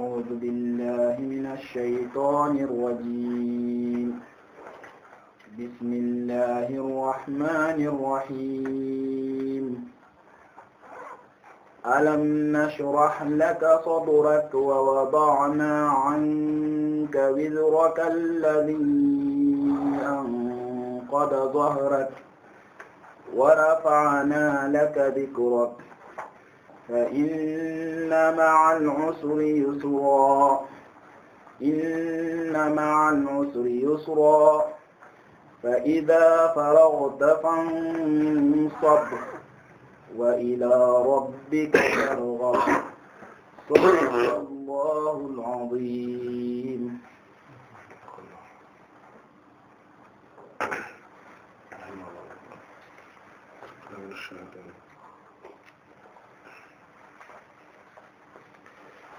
أعوذ بالله من الشيطان الرجيم بسم الله الرحمن الرحيم ألم نشرح لك صدرك ووضعنا عنك وزرك الذي أنقض ظهرك ورفعنا لك ذكرك فإن مع العسر يسرا إن مع العسر يسرا فإذا فرغت فانصب وإلى ربك فارغب صدق الله العظيم Thank you.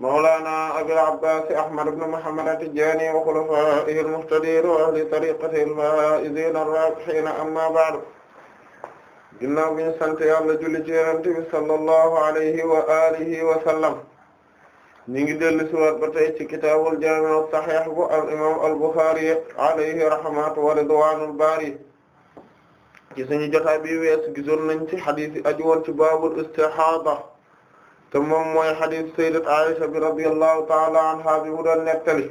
mawlaana abil abbaas ahmad ibn muhammad at-tijaani wa xulafaa'ihi al-muhtadiin wa ahli tariiqatihi al-faa'iziina ar-raabihiin amma ba'd ginnaaw bi ñu sant yàlla julli ci Yonent bi sallallahu alayhi wa alihi wa sallam ñu ngi dellu si waat ba tey ci kitaabul jaami' as-sahiih bu al imaam al-Buxaari alayhi rahmatu wa ridwaanul baari ci suñu jotaay bi wees gisoon nañ ci hadiis yi aju woon ci baabul istihaada te moom mooy xadis sayyidat Aisha bi radiyallahu ta'ala anha bi mu doon nettali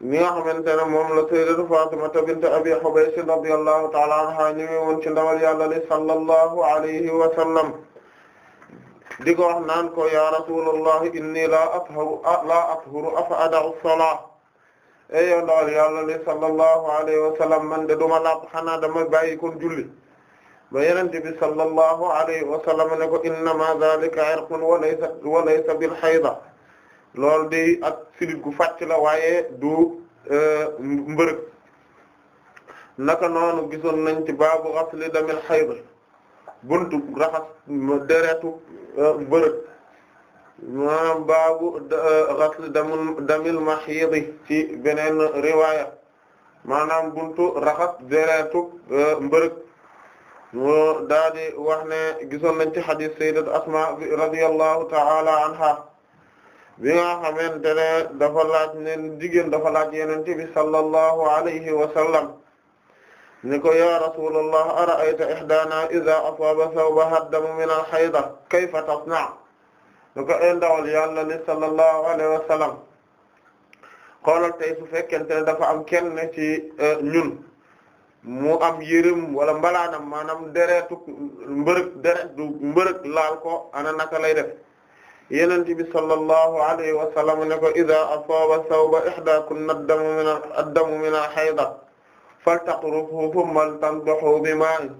mi nga xamante ne moom la sayyidat Fatima bint Abi Hubaysh radiyallahu ta'ala anha ñëwee woon ci ndawal yàlla li sallallahu alayhi wa sallam di ko wax naan ko ya rasulullah inni la athuru la athuru afa ada'u salat e yow ndawal yàlla li sallallahu alayhi wa sallam man de duma lapp xanaa dama bàyyi kon julli ba yenente bi sallallahu alayhi wa sallam ne ko innama zalika irqun wa laysa wa laysa bil hayda loolu day ak silit gu fàcc la waaye du e, mbërëg naka noonu gisoon nañ ci baabu ghasli damil hayda buntu raxas deretu e, mbërëg maanaam baabu e, ghasli damul damil mahyidi ci beneen riwaaya maanaam buntu raxas deretu mbërëg moo daal wax ne gisoon nañ ci hadith sayyidat Asma radiyallahu ta'ala anha bi nga xamante ne dafa laaj ne jigéen dafa laaj Yonent bi sallallahu alayhi wa ni ko ya rasulallah ara'ayta ihdana idha asaba thawbaha ad-damu min al-hayda kayfa ni ko ay eh, ndawal Yàlla ni sallallahu alayhi wa sallam xoolal tey su dafa am kenn ci eh, ñun mu am yërëm wala mbalaanam maanaam deretu mbërëg deretu laal ko ana naka lay def yenent bi sallallahu alayhi wa sallam ne ko ida asaaba sawba ihdakunna addamu addamu min al-hayda faltaqrufu thumma tanduhu bi ma'in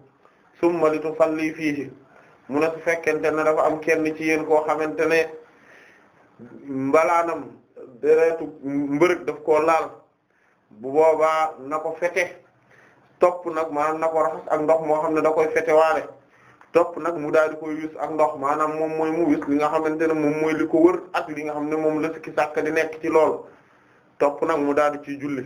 thumma litusalli fiihi mu ne su fekkente ne dafa am kenn ci yéen koo xamante ne mbalaanam deretu mbërëg daf koo laal bu boobaa na ko fete topp nag maanaam na ko raxas ak ndox moo xam ne da koy fetewaale topp nag mu daal di koy wis ndox maanaam moom mooy mu wis li nga xamante ne moom mooy li ko wër ak li nga xam ne moom la ki sàkk di nekk ci lool topp nag mu daal di ciy julli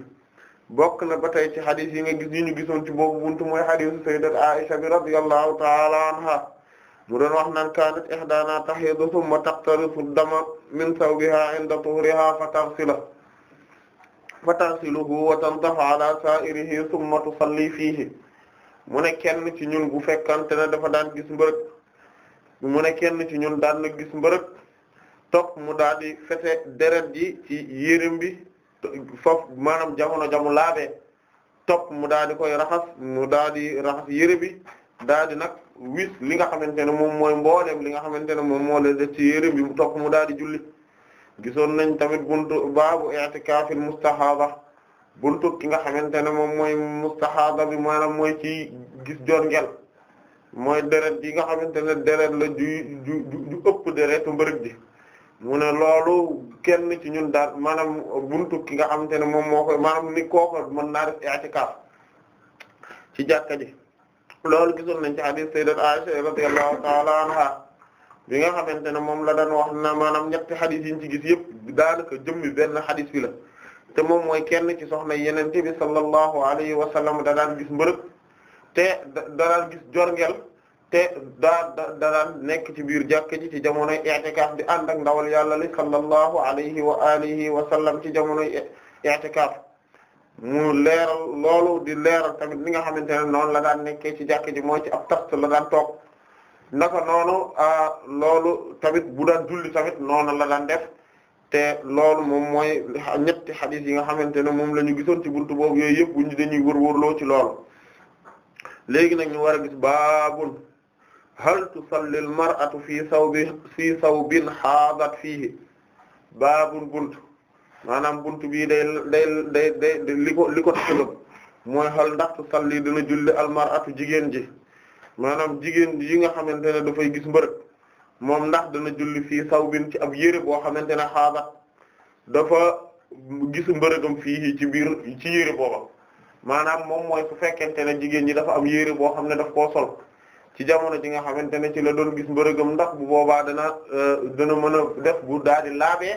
bokk na ba tey ci xadis yi nga gis yi ñu gisoon ci boobu buntu mooy xadisu sayyidat Aisha bi radiyallahu taala anha mu doon wax naan kanat ihdana tahidu thumma taqtarisu dama min sawbiha inda tuhriha fa taghsila fa tasiluhu wa tantafu ala sa'irihi summa tusalli fiihi mu ne kenn ci ñun bu fekkante ne dafa daan gis mbërëg mu ne kenn ci ñun daan na gis mbërëg topp mu daal di fete deret ji ci yérim bi foofu maanaam jamono jamu laabee topp mu daal di koy raxas mu daal raxas yére bi daal di nag wis li nga xamante ne moom mooy mbooleem li nga xamante ne moom moo la ci yére bi mu topp mu daal di julli gisoon nañ tamit buntu baabu i'tikaafil mustahaaba buntu ki nga xamante ne moom mooy mustahaaba bi maanaam mooy ci gis jongel mooy deret yi nga xamante ne deret la ju ju ju ëpp deretu mbërëg ji mu ne loolu kenn ci ñun daal maanaam buntu ki nga xamante ne moom moo koy maanaam ni kooku mën naa def i'tikaaf ci jàkka ji loolu gisoon nañ ci hadith sayyidat Aisha radiyallahu ta'ala anha bi nga xamante ne moom la daan wax na maanaam ñetti xadis yi ñu ci gis yëpp daanaka jëmmi benn xadis bi la te moom mooy kenn ci soxna yeneen bi sallallahu alayhi wa sallam da daan gis mbërëg te da daan gis jorngel te daa nekk ci biir jàkka ji ci jamonoy i'tikaaf di ànd ndawal yàlla li sallallahu alayhi wa alihi wa sallam ci jamonoy i'tikaaf mu leeral loolu di leeral tamit li nga xamante ne noonu la daan nekkee ci jàkka ji mooy ci ab tast la daan toog. naka noonu ah, loolu tamit bu daan julli tamit noonu la daan def te loolu moom mooy ñetti xadis yi nga xamante ne moom la ñu gisoon ci buntu boobu yooyu yëpp bu ñu dañuy wërwërloo ci loolu léegi nag ñu war a gis baabun hal tusalli al mar'atu fi sawbi fii sawbin fii fiihi baabun buntu maanaam buntu bii day day day day li ko li ko tëgg mooy hal ndax tusalli dina julli al atu jigéen ji maanaam jigéen yi nga xamante ne dafay gis mbërëg moom ndax dana julli fii sawbin ci ab yére boo xamante ne xaabat dafa gis mbërëgam fii ci biir ci yére booba maanaam moom mooy su fekkente ne jigéen ñi dafa am yére boo xam ne daf koo sol ci jamono ji nga xamante ne ci la doon gis mbërëgam ndax bu boobaa dana euh, dana mën a def bu daal di laabee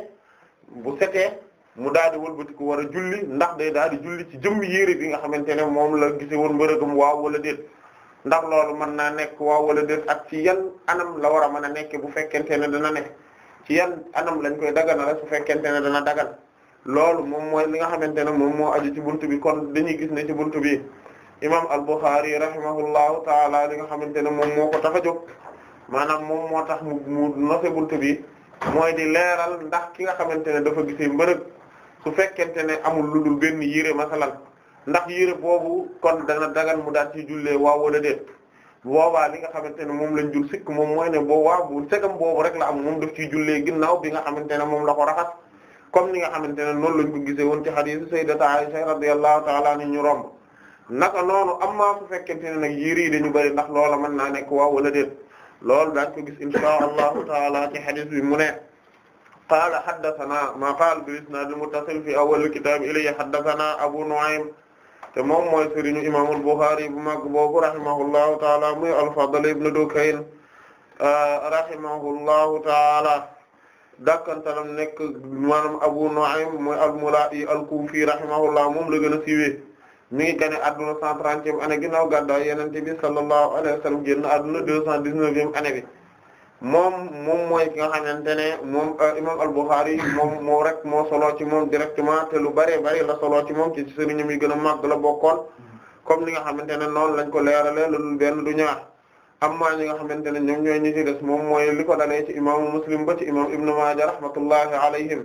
bu setee mu daal di wëlbatiku war a julli ndax day daal di julli ci jëmm yére bi nga xamante ne moom la gise woon mbërëgam waaw wala déet ndax loolu mën naa nekk waaw wala déet ak ci yan anam la war a mën a nekk bu fekkente ne dana nekk ci yan anam lañ koy daganal su fekkente ne dana dagan loolu moom mooy li nga xamante ne moom moo aju ci buntu bi kon dañuy gis ne ci buntu bi imam al-Bukhari rahimahullahu taala di nga xamante ne moom moo ko tax a jóg maanaam moom moo tax mu mu nose buntu bi mooy di leeral ndax ki nga xamante ne dafa gisee mbërëg su fekkente ne amul lu dul benn yére masalan ndax yére boobu kon dana dagan mu daal ci jullee waaw wala déet boobaa li nga xamante ne moom lañ jul sikk moom mooy ne boo waaw bu segam boobu rek la am moom daf ciy jullee ginnaaw bi nga xamante ne moom la ko raxas comme ni nga xamante ne noonu lañ ko gisee woon ci hadith sayyidata Aisha radiyallahu ta'ala anha ñu romb naka noonu amaa su fekkente ne nag yére yi dañu bari ndax loola mën naa nekk waaw wala déet loolu daañ ko gis insha allahu taala ci hadith bi mu ne qaala haddathana ma qaala bil isnad al muttasil fi awwal al kitab ilayhi haddathana abu nu'aym te moom mooy sëriñu imaamul Bukhari bu mag boobu rahimahullahu taala muy al-Fadl ibn Dukayn ah, rahimahullahu taala dakkantalam nekk maanaam Abu Nu'aym mooy al-Mula'i al moom la gën a siiwee mi ngi gane adduna 130e année ginnaaw gàddaay Yonent bi sallallahu alayhi wa sallam génn adduna 219e année bi. moom moom mooy ki nga xamante ne moom euh, imam al-Bukhari moom moo rek moo solo ci moom directement te lu bëree bëri la solo ci moom ci sëriñam yi gën a màgg la bokkoon comme ni nga xamante ne noonu lañ ko leerale lu benn du ñaar amma ñi nga xamante ne ñoom ñooy ñi ci des moom mooy li ko dalee ci imaamu Muslim ba ci imam Ibn Maaja rahmatullahi alayhim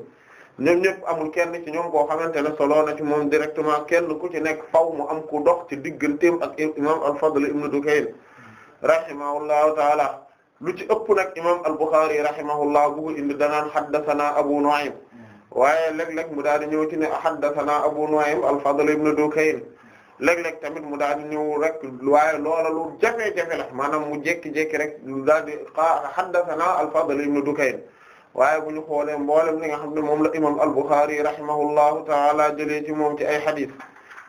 ñoom ñëpp amul kenn ci ñoom koo xamante ne solo na ci moom directement kenn ku ci nekk faw mu am ku dox ci digganteem ak imam al-Fadl ibn Dukayn rahimahullahu taala lu ci ëpp nag imam al-Bukhari rahimahullah bu ko indi danaan haddathana Abu Nu'aym waaye léeg-léeg mu daal di ñëw ci ne haddathana Abu Nu'aym al-Fadl ibn Dukayn léeg-léeg tamit mu daal di ñëw rek waaye loola lu jafe-jafe la maanaam mu jékki-jékki rek mu daal di haddathana al-Fadl ibn Dukayn waaye bu ñu xoolee mboolem li nga xam ne moom la imam al-Bukhari rahimahullahu ta'ala jëlee ci moom ci ay hadith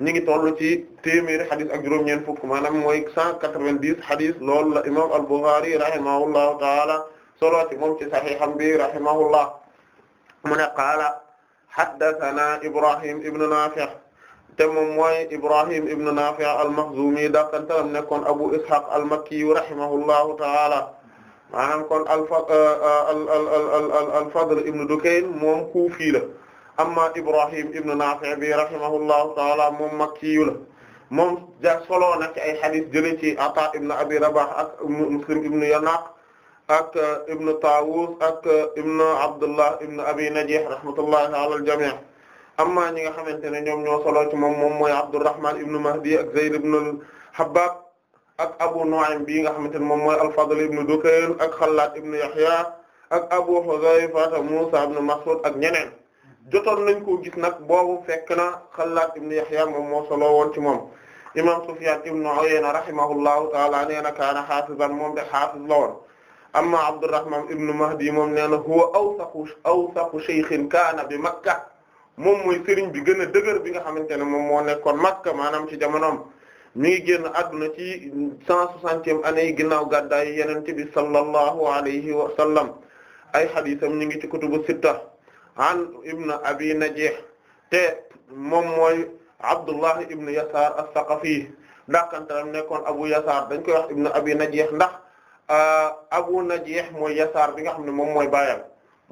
ñi ngi toll ci téeméeri xadis ak juróom-ñeent fukk maanaam mooy cent quatre-vingt-dix xadis loolu la imam al-Bukhari rahimahullahu taala solo ci moom ci bi rahimahullah mu ne qaala haddathana Ibrahim ibn Nafi' te moom mooy Ibrahim ibn Nafi' al-Makhzumi dakantalam Abu Ishaq al-Makki rahimahullahu taala maanaam kon euh, euh, al al al al al al al Fadl ibn Dukayn moom kuufi la amma Ibrahim ibn Nafi' bi rahimahullahu taala moom makkiyu la moom ja solo na ci ay hadith jëlee ci Ata ibn Abi Rabah ak Muslim ibn Yanaq ak uh, ibn Tawus ak uh, ibn Abdullah ibn Abi Najih rahmatullahi ala al-jami' amma ñi nga xamante ne ñoom ñoo solo ci moom moom mooy Abdurrahman ibn Mahdi ak Zayd ibn Habbab ak Abu Nu'aym bi nga xamante ne moom mooy al-Fadl ibn Dukayn ak Khallat ibn Yahya ak Abu Hudhayfa Musa ibn Mas'ud ak ñeneen. jotoon nañ koo gis nag boobu fekk na Xallaad ibn Yahya moom moo solo woon ci moom imam Sufyaan ibn Uyayna rahimahullahu taala nee na kaana xaafizan moom de xaafiz la woon amma Abdurrahman ibn Mahdi moom nee na huwa awsaqu awsaqu shaykhin kaana bi Makka moom mooy sëriñ bi gën a dëgër bi nga xamante ne moom moo nekkoon Makka maanaam ci jamonoom mi ngi génn adduna ci cent soixantième année yi ginnaaw gàddaay Yonent bi sallallahu alayhi wa sallam ay hadiisam ñu ngi ci kutubu sitta an ibn abi najih te moom mooy abdullah ibn yasar as-saqafi ndaxkantaram nekkoon abu yasar dañ koy wax ibn abi najih ndax ah, abu najih mooy yasar bi nga xam ne moom mooy baayam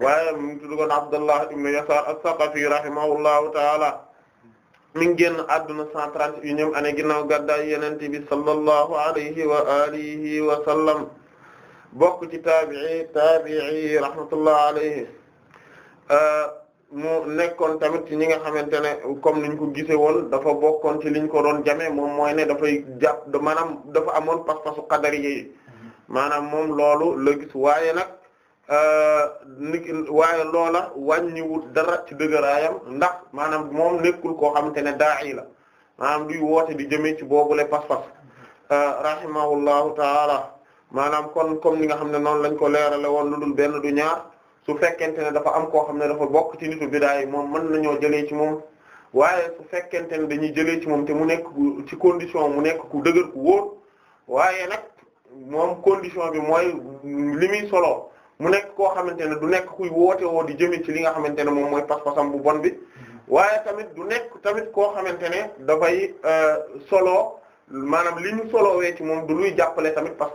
waaye mu tuddu goon abdullah ibn yasar as-saqafi rahimahullahu taala mi ngi génn adduna cent trente u ñoom année ginnaaw gàddaay yenente bi sallallahu alayhi wa alihi wa sallam bokk ci taabi'i taabi'i rahmatullah alayhi Euh, mu nekkoon tamit ci ñi nga xamante ne comme niñ ko gisee woon dafa bokkoon ci liñ ko doon jamee moom mooy ne dafay jàpp maanaam dafa amoon pas-pasu maanaam moom loolu la gis waaye nag euh, nit waaye loola wàññiwul dara ci dëgëraayam ndax maanaam moom nekkul koo xamante ne daa'i la maanaam duy woote di jëmee ci boobule pas-pas euh, rahimahullahu taala maanaam kon comme ni nga xam ne noonu lañ ko leerale woon lu dul benn du ñaar su fekkente ne dafa am koo xam ne dafa bokk ci nitu bidaa yi moom mën nañoo jëlee ci moom waaye su fekkente ne dañuy jëlee ci moom te mu nekk ci condition mu nekk ku dëgër ku wóor waaye nag moom condition bi mooy li muy solo mu nekk koo xamante ne du nekk kuy woote di jëme ci li nga xamante ne moom mooy pas-pasam bu bon bi waaye tamit du nekk tamit koo xamante ne dafay euh, solo maanaam li ñu wee ci moom du luy jàppale tamit pas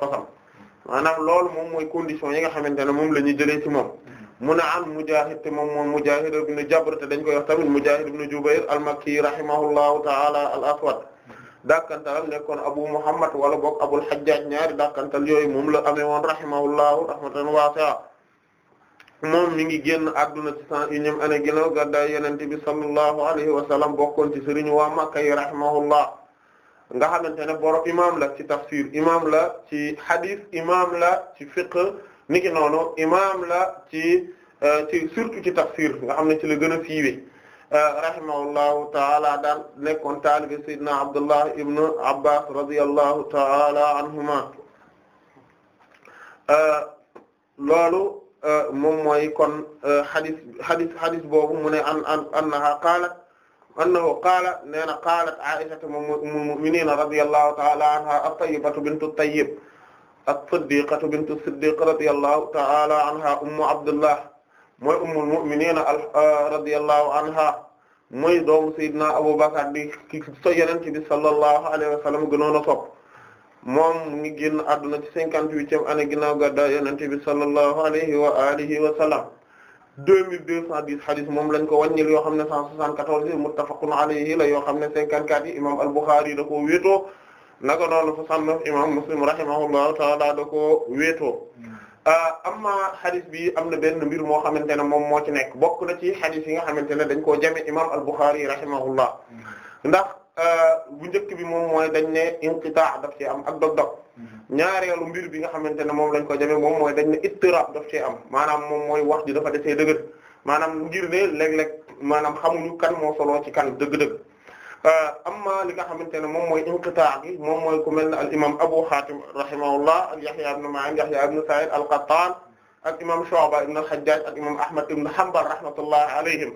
maanaam loolu moom mooy condition yi nga xamante ne moom la ñuy jëlee ci moom mu ne an Mujaahid te moom moom Mujaahid ibn Jabr te dañ koy wax tamit Mujaahid ibn Jubayr al-Makki rahimahullahu ta'ala al-Aswad dàkkantalam nekkoon Abu Muhammad wala boog Abul Hajjaj ñaari dàkkantal yooyu moom la amee woon rahimahullahu rahmatan wasi'a moom mi ngi génn adduna ci cent unième année ginnaaw gàddaay Yonent bi sallallahu alayhi wa sallam bokkoon ci sëriñ waa Makka yi nga xamante ne borom imam la ci tafsir imam la ci hadith la ci fiqh niki noonu imaam la ci euh, ci surtout ci tafsir nga xam ne ci la gën a fiiwe euh, rahimahullahu taala daan nekkoon taalibe sayyidina Abdullah ibn Abbas radiyallahu taala anhuma euh, moom mooy kon hadis hadis boobu mu ne an an annaha qaalat annahu qaala nee na qaalat Aisha moom ummul mu'minin radiyallahu taala anha at-tayyibatu bintu tayyib ak siddiqatu bintu siddiq radiyallahu ta'ala anha ummu abdullah mooy ummul mu'minina uh, radiyallahu anha mooy doomu sayyidina abubakar di ki so yenente bi sallallahu alayhi wa sallam gënoon a sopp moom mu ngi génn àdduna ci cinquante-huitième année ginnaaw gàddaay yenente bi sallallahu alayhi wa alihi wa sallam deux mille deux cent dix hadith moom lañ ko wàññil yoo xam ne cent soixante-quatorze muttafaqun alayhi la yoo xam ne cinquante-quatre yi imam al-Bukhari da ko wéetoo naka noonu musannaf imam muslim rahimahullahu taala da ko wéetoo hmm. ah, amma hadith bi am na benn mbir moo xamante ne moom moo ci nekk bokk na ci hadith yi nga xamante ne dañ koo jame imam al-Bukhari rahimahullah hmm. ndax ah, bu njëkk bi moom mooy dañ ne inqitaa daf ci am ak dog-dog hmm. ñaareelu mbir bi nga xamante ne moom lañ ko jame moom mooy dañ ne ittirab daf ci am maanaam moom mooy wax ji dafa desee dëgër maanaam ngir ne léeg-léeg maanaam xamuñu kan moo solo ci kan dëgg-dëgg Euh, amma li nga xamante ne moom mooy inqitaa gi moom mooy ku mel ne al imam Abu Hatim rahimahullah ak Yahya ibn Ma'in Yahya ibn Sa'id al-Qattan ak imam Shu'ba ibn al-Hajjaj ak imam Ahmad ibn Hanbal rahmatullahi alayhim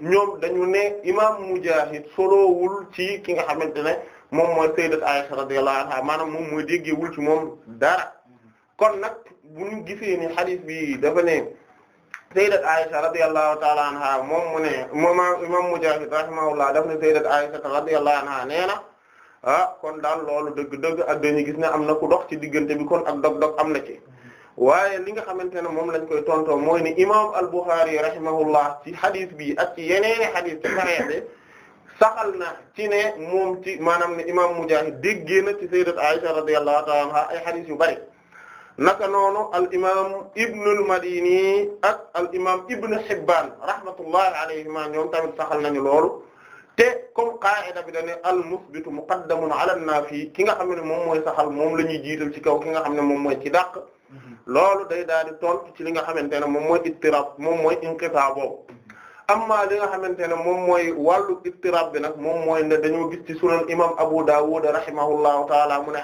ñoom dañu ne imam Mujahid solowul ci ki nga xamante ne moom mooy sayyidat Aisha radiyallahu anha maanaam moom mooy déggewul ci moom dara kon nag bu ñu gisee ni hadith bi dafa ne sayyidat Aisha radiyallahu ta'ala anha moom mu ne moom imam Mujahid rahimahullah daf ne sayyidat Aisha radiyallahu anha nee na ah kon daal loolu dëgg-dëgg ak dañuy gis ne am na ku dox ci diggante bi kon ak dog-dog am na ci waaye li nga xamante ne moom lañ koy tontoo mooy ni imam al-Bukhari rahimahullah ci hadith bi ak ci yeneeni hadith ci Sahih bi saxal na ci ne moom ci maanaam ne imam Mujahid déggee na ci sayyidat Aisha radiyallahu ta'ala anha ay hadith yu bari naka noonu al imaam Ibnul Madini ak al imaam Ibn Hibban rahmatullahi alayhima ñoom tamit saxal nañu loolu te comme qaa'ida bi dañu al musbitu muqaddamun ala an-naafi ki nga xam ne moom mooy saxal moom la ñuy jiital ci kaw ki nga xam ne moom mooy ci dàq. Mm-hmm. loolu day daal di tontu ci li nga xamante ne moom mooy ittirab moom mooy inqitaa boobu. amma li nga xamante ne moom mooy wàllu ittirab bi nag moom mooy ne dañoo gis ci sunan imaam Abu Dawud rahimahullahu taala mu ne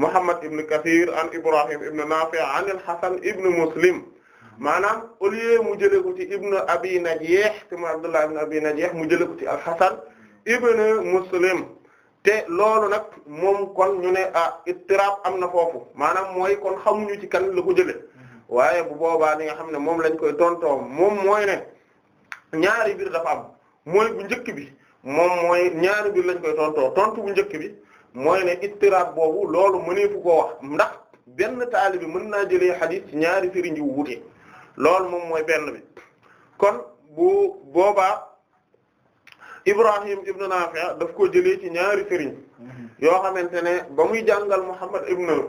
Muhammad ibn Kathir an Ibrahim ibn Nafi' an al-Hasan ibn Muslim maanaam au lieu mu jëlee ko ci ibn Abi Najih te mu Abdullah ibn Abi Najih mu jëlee ko ci al-Hasan ibn Muslim te loolu nag moom kon ñu ne ah ittirab am na foofu maanaam mooy kon xamuñu ci kan la ko jëlee waaye bu boobaa li nga xam ne moom lañ koy tontoo moom mooy ne ñaari biir dafa am mooy bu njëkk bi moom mooy ñaari biir lañ koy tontoo tontu bu njëkk bi. mooy ne ittiraab boobu loolu mëneefu koo wax ndax benn bi mën naa jëlee xadis ci ñaari sëriñ yu wuute loolu moom mooy benn bi kon bu boobaa Ibrahim ibn Nafi' daf ko jëlee ci ñaari sëriñ mm-hmm. yoo xamante ne ba muy jàngal Muhammad ibn euh,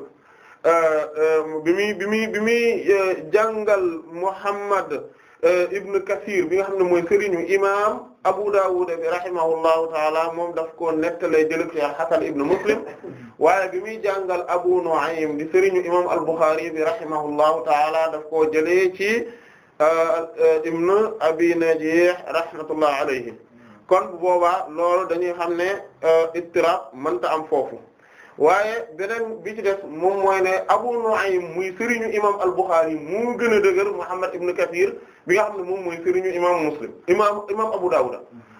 euh, bi muy bi muy bi muy euh, jàngal Muhammad ibn Kathir bi nga xam ne mooy sëriñu imaam Abu Dawud bi rahimahullahu taala moom daf koo nettalee jël ci Hasan ibn Muslim waaye bi muy jàngal Abu Nu'aym di sëriñu imam al-Bukhari bi rahimahullahu taala daf koo jëlee ci euh, ibn Abi Najih rahmatullah alayhi kon bu boobaa loolu dañuy xam ne euh, ittirab mënta am foofu waaye beneen bi ci def moom mooy ne Abu Nu'aym muy sëriñu imam al-Bukhari mu gën a dëgër Muhammad ibn Kathir bi nga xam ne moom mooy sëriñu imam Muslim imam imam Abu Dawud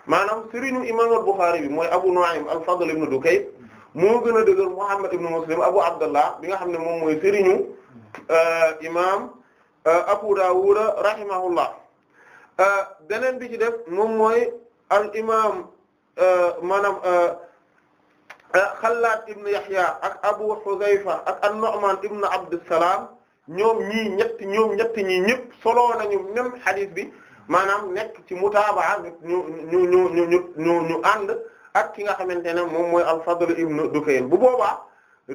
maanaam sëriñu imam al-Bukhari bi mooy Abu Nu'aym al-Fadl ibn Dukayb moo gën a dëgër Muhammad ibn Muslim Abu Abdullah bi nga xam ne moom mooy sëriñu euh, imam euh, Abu Dawud rahimahullah euh, beneen bi ci def moom mooy al imam maanaam Xallaad ibn Yahya ak Abu Hudhayfa ak an-Nu'man ibn Abdussalam ñoom ñii ñett ñoom ñett ñii ñëpp solo nañu même xadis bi maanaam nekk ci mutaabaa ñu ñu ñu ñu ñu ñu ñu ak ki nga xamante ne moom mooy al-Fadl ibn Dukayn bu boobaa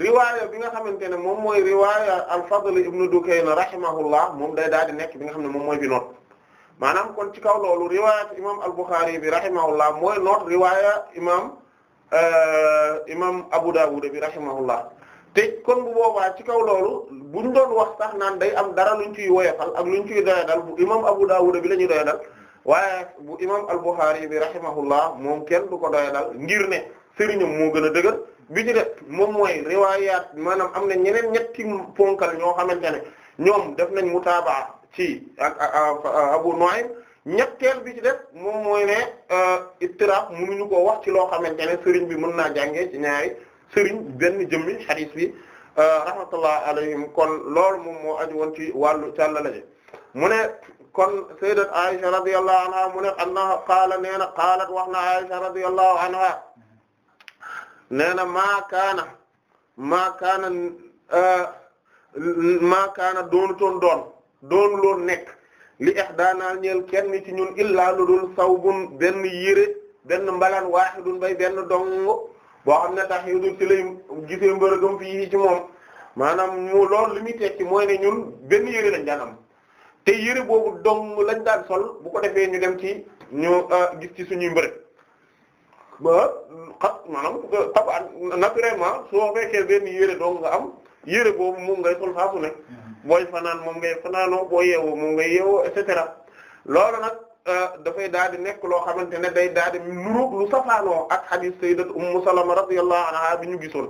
riwaaya bi nga xamante ne moom mooy riwaaya al-Fadl ibn Dukayn rahimahullah moom day daal di nekk bi nga xam ne moom mooy bi noot maanaam kon ci kaw loolu riwaaya imam al-Bukhari bi rahimahullah mooy noot riwaaya imam Euh, imam Abu Dawud bi rahimahullah te kon bu boobaa ci kaw loolu buñ doon wax sax naan day am dara luñ ciy woyofal ak luñ ciy doyadal bu imam Abu Dawud bi la ñuy doyadal waaye bu imam al-Bukhari bi rahimahullah moom kenn du ko doyadal ngir ne sëriñam moo gën a dëgër bi ñu def moom mooy riwaayaat maanaam am na ñeneen ñetti ponkal ñoo xamante ne ñoom def nañ mutaabaa ci ak Abu Nu'aym ñetteel bi ci def moom mooy ne euh, istiraab mënuñu ko wax ci loo xamante ne sëriñ bi mën naa jàngee ci ñaari sëriñ benn jëmmi xadiis bi euh, rahmatullah alayhim kon loolu moom moo aju woon ci wàllu càllala mu ne kon sayyidat Aisha radiyallahu anha mu ne annaha qaala nee na qaalat wax na anha nee na maa kaana maa kaana euh, maa kaana doonu doon doonu nekk li ihdaana ñeel kenn ci ñun illaa lu dul sawbun benn yére benn mbalaan waahidun bay benn dongo boo xam ne tax yudul ci lay gisee mbërëgam fii ci moom maanaam mu loolu li muy tekki mooy ne ñun benn yére lañ daan am te yére boobu dong lañ daan sol bu ko defee ñu dem ci ñu euh, gis ci suñuy mbërëg ba xa maanaam euh, tabaan naturellement soo fekkee benn yére dong nga am yére boobu moom ngay sol saa booy fanaan moom ngay fanaanoo boo yeewoo moom ngay yeewoo et cetera loolu nag euh, dafay daal di nekk loo xamante ne day daal di nuróog lu safaanoo ak hadith sayyidat ummu salama radiyallahu anha bi ñu gisoon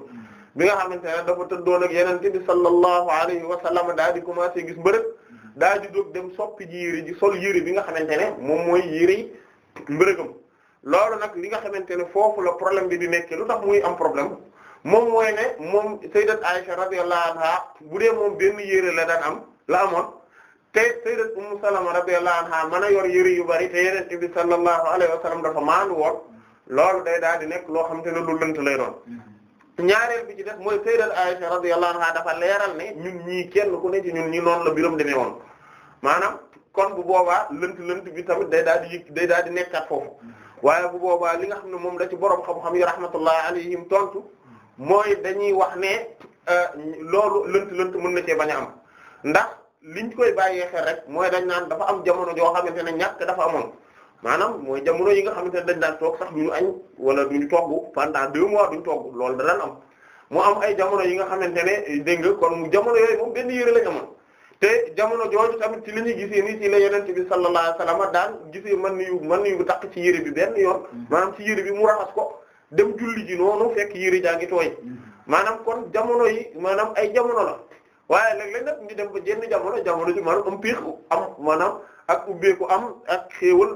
bi nga xamante ne dafa tëddoon ak yenente bi sallallahu alayhi wa sallam daal di commencé gis bërëb daal di dóg dem soppi ji yére ji sol yére bi nga xamante ne moom mooy yére yi loolu nag li nga xamante ne foofu la problème bi di nekkee lu tax muy am problème moom mooy ne moom sayyidat Aisha radiyallahu anha bu dee moom benn yére la daan am la amoon te sayyidat Ummu Salama radiyallahu anha mën a yor yére yu bari te Yonent bi sallallahu alayhi wa sallam dafa maandu woon loolu day daal di nekk loo xam te ne lu lënt lay doon ñaareel bi ci def mooy sayyidat Aisha radiyallahu anha dafa leeral ne ñun ñii kenn ku ne ci ñun ñii noonu la biram demee woon maanaam kon bu boobaa lënt lënt bi tamit day daal di day daal di nekkaat foofu waaye bu boobaa li nga xam ne moom da ci boroom xam-xam yi rahmatullahi alayhim tontu mooy dañuy wax ne euh, loolu lënt lënt mën na cee bañ am ndax liñ koy bàyyee xel rek mooy dañ naan dafa am jamono joo xamante ne ñàkk dafa amoon maanaam mooy jamono yi nga xamante ne dañ daan toog sax duñu añ wala duñu togg pendant deux mois duñu togg loolu da am mu am ay jamono yi nga xamante ne dégg nga kon jamono yooyu moom benn yére lañ amoon te jamono jooju tamit ci li ñu gisee ni ci la yonent bi sallallahu alayhi wasallam daan gisee mën nañu mën nañu takk ci yére bi benn yoon mm-hmm. maanaam ci yére bi mu raxas ko. dem julli ji noonu fekk yére jaa ngi tooy mm-hmm. maanaam kon jamono yi maanaam ay jamono la waaye léeg-léeg nag ñu dem ba jenn jamono jamono ji maanaam am piix am maanaam ak ubbeeku am ak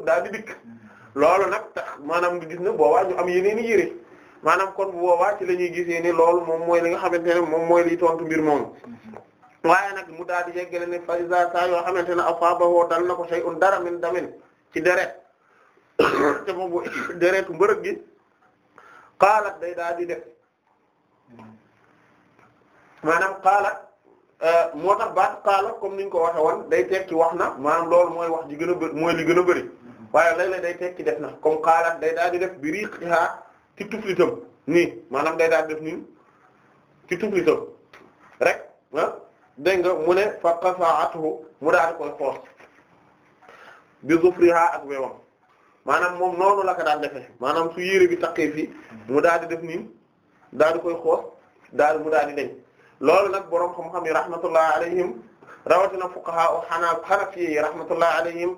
daal di dikk mm-hmm. nag maanaam nga gis ne boobaa ñu am yeneen i maanaam kon boobaa ci la ñuy gisee ni loolu moom mooy li nga xamante ne moom mooy liy tontu mbir moomu mm-hmm. waaye nag mu daal di yeggale ne faisa saa yoo xamante ne afaabawoo dal na ko say un dara min damin ci deret te moom bu deretu gi kaalat day daal di def maanaam xaalat euh, moo tax baat xaalat comme niñ ko waxe woon day tekki wax na maanaam loolu mooy wax ji gën a bëri mooy li gën a bëri waaye léeg day tekki def na comme xaalat day daal di def bi riiqihaa ci tuflitam nii maanaam day daal di def nii ci tuflitam rek ah nga mu ne fa qasaatuhu mu daal di koy ak wewam maanaam moom noonu la daal daan maanaam su yére bi taqee fii mu daal di def nii daal di koy xoos daal mu daal di loolu nag boroom xam-xam yi rahmatullah alayhim rawatina fuqaha u xanaa xanafi yi rahmatullah alayhim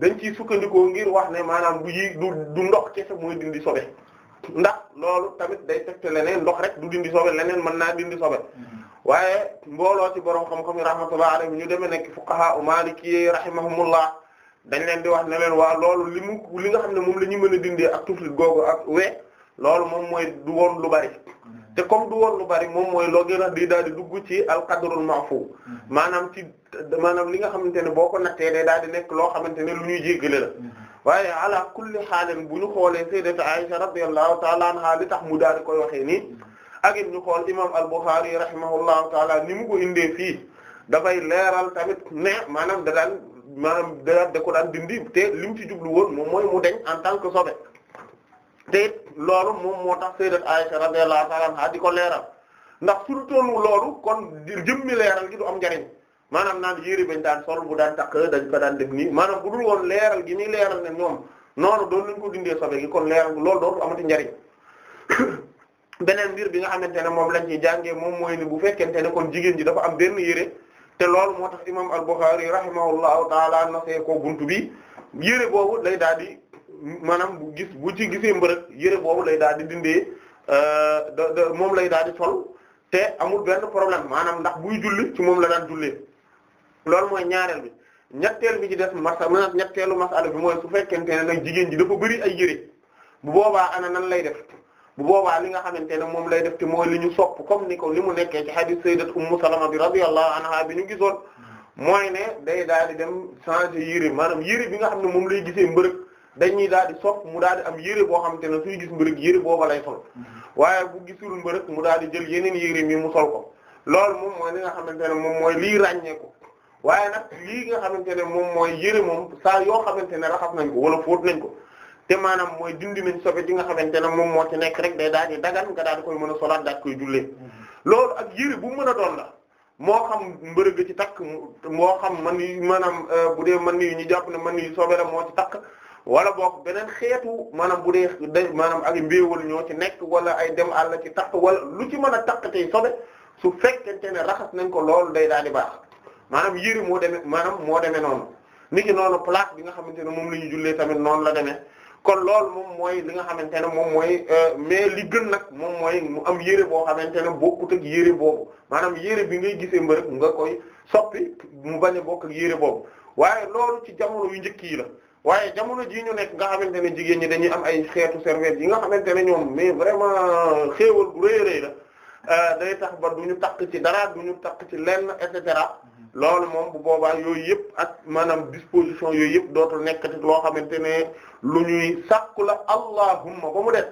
dañ ciy sukkandikoo ngir wax ne maanaam du yi du du ndox kese mooy dindi sobe ndax loolu tamit day tegte leneen ndox rek du dindi sobe leneen mën naa dindi sobe waaye mbooloo ci boroom xam-xam yi rahmatullah alayhim ñu demee nekk fuqaha u maliki yi rahimahumullah dañ leen di wax ne leen waa loolu li mu li nga xam ne moom la ñu mën a dindee ak tuflit googu ak we loolu moom mooy du woon lu bari mm-hmm. te comme du woon lu bari moom mooy loo gën a di daal di dugg ci alqadrul maafu mm-hmm. maanaam ci maanaam li nga xamante ne boo ko nattee day daal di nekk loo xamante ne lu ñuy jéggale la mm-hmm. waaye ala kulli xaaleen bu ñu xoolee sayyidatu Aisha radiyallahu ta'ala anha li tax mu daal di koy waxee nii ak it ñu xool imam al-Bukhari rahimahullahu taala ni mu ko indee fii dafay leeral tamit ne maanaam da daan maanaam dara da ko daan dindi te li mu ci jublu woon moom mooy mu deñ en tant que sobe te loolu moom moo tax sayyidat Aisha radiyallahu ta'ala anha di ko leeral ndax suñu toolu loolu kon jëmmi leeral gi du am njariñ maanaam naan yére bañ daan sol bu daan takk dañ ko daan def nii maanaam bu dul woon leeral gi nii leeral ne ñoom noonu doon lañ ko dindee sobe gi kon leeral loolu dootu amati njariñ beneen mbir bi nga xamante ne moom lañ ci jàngee moom mooy bu fekkente ne kon jigéen ji dafa am benn yére te loolu moo tax imam al-Bukhari rahimahullahu taala nasee ko buntu bi yére boobu lay daal di maanaam bu gis bu ci gisee mbërëg yére boobu lay daal di dindee euh, moom lay daal di sol te amul benn problème maanaam ndax buy julli ci moom la daan jullee loolu mooy ñaareel bi ñetteel bi ci des masa ñetteelu masala bi mooy su fekkente ne na jigéen ji dafa bari ay yére bu boobaa ana nan lay def bu li nga xamante ne moom lay def te mooy li ñu sopp comme ni ko li mu nekkee ci hadith sayyidat ummu salama bi radiyallahu anha bi ñu gisoon mooy ne day daal di dem changer yére maanaam yére bi nga xam ne moom lay gisee mbërëg dañuy daal di sopp mu di am yére boo xamante ne suy gis mbërëg yére booba lay sol waaye bu gisul mbërëg mu daal di jël yeneen yére mi mu sol ko lool moom mooy li nga xamante ne moom mooy lii ràññeeku waaye nag lii nga xamante ne moom mooy yére moom saa yoo xamante ne raxas nañ ko wala fóot nañ ko te maanaam mooy dindi nañ sobe ji nga xamante ne moom moo ci nekk rek day daal di dagan nga daal di koy mën a solaat daal koy jullee mm-hmm. loolu ak yëre bu mu mën a doon la moo xam mbërëg ci takk moo xam man yu maanaam euh, bu dee man yu ñu jàpp ne man yu sobe la moo ci takk wala boog beneen xeetu maanaam bu dee da maanaam ak mbéewal ñoo ci wala ay dem àll ci takk wala lu ci mën a takk tey su fekkente ne raxas nañ ko loolu day daal di baax maanaam yëre moo demee maanaam moo demee noonu niki noonu place bi nga xamante ne moom la ñu jullee tamit noonu la demee kon loolu moom mooy li nga xamante ne moom mooy euh, mais li gën nag moom mooy mu am yére boo xamante ne bokkut ak yére boobu maanaam yére bi ngay gisee mbërëk nga koy soppi mu bañ a bokk ak yére boobu waaye loolu ci jamono yu njëkk yi la waaye jamono jii ñu nekk nga xamante ne jigéen ñi dañuy am ay xeetu serviette yi nga xamante ne ñoom mais vraiment xéewal bu rëy rëy la Euh, day tax ba du ñu takk ci dara du ñu takk ci lenn et cetera loolu moom bu boobaa yooyu yëpp ak maanaam disposition yooyu yëpp dootul nekkati loo xam ne lu ñuy sàkku la allahumma ba mu def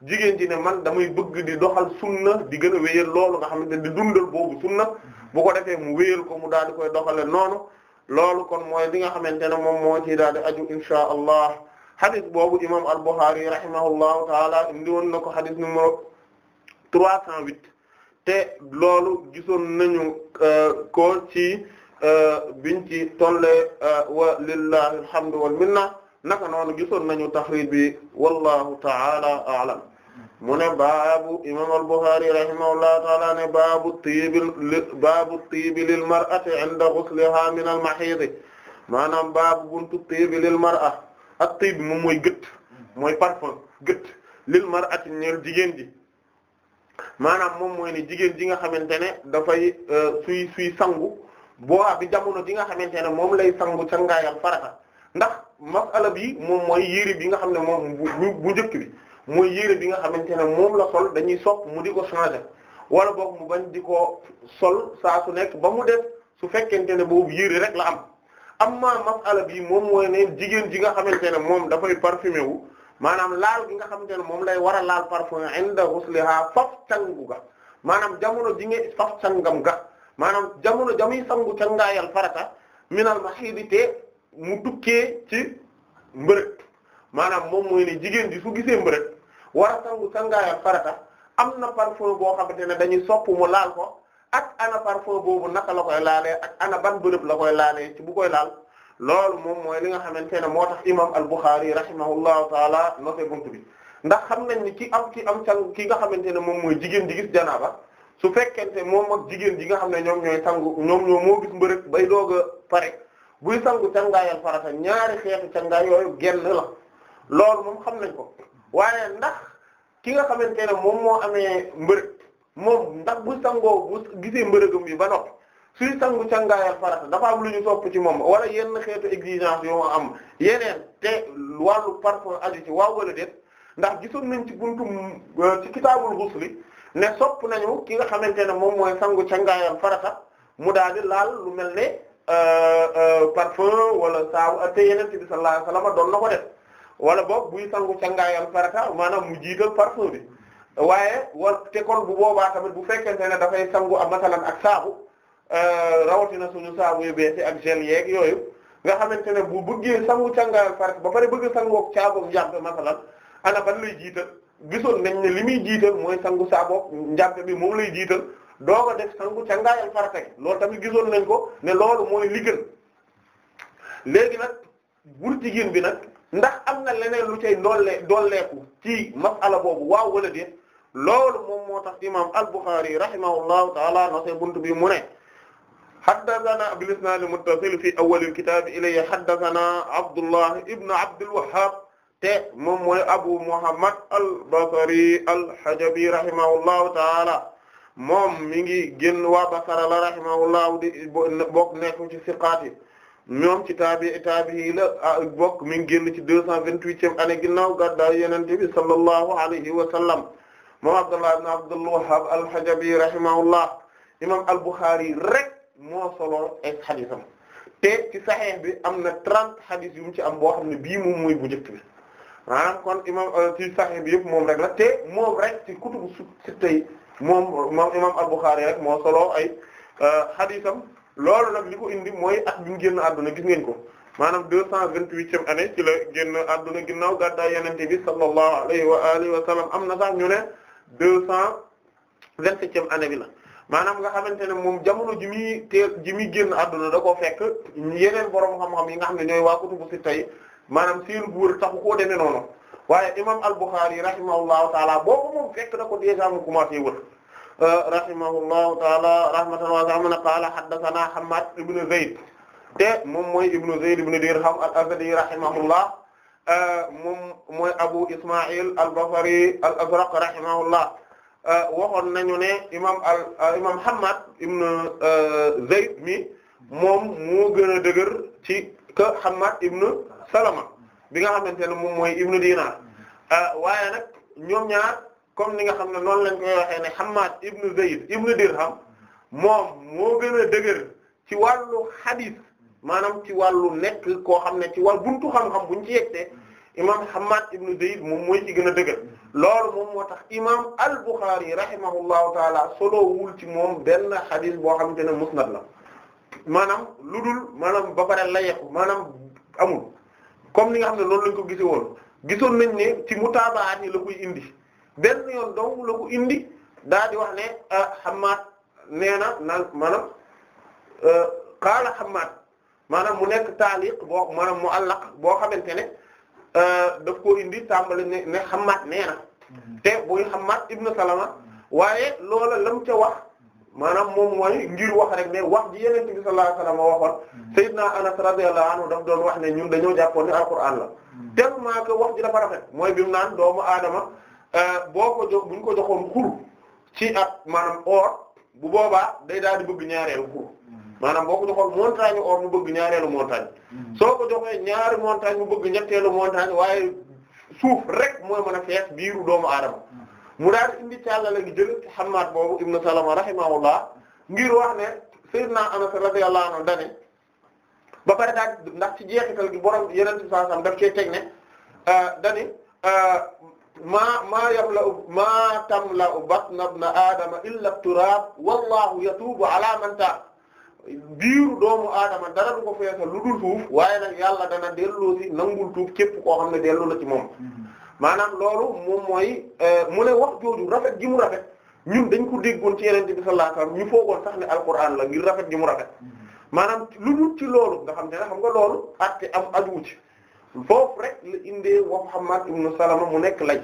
jigéen ji ne man damay bëgg di doxal sunna di gën a wéyal loolu nga xamante di dundal boobu sunna bu ko defee mu wéyal ko mu daal di koy doxale noonu loolu kon mooy li nga xamante ne moom moo ci daal di aju inshaa allah hadith boobu imam al-Bukhari rahimahullahu taala indi woon na ko hadith numéro trois cent te loolu gisoon nañu euh, ko ci euh, biñ ci tolle euh, wa lillahi alhamdu wal minna naka noonu gisoon nañu taxrij bi wallahu ta'ala a'lam mu ne baabu imam al-Bukhari rahimahullahu ta'ala ne baabu tiibi baabu tiibi lil mar'ati 'inda ghusliha min al-mahid maanaam baabu buntu tiibi lil mar'a at-tiib moom mooy gët mooy parfum gët lil mar'ati ñeel jigéen ji maanaam moom mooy ne jigéen ji nga xamante ne dafay euh, suy suy sangu boo bi jamono ji nga xamante ne moom lay sangu cangaayal farata ndax masala bi moom mooy yére bi nga xam ne moom bu njëkk bi mooy yére bi nga xamante ne moom la sol dañuy sopp mu di ko changer wala boog mu bañ di ko sol saa su nekk ba mu def su fekkente ne boobu yére rek la am amma masala bi moom mooy ne jigéen ji nga xamante ne moom dafay parfumé wu maanaam laal gi nga xamante ne moom lay war a laal parfum inda ghusliha faf sangu ga maanaam jamono ji nga faf sangam ga maanaam jamono jamuy sangu cangaayal farata minal mahidi te mu tukkee ci mbërëg maanaam moom mooy ne jigéen ji su gisee mbërëg war a sangu cangaayal farata am na parfum boo xamante ne dañuy sopp laal ko ak ana parfum boobu naka la koy laalee ak ana ban bërëb la koy ci bu koy laal loolu moom mooy li nga xamante ne moo tax imam al-Bukhari rahimahullahu taala noté buntu bi ndax xam nañ ni ki am ki am sangu ki nga xamante ne moom mooy jigéen di gis janaaba su fekkente moom ak jigéen ji nga xam ne ñoom ñooy sangu ñoom ñoo moo gis mbërëg bay doog a pare buy sangu cangaayal farata ñaari xeetu cangaay yooyu genn la loolu moom xam nañ ko waaye ndax ki nga xamante ne moom moo amee mbërëg moom ndax bu sangoo bu gisee mbërëgam bi ba noppi suy sangu cangaayal farata dafa am lu ñu sopp ci moom wala yenn xeetu exigence yoo am yeneen te wàllu parfum aju ci waaw wala déet ndax gisoon nañ ci buntu euh, ci kitaabul ghusli ne sopp nañu ki nga xamante ne moom mooy sangu cangaayal farata mu daal di laal lu mel ne euh, euh, parfum wala saabu te yeneen bi sallallahu alayhi wasallam doon na ko def wala boob buy sangu cangaayal farata maanaam mu jiital parfum bi waaye wal te kon bu boobaa tamit bu fekkente ne dafay sangu a masalan ak saabu Euh, rawatina suñu saabu yu bees ak gel yeeg yooyu nga xamante ne bu bëggee sangu càngaayal farata ba pare bëgg sangoog caaboog njàpp masalan ana ban lay jiital gisoon nañ ne li muy jiital mooy sangu saaboog njàpp bi moom lay jiital doog a def sangu càngaayal farata gi loolu tamit gisoon nañ ko ne loolu mooy li gën léegi nag bur jigéen bi nag ndax am na leneen lu cay dolle dolleeku ci masala boobu waaw wala déet loolu moom moo tax imam al-Bukhari rahimahullahu taala no see buntu bi mu ne haddathana bil isnad al muttasil fi awwal al kitab ilayhi haddathana Abdullah ibn Abd al Wahhab te moom mooy Abu Muhammad al Basri al Hajabi rahimahullahu ta'ala moom mi ngi génn waa Basra la rahimahullahu di bokk nekk ci siqaat yi ñoom ci taabi taabi la ah, bokk mi ngi génn ci deux cent vingt-huitième année ginnaaw gàddaay Yonent bi sallallahu alayhi wa sallam moom Abdullah ibn Abdul Wahhab al Hajabi rahimahullah imam al Bukhari rek moo solo ay xadisam te ci saxiix bi am na trente xadis yu mu ci am boo xam ne bii moom mooy bu njëkk bi maanaam kon imam euh, ci saxiix bi yëpp moom rek la te moom rek ci kutubu sitta yi moom moom imam al rek moo solo ay euh, xadisam loolu nag li ko indi mooy at bi mu génn àdduna gis ngeen ko maanaam deux cent vingt-huitième année ci la génn àdduna ginnaaw gàddaay yenente bi sallallahu alayhi wa alihi wa am na sax ñu ne deux cent vingt-septième année bi la maanaam nga xamante ne moom jamono ji muy teel ji muy génn àdduna da koo fekk yeneen borom xam-xam yi nga xam ne ñooy waa kutubu sitta yi maanaam seen buur taxu koo demee noonu waaye imam al-Bukhari rahimahullahu taala boobu moom fekk na ko déjà mu commencé wër euh, rahimahullahu taala rahmatan wasi'a man qaala haddathana Hammad ibn Zayd te moom mooy ibn Zayd ibn Dirham al-Azdi rahimahullah euh, moom mooy Abu Isma'il al-Basri al-Azraq rahimahullah Euh, waxoon nañu ne imam al euh, imam Hammad ibn euh, Zayd mi moom moo gën a dëgër ci que Hammad ibn Salama bi nga xamante ne moom mooy ibn Dinar waaye nag ñoom ñaar comme ni nga xam ne noonu lañ koy waxee ne Hammad ibn Zayd ibn Dirham moom moo gën a dëgër ci wàllu hadith maanaam ci wàllu nekk koo xam ne ci wàllu buntu xam-xam buñ ci imam Hammad ibn Zayd moom mooy ci gën a dëgër loolu moom moo tax imam al-Bukhari rahimahullahu taala solowul ci moom benn xadis boo xamante ne musnad la maanaam lu dul maanaam ba pare layeku maanaam amul comme ni nga xam ne loolu lañ ko gise woon gisoon nañ ne ci mutaabaat yi la koy indi benn yoon dong ko indi daa di wax ne ah, Hammad nee na naan maanaam euh, qaala Hammad maanaam mu nekk taaliq boo maanaam mu allaq boo xamante ne Euh, daf koo indi tàmbali ne ne Hammaad nee na mm-hmm. te buy Hammaad ibnu Salama waaye loola lam ca wax maanaam moom mooy ngir wax rek ne wax ji Yonent bi sallallahu alayhi wasallam waxoon mm-hmm. Seydina Anas radiyallahu anhu daf doon wax ne ñum dañoo jàppoon ne Alxuraan la mm-hmm. tellement que wax ji dafa rafet mooy bi naan doomu aadama euh, boo ko jox buñ ko joxoon xur ci at maanaam or bu boobaa day daal di bëgg ñaareel xur maanaam boo ko joxoon montagne or mu bëgg ñaareelu montagne mm. soo ko joxee ñaari montagne mu bëgg ñetteelu montagne waaye suuf rek mooy mën a fees biiru doomu aadama mm. mu daal indi càllala gi jël ci Hammaad boobu ibnu Salama rahimahullah ngir wax ne sayyidna Anas radiyallahu anhu dane ba pare daal ndax ci jeexital gi borom yeneen ci saa daf cee teg ne euh, dani euh, maa maa yabla maa tamla batna ibn aadama illa turaab wallahu yatuubu ala biiru doomu aadama dara du ko feesal lu dul suuf waaye na yàlla dana delloo si nangul tuub képp koo xam ne dellu la ci moom maanaam loolu moom mooy euh, mu ne wax jooju rafet gi mu rafet ñun dañ ko déggoon ci yeneen bi sallallahu alayhi wasallam ñu foogoon sax ne alquran la ngir rafet gi mu rafet maanaam lu ci loolu nga xam ne xam nga loolu atte am ajuwu ci foofu rek la indee wa Muhammad mu nekk lay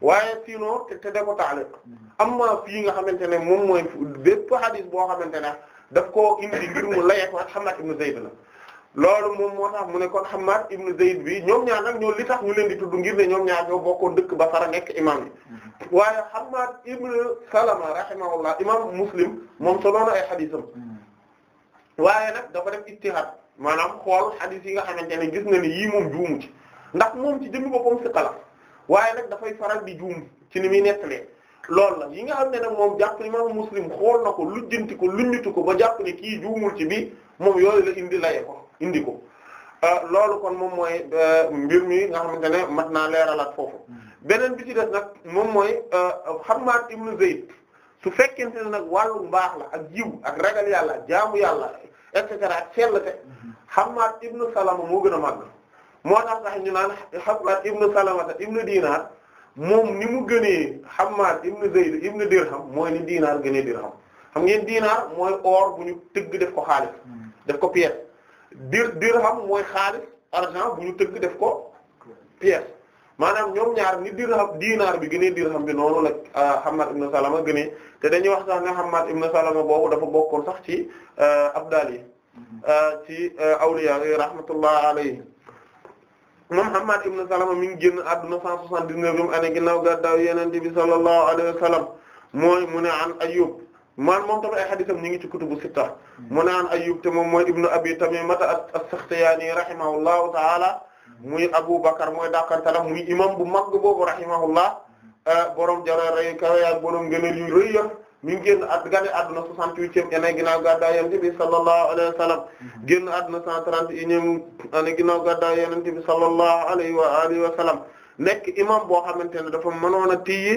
waaye sinon te te da ko taaliq mm-hmm. fii nga xamante ne moom mooy bépp hadith boo xamante ne daf ko indi ngir mu layeek wax Hammaad ibn Zayd la loolu moom moo tax mu ne kon Hammaad ibn Zayd bi ñoom ñaar nag ñoo li tax ñu leen di tudd ngir ne ñoom ñaar ñoo bokkoon dëkk ba fara nekk imam yi mm-hmm. waaye Hammaad ibn Salama rahimahullah imam Muslim moom soloon na ay xadiisam mm-hmm. waaye nag dafa def ijtihaad maanaam xool xadiis yi nga xamante ne gis na ni yii moom juumu ci ndax moom ci jëmmi ko siqa la waaye nag dafay faral di juum ci ni muy nettalee loolu la yi nga xam ne nag moom jàpp ni imam muslim xool na ko lujjanti ko luññitu ko ba jàpp ne kii juumul ci bii moom yooyu la indi laye ko indi ko euh, loolu kon moom mooy euh, mbir mi nga xamante ne mat naa leeralaat foofu hmm. beneen bi ci des nag moom mooy xam euh, Hammad ibn Zayd su fekkente ne nag wàllu mbaax la ak jiw ak ragal yàlla jaamu yàlla et cetera ak sellte hmm. Hammad ibn Salama moo gën a màgg moo tax sax ñu naan Hammad ibn Salama ibn Dinar moom ni mu gënee Hammad ibn Zayd ibn Dirham mooy ni diinaar gënee dirham xam ngeen diinaar mooy or bu ñu tëgg def ko xaalis hmm. def ko pièce dir dirham mooy xaalis argent bu ñu tëgg def ko pièce maanaam ñoom ñaar ni dirham diinaar bi gënee dirham bi noonu la euh, Hammad ibn Salama gënee te dañuy wax sax nga Hammad ibn Salama boobu dafa bokkoon sax ci euh, abdal yi hmm. euh, ci awliya yi rahmatullah moom Hammad ibn Salama mi ngi génn àdduna 179 année ginnaaw gàddaaw Yonent bi sallallahu alayhi wa sallam mooy mu ne an Ayyub man moom tamit ay hadiisam ñu ngi ci kutubu sitta mu ne an Ayyub te moom mooy ibnu Abi Tamimata as-Saxtiyaani rahimahullahu ta'ala muy Abu Bakar mooy dàqantalam muy imam bu mag boobu rahimahullah borom jara rëy kawe ak borom gënal yu rëy mi génn at gane àdduna 68e année ginnaaw gàddaay yonent bi sallallahu alayhi wa sallam mhm. génn gàddaay yonent bi alayhi wa alihi wa nekk imam boo xamante ne dafa mënoon a tiyi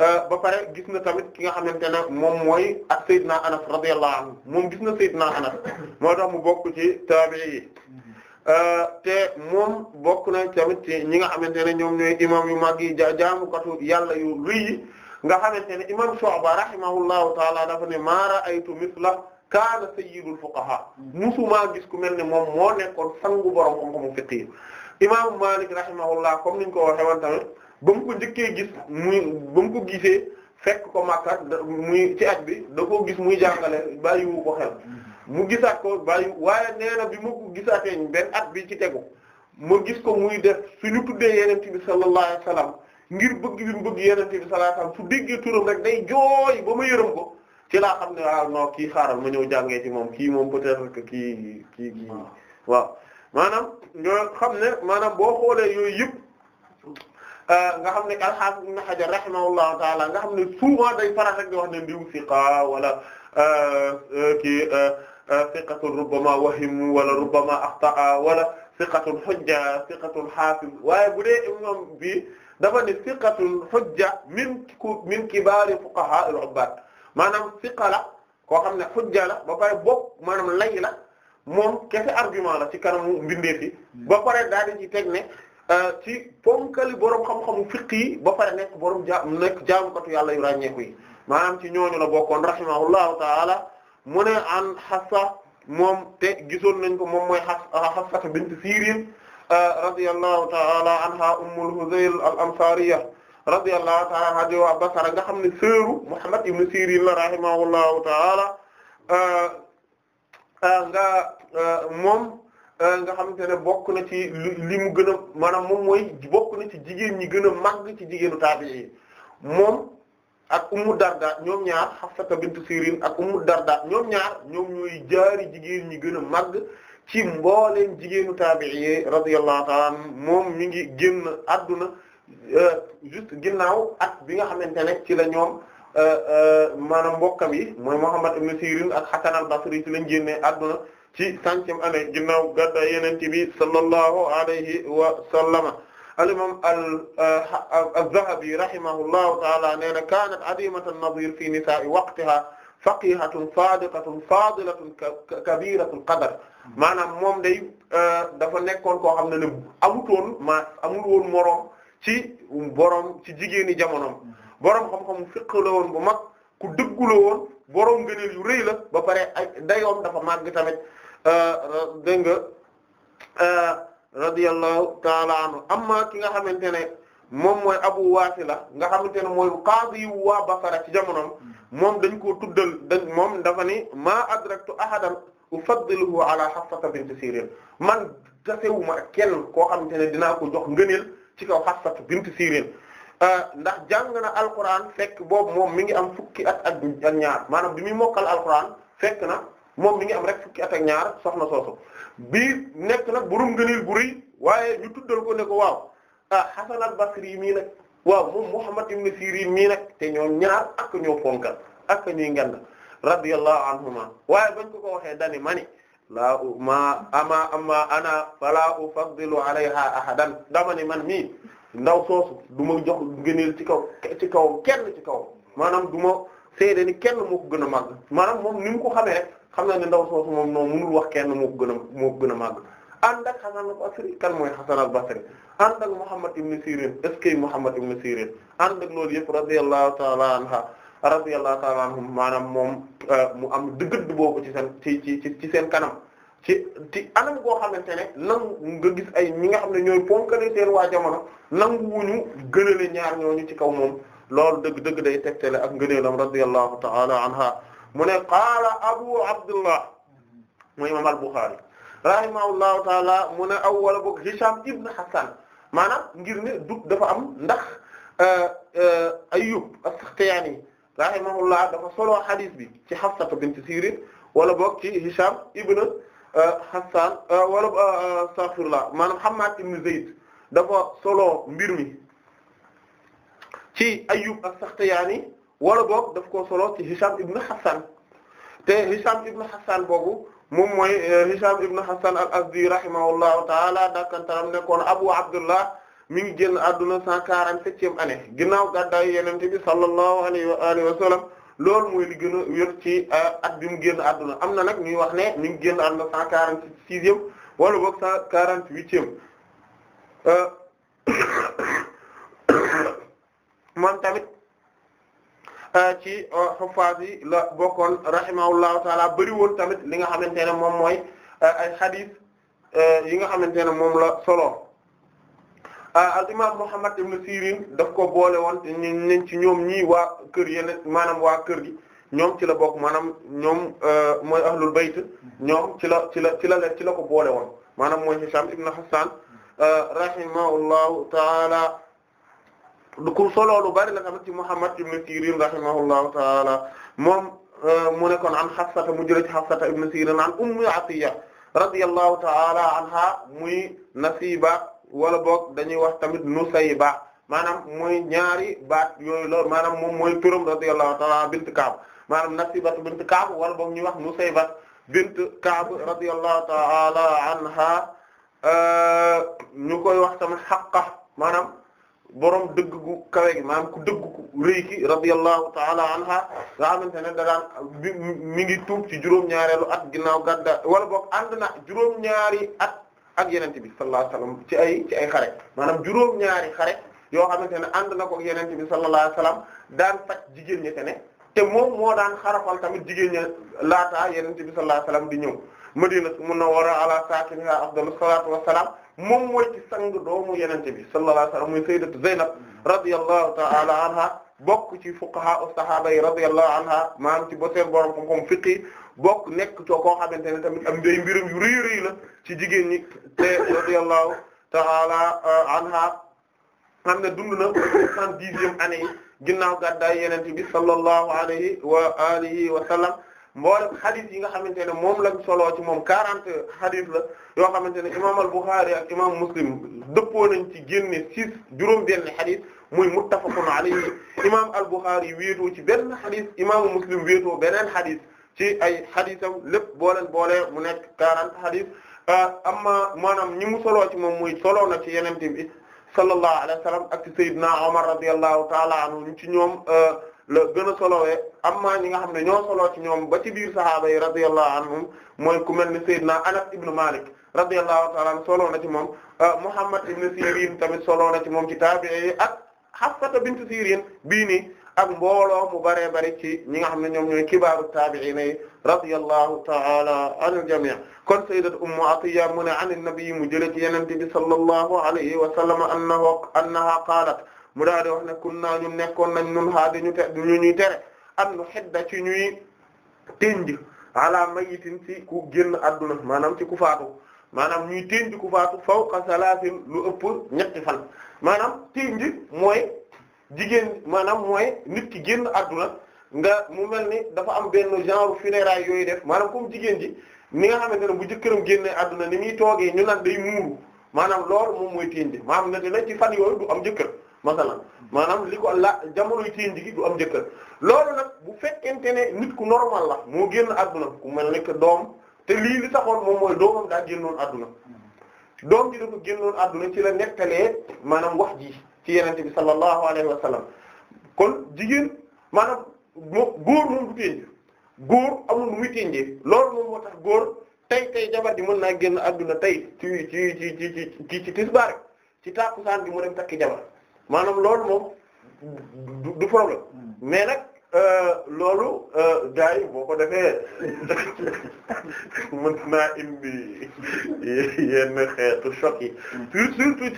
euh, ba pare gis na tamit ki nga xamante ne moom mooy ak Seydina Anas radiyallahu anhu moom gis na Seydina Anas moo tax mu bokk ci taabi'i mhm. euh, te moom bokk na tamit ñi nga xamante ne ñoom ñooy imam yu mag yi jaamukatu yàlla yu luy nga xamante ne imam Shu'ba rahimahullahu taala dafa ne ma ra'aytu mithla kaana sayyidul fuqaha musumaa gis ku mel ni moom moo nekkoon sangu borom xam-xamu fiqh yi imaamu Malik rahimahullah comme niñ ko waxee woon tamit ba mu ko njëkkee gis muy ba mu ko gisee fekk ko Makka muy ci at bi da koo gis muy jàngale bàyyiwu ko xel mu gisaat ko bàyyi waaye nee na bi ma ko gisaatee benn at bi ci tegu ma gis ko muy def suñu tuddee yeneen bi sallallahu alayhi ngir bëgg bi mu bëgg yenente bi sallallahu su déggee turam rek day jooy ba ma yërëm ko ci laa xam ne waaw ah, non kii xaaral ma ñëw jàngee ci moom kii moom peut-être que kii kii kii waaw maanaam nga xam ne maanaam boo xoolee yooyu yëpp euh, nga xam ne al-Hafiz Ibn Hajar rahimahullahu taala nga xam ne souvent day faral rek di wax ne mbiwu siqa wala euh, euh, kii siqatun rubbama wahim wala rubbama axta'a wala siqatun hujja siqatun hafiz waaye bu dee imam bi dafa ne siqatul xujja min ku min kibaari fuqaha al ubbaad maanaam siqa la koo xam ne xujja la ba pare bokk maanaam lay la moom kese argument la ci kanamu mbindeef yi hmm. ba pare daal di ci teg ne euh, ci ponkali borom xam-xamu fiq ba pare nekk borom ja nekk jaamukatu yàlla yu ràññeeku yi maanaam ci ñooñu la bokkoon rahimahullahu taala mu ne an Hafsa moom te gisoon nañ ko moom mooy Hafsa bint Sirin radiyallahu a anha ummul Hudhayl al-Ansariyya radiyallahu ta'ala anha nga xam ne seeru Muhammad ibn Sirin la rahimahullahu ta'ala euh, euh, nga euh, moom nga xamante ne bokk na ci li mu gën a maanaam moom mooy bokk na ci jigéen ñi gën a màgg ci jigéenu taabi'i moom ak Ummu Darda ñoom ñaar Hafsa bint Sirin ak Ummu Darda ñoom ñaar ñoom ñooy jaari jigéen ñi gën a màgg ci mbooleem jigéenu taabi'i radiyallahu ta'ala anhum moom mi ngi génn adduna euh, juste ginnaaw at bi nga xamante ne ci la ñoom euh, euh, maanaam mbokkam yi mooy Muhammad ibn Sirin ak Hasan al-Basri ci lañ génnee adduna ci centième année ginnaaw gadda yonent bi sallallahu alayhi wa sallama al-imam al-Zahabi rahimahullahu ta'ala nee na kaanat adimatan nadir fi nisa'i waqtiha faqihatun sadiqatun fadilatun kabiratul qadar hmm. maanaam moom day euh, dafa nekkoon koo xam ne ne amutoon ma amul woon moroom ci boroom ci jigéeni jamonoom hmm. boroom xam-xam fiq la woon bu mag ku dëggu la woon boroom ngëneel yu rëy la ba pare ak dayoom dafa màgg tamit euh, dégg nga euh, radiyallahu taala anhu amma ki nga xamante ne moom mooy Abu Wasila nga xamante ne mooy qaadi waa Basra ci jamonoom hmm. moom dañ koo tuddal dañ moom dafa ni maa adraktu ahadan ufaddiluhu ala Hafsata bint Sirin man tasewuma ak kenn koo xamante ne dinaa ko jox ngëneel ci kaw Hafsata bint Sirin euh, ndax jàng na alquran fekk boobu moom mi ngi am fukki at ak ak ñaar maanaam bi muy mokkal alquran fekk na moom mi ngi am rek fukki at ak ñaar soxna soosu bi nekk nag burum ngëneel bu rëy waaye ñu tuddal ko ne ko waaw ah Hasan al-Basri mii nag waaw moom Muhammad ibn Sirin mii nag te ñoom ñaar ak ñoo fonkal ak ñuy ngand radiyallahu anhuma waaye bañ ko ko waxee dani mani laa ma ama ama ana fala ufaddilu alayha ahadan dama ni man mii ndaw soosu du ma jox ngëneel ci kaw ci kaw kenn ci kaw maanaam du ma seede ni kenn moo ko gën a màgg maanaam moom ni mu ko xamee rek xam na ne ndaw soosu moom noonu mënul wax kenn moo ko gën a moo gën a màgg ànd ak Hasan al-Basri kan mooy Hasan al-Basri ànd ak Muhammad ibn Sirin est ce que Muhammad ibn Sirin ànd ak loolu yëpp radiyallahu ta'ala anha radiyallahu ta'ala anhum maanaam moom euh, mu am dëgg boobu ci seen ci ci ci seen kanam ci ci anam goo xamante ne nangu nga ay ñi nga xam ne ñooy ponkale seen waa jamono nanguwuñu gënale ñaar ñooñu ci kaw moom loolu dëgg dëgg day tegtale ak ngëneelam radiyallahu ta'ala anha mu ne qaala Abu Abdullah mooy imam al-Bukhari rahimahullahu taala mu ne aw wala boog Hisham ibn Hassan maanaam ngir ne dug dafa am ndax euh, euh, Ayyub as-Sakhtiyani rahimahullah dafa solo xadis bi ci Hafsa bint Sirin wala boog ci Hisham ibn euh, Hassan wala astaghfirullah maanaam Hammad ibn Zayd dafa solo mbir mi ci Ayyub as-Sakhtiyani wala boog daf koo solo ci Hisham ibn Hassan te Hisham ibn Hassan boobu moom mooy euh, Hisham ibn Hassan al-Azdi rahimahullahu taala dakkantaram nekkoon Abu Abdullah mi ngi génn àdduna cent quarante-septième année ginnaaw gàddaay Yonent bi sallallahu alayhi wa alihi wa sallam loolu mooy li gën a wér ci euh, at bi mu am na nag ñuy wax ne mi ngi génn àdduna cent quarante-sixième wala boog quarante-huitième euh, moom tamit Euh, ci xuffaas euh, yi la bokkoon rahimahullahu taala bëri woon tamit li nga xamante ne moom mooy euh, ay xadis yi nga xamante ne moom la solo al imam Muhammad ibn Sirin daf ko boole woon ci ñoom ñii waa kër yeneen maanaam waa kër gi ñoom ci la bokk maanaam ñoom mooy ahlul bayt ñoom ci la ci la ci la ci la ko boole woon maanaam mooy Hisham ibn Hassan rahimahullahu taala ku solo lu bari la tamit ci Muhammad ibn Sirin rahimahullahu taala moom euh, mu ne kon an Hafsata mu jëlee ci Hafsata ibn Sirin an Ummu Atiya radiyallahu taala anha muy Nasiba wala boog dañuy wax tamit Nusayba maanaam muy ñaari baat yooy loolu maanaam moom mooy turam radiyallahu taala bint Kaab maanaam Nasiba bint Kaab wala boog ñuy wax Nusayba bint Kaab radiyallahu taala anha euh, ñu koy wax tamit Haqqa maanaam. borom dëgg gu kawe gi maanaam ku dëgg gu rëy ki radiyallahu taala anha nga xamante ne da daan mi ngi tuub ci juróom-ñaareelu at ginnaaw gàdda wala boog ànd na juróom-ñaari at ak yenente bi sallallahu alayhi wasallam ci ay ay xare maanaam juróom-ñaari xare yoo xamante ne ànd ko ak yenente bi sallallahu alayhi wasallam daan faj jigéen ñi te te moom moo daan xarafal tamit jigéen ña laataa yenente bi sallallahu alayhi wasallam di ñëw madina munawwara ala saakiniha afdalus salatu wassalam moom mooy ci sang doomu yenente bi sallallahu alayhi wasallam mooy ta'ala anha bokk ci fuqaha as-sahaba yi radiyallahu anha maam ci ba seen borom bokk nekk too koo xamante ne tamit am day mbirum yu la ci jigéen ñi te radiyallahu ta'ala uh, anha xam ne dund na soixante-dixième année yi ginnaaw gàddaay yenente bi sallallahu alayhi wa alihi wa sallam mboolem xadis yi nga xamante ne moom la solo ci moom 40 xadis la yoo xamante ne imaam al-Bukhari ak imaam Muslim dëppoo nañ ci génne six juróom-benn xadis muy muttafaqun alayhi imaam al-Bukhari wéetoo ci benn xadis imaamu Muslim wéetoo beneen xadis ci ay xadisam lépp booleen boole mu nekk 40 xadis euh, amma maanaam ñi mu soloo ci moom muy soloo na ci yenente bi sallallahu alayhi wa sallam ak ci Seydina Omar radiyallahu ta'ala anhu ci ñoom euh, la gën a solowee amma ñi nga xam ne ñoo soloo ci ñoom ba ci biir sahaaba yi radiyallahu anhum mooy ku mel ni Seydina Anas ibn Malik radiyallahu ta'ala anhu soloo na ci moom euh, Muhammad ibn Sirin tamit soloo na ci moom ci taabi'i yi ak Hafsata bint Sirin bii nii ak mbooloo mu baree bari ci ñi nga xam ne ñoom ñooy kibaaru taabi'iina yi radiyallahu ta'ala anil jami' kon sayyidat Ummu Atiyya mu ne an an-nabi mu jële ci yenente bi sallallahu alayhi wa sallam annahu annaha qaalat mu daal di wax ne kunnaa ñun nekkoon nañ ñun xaa dañu te ñu ñuy tere am nu xedda ci ñuy tënj ala mayitin ci ku génn adduna maanaam ci ku faatu maanaam ñuy tënj ku faatu fawqa salaasin lu ëpp ñetti fan maanaam tënj mooy jigéen maanaam mooy nit ki génn adduna nga mu mel ni dafa am benn genre funérailles yooyu def maanaam comme jigéen ji ni nga xamante ne bu jëkkëram génnee adduna ni muy toogee ñu naan day muuru maanaam loolu moom mooy tënj maanaam ne dina ci fan yooyu du am jëkkër masalan maanaam li ko la jamonoy teen jigi du am jëkkër loolu nag bu fekkente ne nit ku normal la moo génn adduna ku mel ni que doom te lii li taxoon moom mooy doomam daa génnoon adduna doom ji dafa génnoon adduna ci la nettalee maanaam wax ji ci yenente bi sallallahu alayhi wa sallam kon jigéen maanaam moo góor moom du ténj góor amul nu muy ténjee loolu moom moo tax góor tey tey jabar ji mën naa génn adduna tey ci ci ci ci ci ci tisbaar ci tàkkusaan bi mu dem takki jabar maanam loolu moom du problème hmm. mais nag euh, loolu euh, gars yi boo ko defee mën naa indi yenn xeetu choc yi hmm. surtout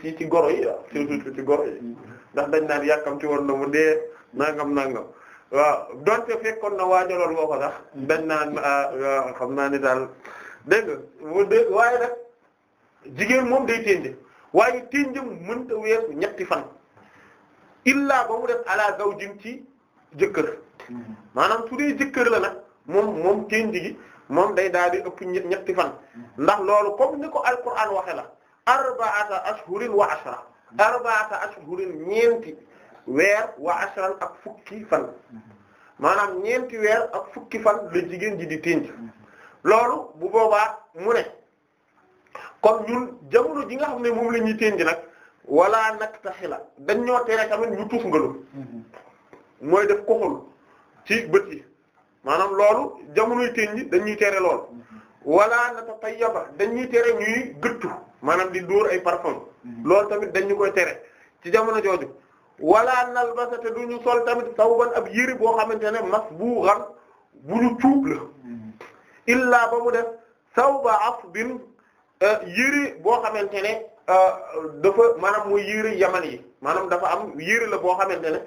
ci ci goro yi hmm. ndax dañ naan yàkkam ci woon na mu dee nangam nangam waaw donte fekkoon na waajaloon nga ko sax dañ naan ah, xam naa ni daal dégg nga waaye nag jigéen moom day tënde. waaye ténjëm mënta weesu ñetti fan illaa ba mu def ala zawjin ci jëkkër maanaam su dee jëkkër la nag moom moom ténj gi moom day daal di ëpp ñetti fan ndax loolu comme ni ko alquran waxe la arba'ata ashhurin wa ashra arba'ata ashhurin ñeenti weer wa ashran ak fukki fan maanaam ñeenti weer ak fukki fan la jigéen ji di ténj loolu bu boobaa mu ne kon ñun jamono ji nga xam ne moom la ñuy ténji nag wala nag taxi la dañ ñoo tere tamit ñu tuuf ngalu mm-hmm. mooy def koxul ci bët yi maanaam loolu jamonoy ténji dañuy tere lool mm-hmm. wala nata tayyaba dañuy tere ñuy gëttu maanaam di dóor ay parfum mm-hmm. loolu tamit dañ ñu koy tere ci jamono jooju wala nalbasa te du ñu sol tamit sawban ab yëri boo xamante ne masbuuxan bu ñu cuub la illaa ba mu def sawba afbin Euh, yére boo xamante ne euh, dafa maanaam muy yére yaman yi maanaam dafa am yére la boo xamante ne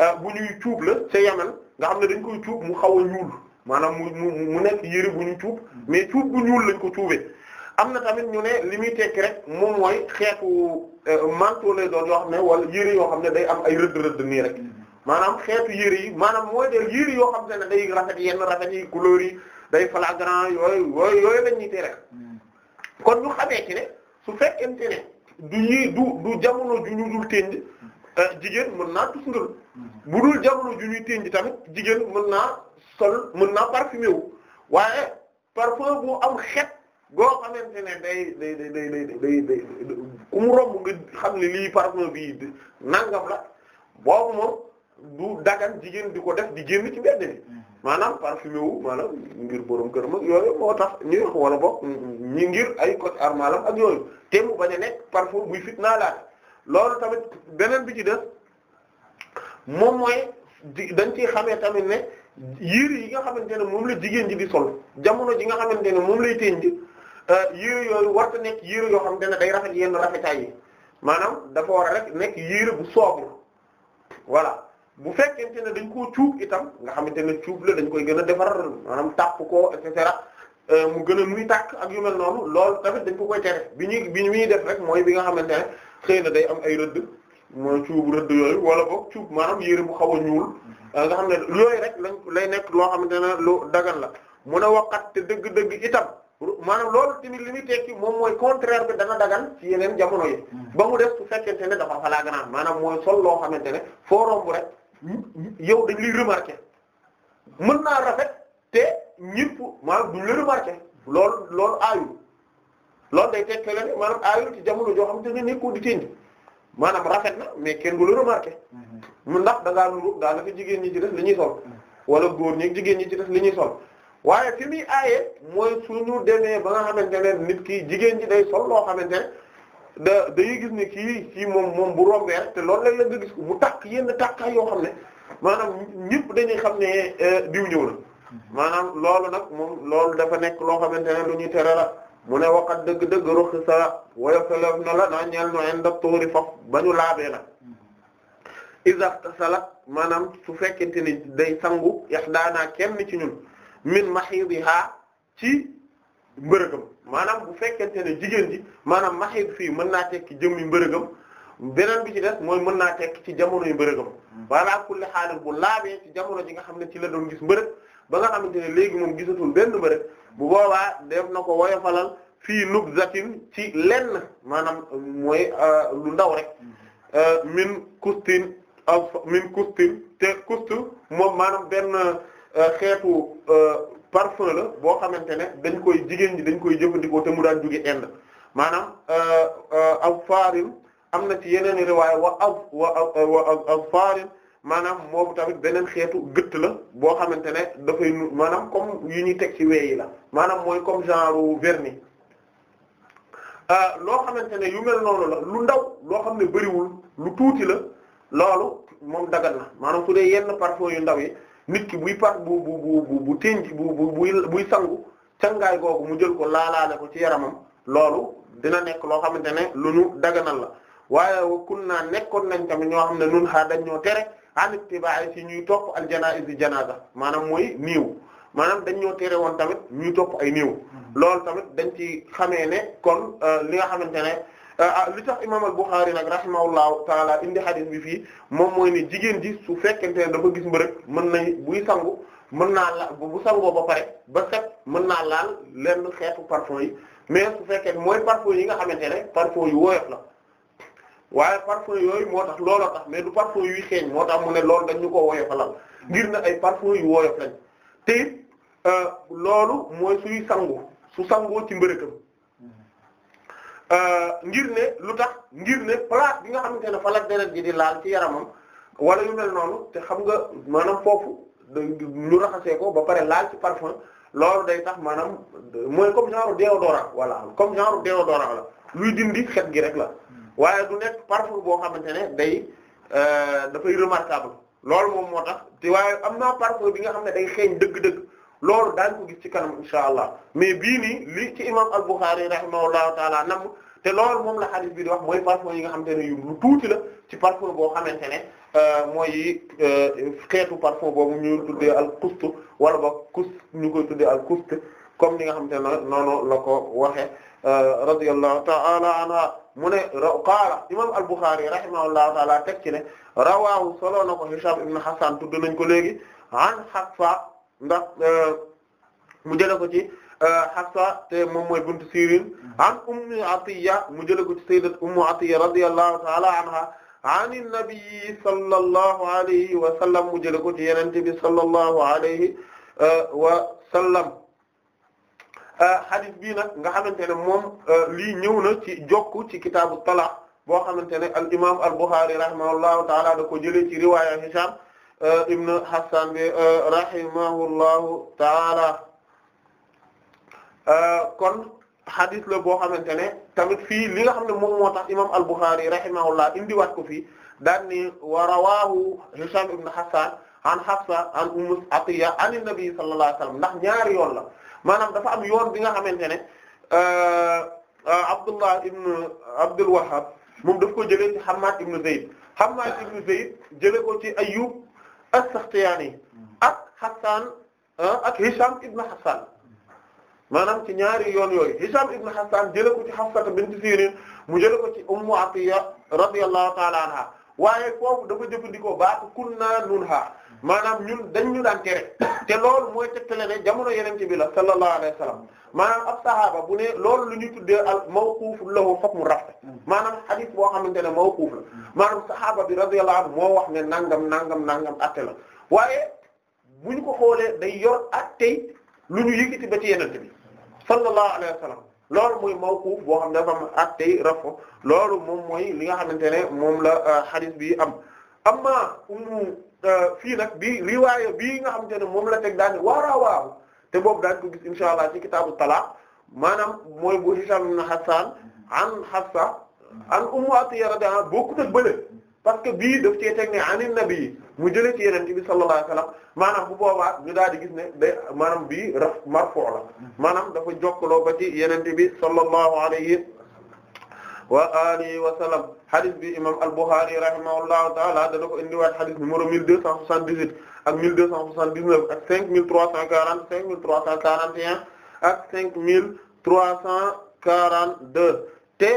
euh, bu ñuy cuub la ca yaman nga xam ne dañ koy cuub mu xaw a ñuul maanaam mu mu mu nekk yére bu ñu cuub mais cuub bu ñuul lañ ko cuubee am na tamit ñu ne li muy tekki rek moom mooy xeetu manteau lay doon yoo xam ne wala yére yoo xam ne day am ay rëdd rëdd nii rek maanaam xeetu yére yi maanaam mooy de yére yoo xam ne day rafet yenn rafet yi couleur yi day flagrant yooyu yooyu yooyu lañ ñuy rek kon du xamee ci su fekkente ne du ñuy du du jamono ju ñu dul ténj euh, jigéen mën naa tusngal bu dul jamono ju ñuy ji tamit jigéen mën naa sol mën naa parfumé wu waaye parfum bu am xet goo xamante ne day day day day day day day ku mu nga xam ne lii parfum bii nangam la boobu moom du dagan jigéen di ko def di génn ci mbedd maanaam parfumé wu maanaam ngir borom kër mag yooyu moo tax ñuy wax wala bokk ngir ay coc armalam ak yooyu te mu bañ a nekk parfum buy fitnaa laaj loolu tamit beneen bi ci def moom mooy dañ ciy xamee tamit ne yére yi nga xamante ne moom la jigéen ji di sol jamono ji nga xamante ne moom lay teeñ euh, ji yére yooyu warta nekk yére yoo xam ne day rafet yenn rafetaay yi maanaam dafa war a rek nekk yére bu sobre voilà bu fekkente ne dañ koo cuub itam nga xamante ne cuub la dañ koy gën a defar maanaam tàpp ko et cetera euh, mu gën a muy tàkk ak yu mel noonu lool tamit dañ ko koy bi ñuy bi ñuy def rek mooy bi nga xamante ne xëy na day am ay rëdd mooy cuub rëdd yooyu wala boog cuub maanaam yére bu xaw a ñuul mm-hmm. euh, nga xam ne yooyu rek lañ lay nekk loo xamante ne lu dagan la mun a waqat te dëgg-dëgg itam maanaam loolu tamit li muy tekki moom mooy contraire bi dana dagan ci yeneen jamono yi mm-hmm. ba mu def su ne dafa falaa maanaam mooy sol loo xamante ne foo romb rek yow dañ lay remarquer mën naa rafet te ñëpp maanaam duñ la remarquer lool lool aayul loolu day teg la ne maanaam aayul ti jamono joo xam te ne nekkoo di tënk maanaam rafet na mais kenn du la remarquer mu mm-hmm. ndax da ngaa nuru daanaka jigéen ñi ci def li ñuy sol wala góor ñi jigéen ñi ci def li ñuy sol waaye fi muy aayee mooy suñu demee ba nga xamante ne nit ki jigéen ñi day sol loo xamante ne da dañuy gis ne kii kii moom moom bu rombee te loolu lañ la nga gis ko mu takk yenn takkaay yoo xam ne maanaam ñëpp dañuy xam ne euh, diw ñëw na maanaam loolu nag moom loolu dafa nekk loo xamante ne lu ñu tere la mu ne waxat dëgg-dëgg ruqi sala woyofelef na la naa ñeel no en daf tóori faf ba ñu laabee nag isafta salat maanaam su fekkente ni day sangu yax daanaa kenn ci ñun min mahidiha ci mbërëgam maanaam bu fekkente ne jigéen ji maanaam maxeeb fii mën naa tekki jëmmi mbërëgam beneen bi ci des mooy mën naa tekk ci jamono jamonoy mbërëgam hmm. walla kule xaalis bu laabee ci jamono ji nga xam ne ci la doon gis mbërëg ba nga xamante ne léegi moom gisatul benn mbërëg bu boobaa def na ko woyofalal fii nubzatin ci lenn maanaam mooy euh, lu ndaw rek hmm. euh, min kustin min kustin te kustu moom maanaam benn euh, xeetu parfum la boo xamante ne dañ koy jigéen ñi dañ koy jëfandikoo te mu daan jóge Inde maanaam euh, euh, aw faarin am na ci yeneen riwaaya wa aw wa maanaam moobu tamit beneen xeetu gëtt la boo xamante ne dafay nu maanaam comme yu ñuy teg ci weeyi la maanaam mooy comme genre vernis euh, loo xamante ne yu mel noonu la lu ndaw loo xam ne bëriwul lu tuuti la loolu moom dagal na maanaam su dee yenn parfum yu ndaw yi nit ki buy par bu bu bu bu bu tënj bu bu buy buy sangu cangaay googu mu jël ko laalaale ko ci yaramam loolu dina nekk loo xamante ne lu ñu daganal la waaye kun naa nekkoon nañ tamit ñoo xam ne nun xaa dañ ñoo tere an ittiba'i si ñuy topp al janaa'iz janaza maanaam mooy niiw maanaam dañ ñoo tere woon tamit ñuy topp ay niiw hmm. loolu tamit dañ ci xamee ne kon euh, li nga xamante ne Ah, ah, li tax imam al-Bukhari nag rahimahullahu taala indi hadith bi fii moom mooy ne jigéen ji su fekkente ne dafa gis mbërëg mën nañ buy sangu mën naa la bu sangoo ba pare ba set mën naa laal lenn xeetu parfum yi mais su fekkee mooy parfum yi nga xamante ne parfum yu woyof la waaye parfum yooyu moo tax looloo tax mais du parfum yuy xeeñ moo tax mu ne loolu dañ ñu ko woyofalal ngir na ay parfum yu woyof lañ te ah, loolu mooy suy sangu su sangoo ci mbërëkam Euh, ngir ne lu tax ngir ne place bi nga xamante ne fa la deret ji di laal ci yaramam wala yu mel noonu te xam nga maanaam foofu lu raxasee ko ba pare laal ci parfum loolu day tax maanaam mooy comme genre déodorant voilà comme genre déodorant la luy dindi xet gi rek la waaye du nekk parfum boo xamante ne day euh, dafay remarquable loolu moom moo tax te waaye am naa parfum bi nga xam ne day xeeñ dëgg-dëgg loolu daañ ko gis ci kanam insha allah mais bii nii li ci imam al-Bukhari rahimahullahu taala nam te loolu moom la xadis bi di wax mooy parfum yi nga xamante ne yu lu tuuti la ci parfum boo xamante ne euh, mooy euh, xeetu parfum boobu ñu tuddee al kust wala ba kust ñu koy tuddee al kust comme ni nga xamante ne noonu la ko waxe euh, radiyallahu ta'ala anha mu ne qaala imam al-Bukhari rahimahullahu ta'ala teg ci ne rawaahu soloo na ko Hisham ibn Hasan tudd nañ ko léegi an Hafsa ndax mu jële ko ci Euh, Hafsa te moom mooy buntu Sirin an Ummu Atiyya mu jëlee ko ci sayyidat Ummu Atiyya radiyallahu ta'ala anha an an-nabi sallallahu alayhi wa sallam mu jëlee ko ci yonent bi sallallahu alayhi euh, wa sallam euh, hadith bii nag nga xamante ne moom lii ñëw na ci jokku ci kitaabu talaq boo xamante ne al imaam al Bukhari rahimahullahu ta'ala da ko jëlee ci riwaaya Hisham ibn Hassan bi rahimahullahu ta'ala Euh, kon hadith la boo xamante ne tamit fii li nga xam ne moom moo tax imam al-Bukhari rahimahullah indiwaat ko fii daan ni wa rawahu Hisham ibn Hassan an Hafsa an Umm Atiya an nabi sallallahu alayhi wasallam ndax ñaari yoon la maanaam dafa am yoon bi nga xamante ne euh, euh, Abdullah ibn Abdul Wahhab moom daf ko jëlee ci Hammad ibn Zayd Hammad ibn Zayd jëlee ko ci Ayyub as-Sakhtiyani ak Hassan ak Hisham ibn Hassan maanaam ci ñaari yoon yooyu Hisham ibn Hassan jëlee ko ci Hafsa bint Sirin mu jëlee ko ci Ummu Atiya radiyallahu ta'ala anha waaye foofu dafa jëfandikoo baatu kunna nunha maanaam ñun dañ ñu daan tere te loolu mooy tegtale ne jamono yenente bi la sallallahu alayhi wa maanaam ab sahaaba bu ne lool lu ñuy tuddee al mawquf lahu hukmu raf maanaam hadith boo xamante ne moo la maanaam sahaaba bi radiyallahu anhu moo wax ne nangam nangam nangam atte la waaye bu ñu ko xoolee day yor attey lu ñu yëkkati ba sallallahu alayhi wa sallam loolu mooy mawquf boo xam ne dafa am attey rafu loolu moom mooy li nga xamante ne moom la euh, hadith bi am amma umu euh, fii nag bi riwaaya bii nga xamante ne moom la teg daane waaraa waaw te boobu daañ ko gis insha allah ci kitaabu talaq maanaam mooy bu Hisham ibn Hassan an Hafsa an Ummu Atiyya radiyallahu anha bokkut ak bële parce que bii daf cee teg ne anin nabi mu jëlee ci yeneen bi sallallahu alayhi wasallam maanaam bu boobaa ñu daal di gis ne day maanaam bi raf marfu la maanaam dafa jokkaloo ba ci yeneen bi sallallahu alayhi wa alihi wa sallam hadith bi imam al-Bukhari rahimahullahu ta'ala da ko indiwaat hadith numéro 1278 ak 1279 ak 5340 5341 ak 5342 te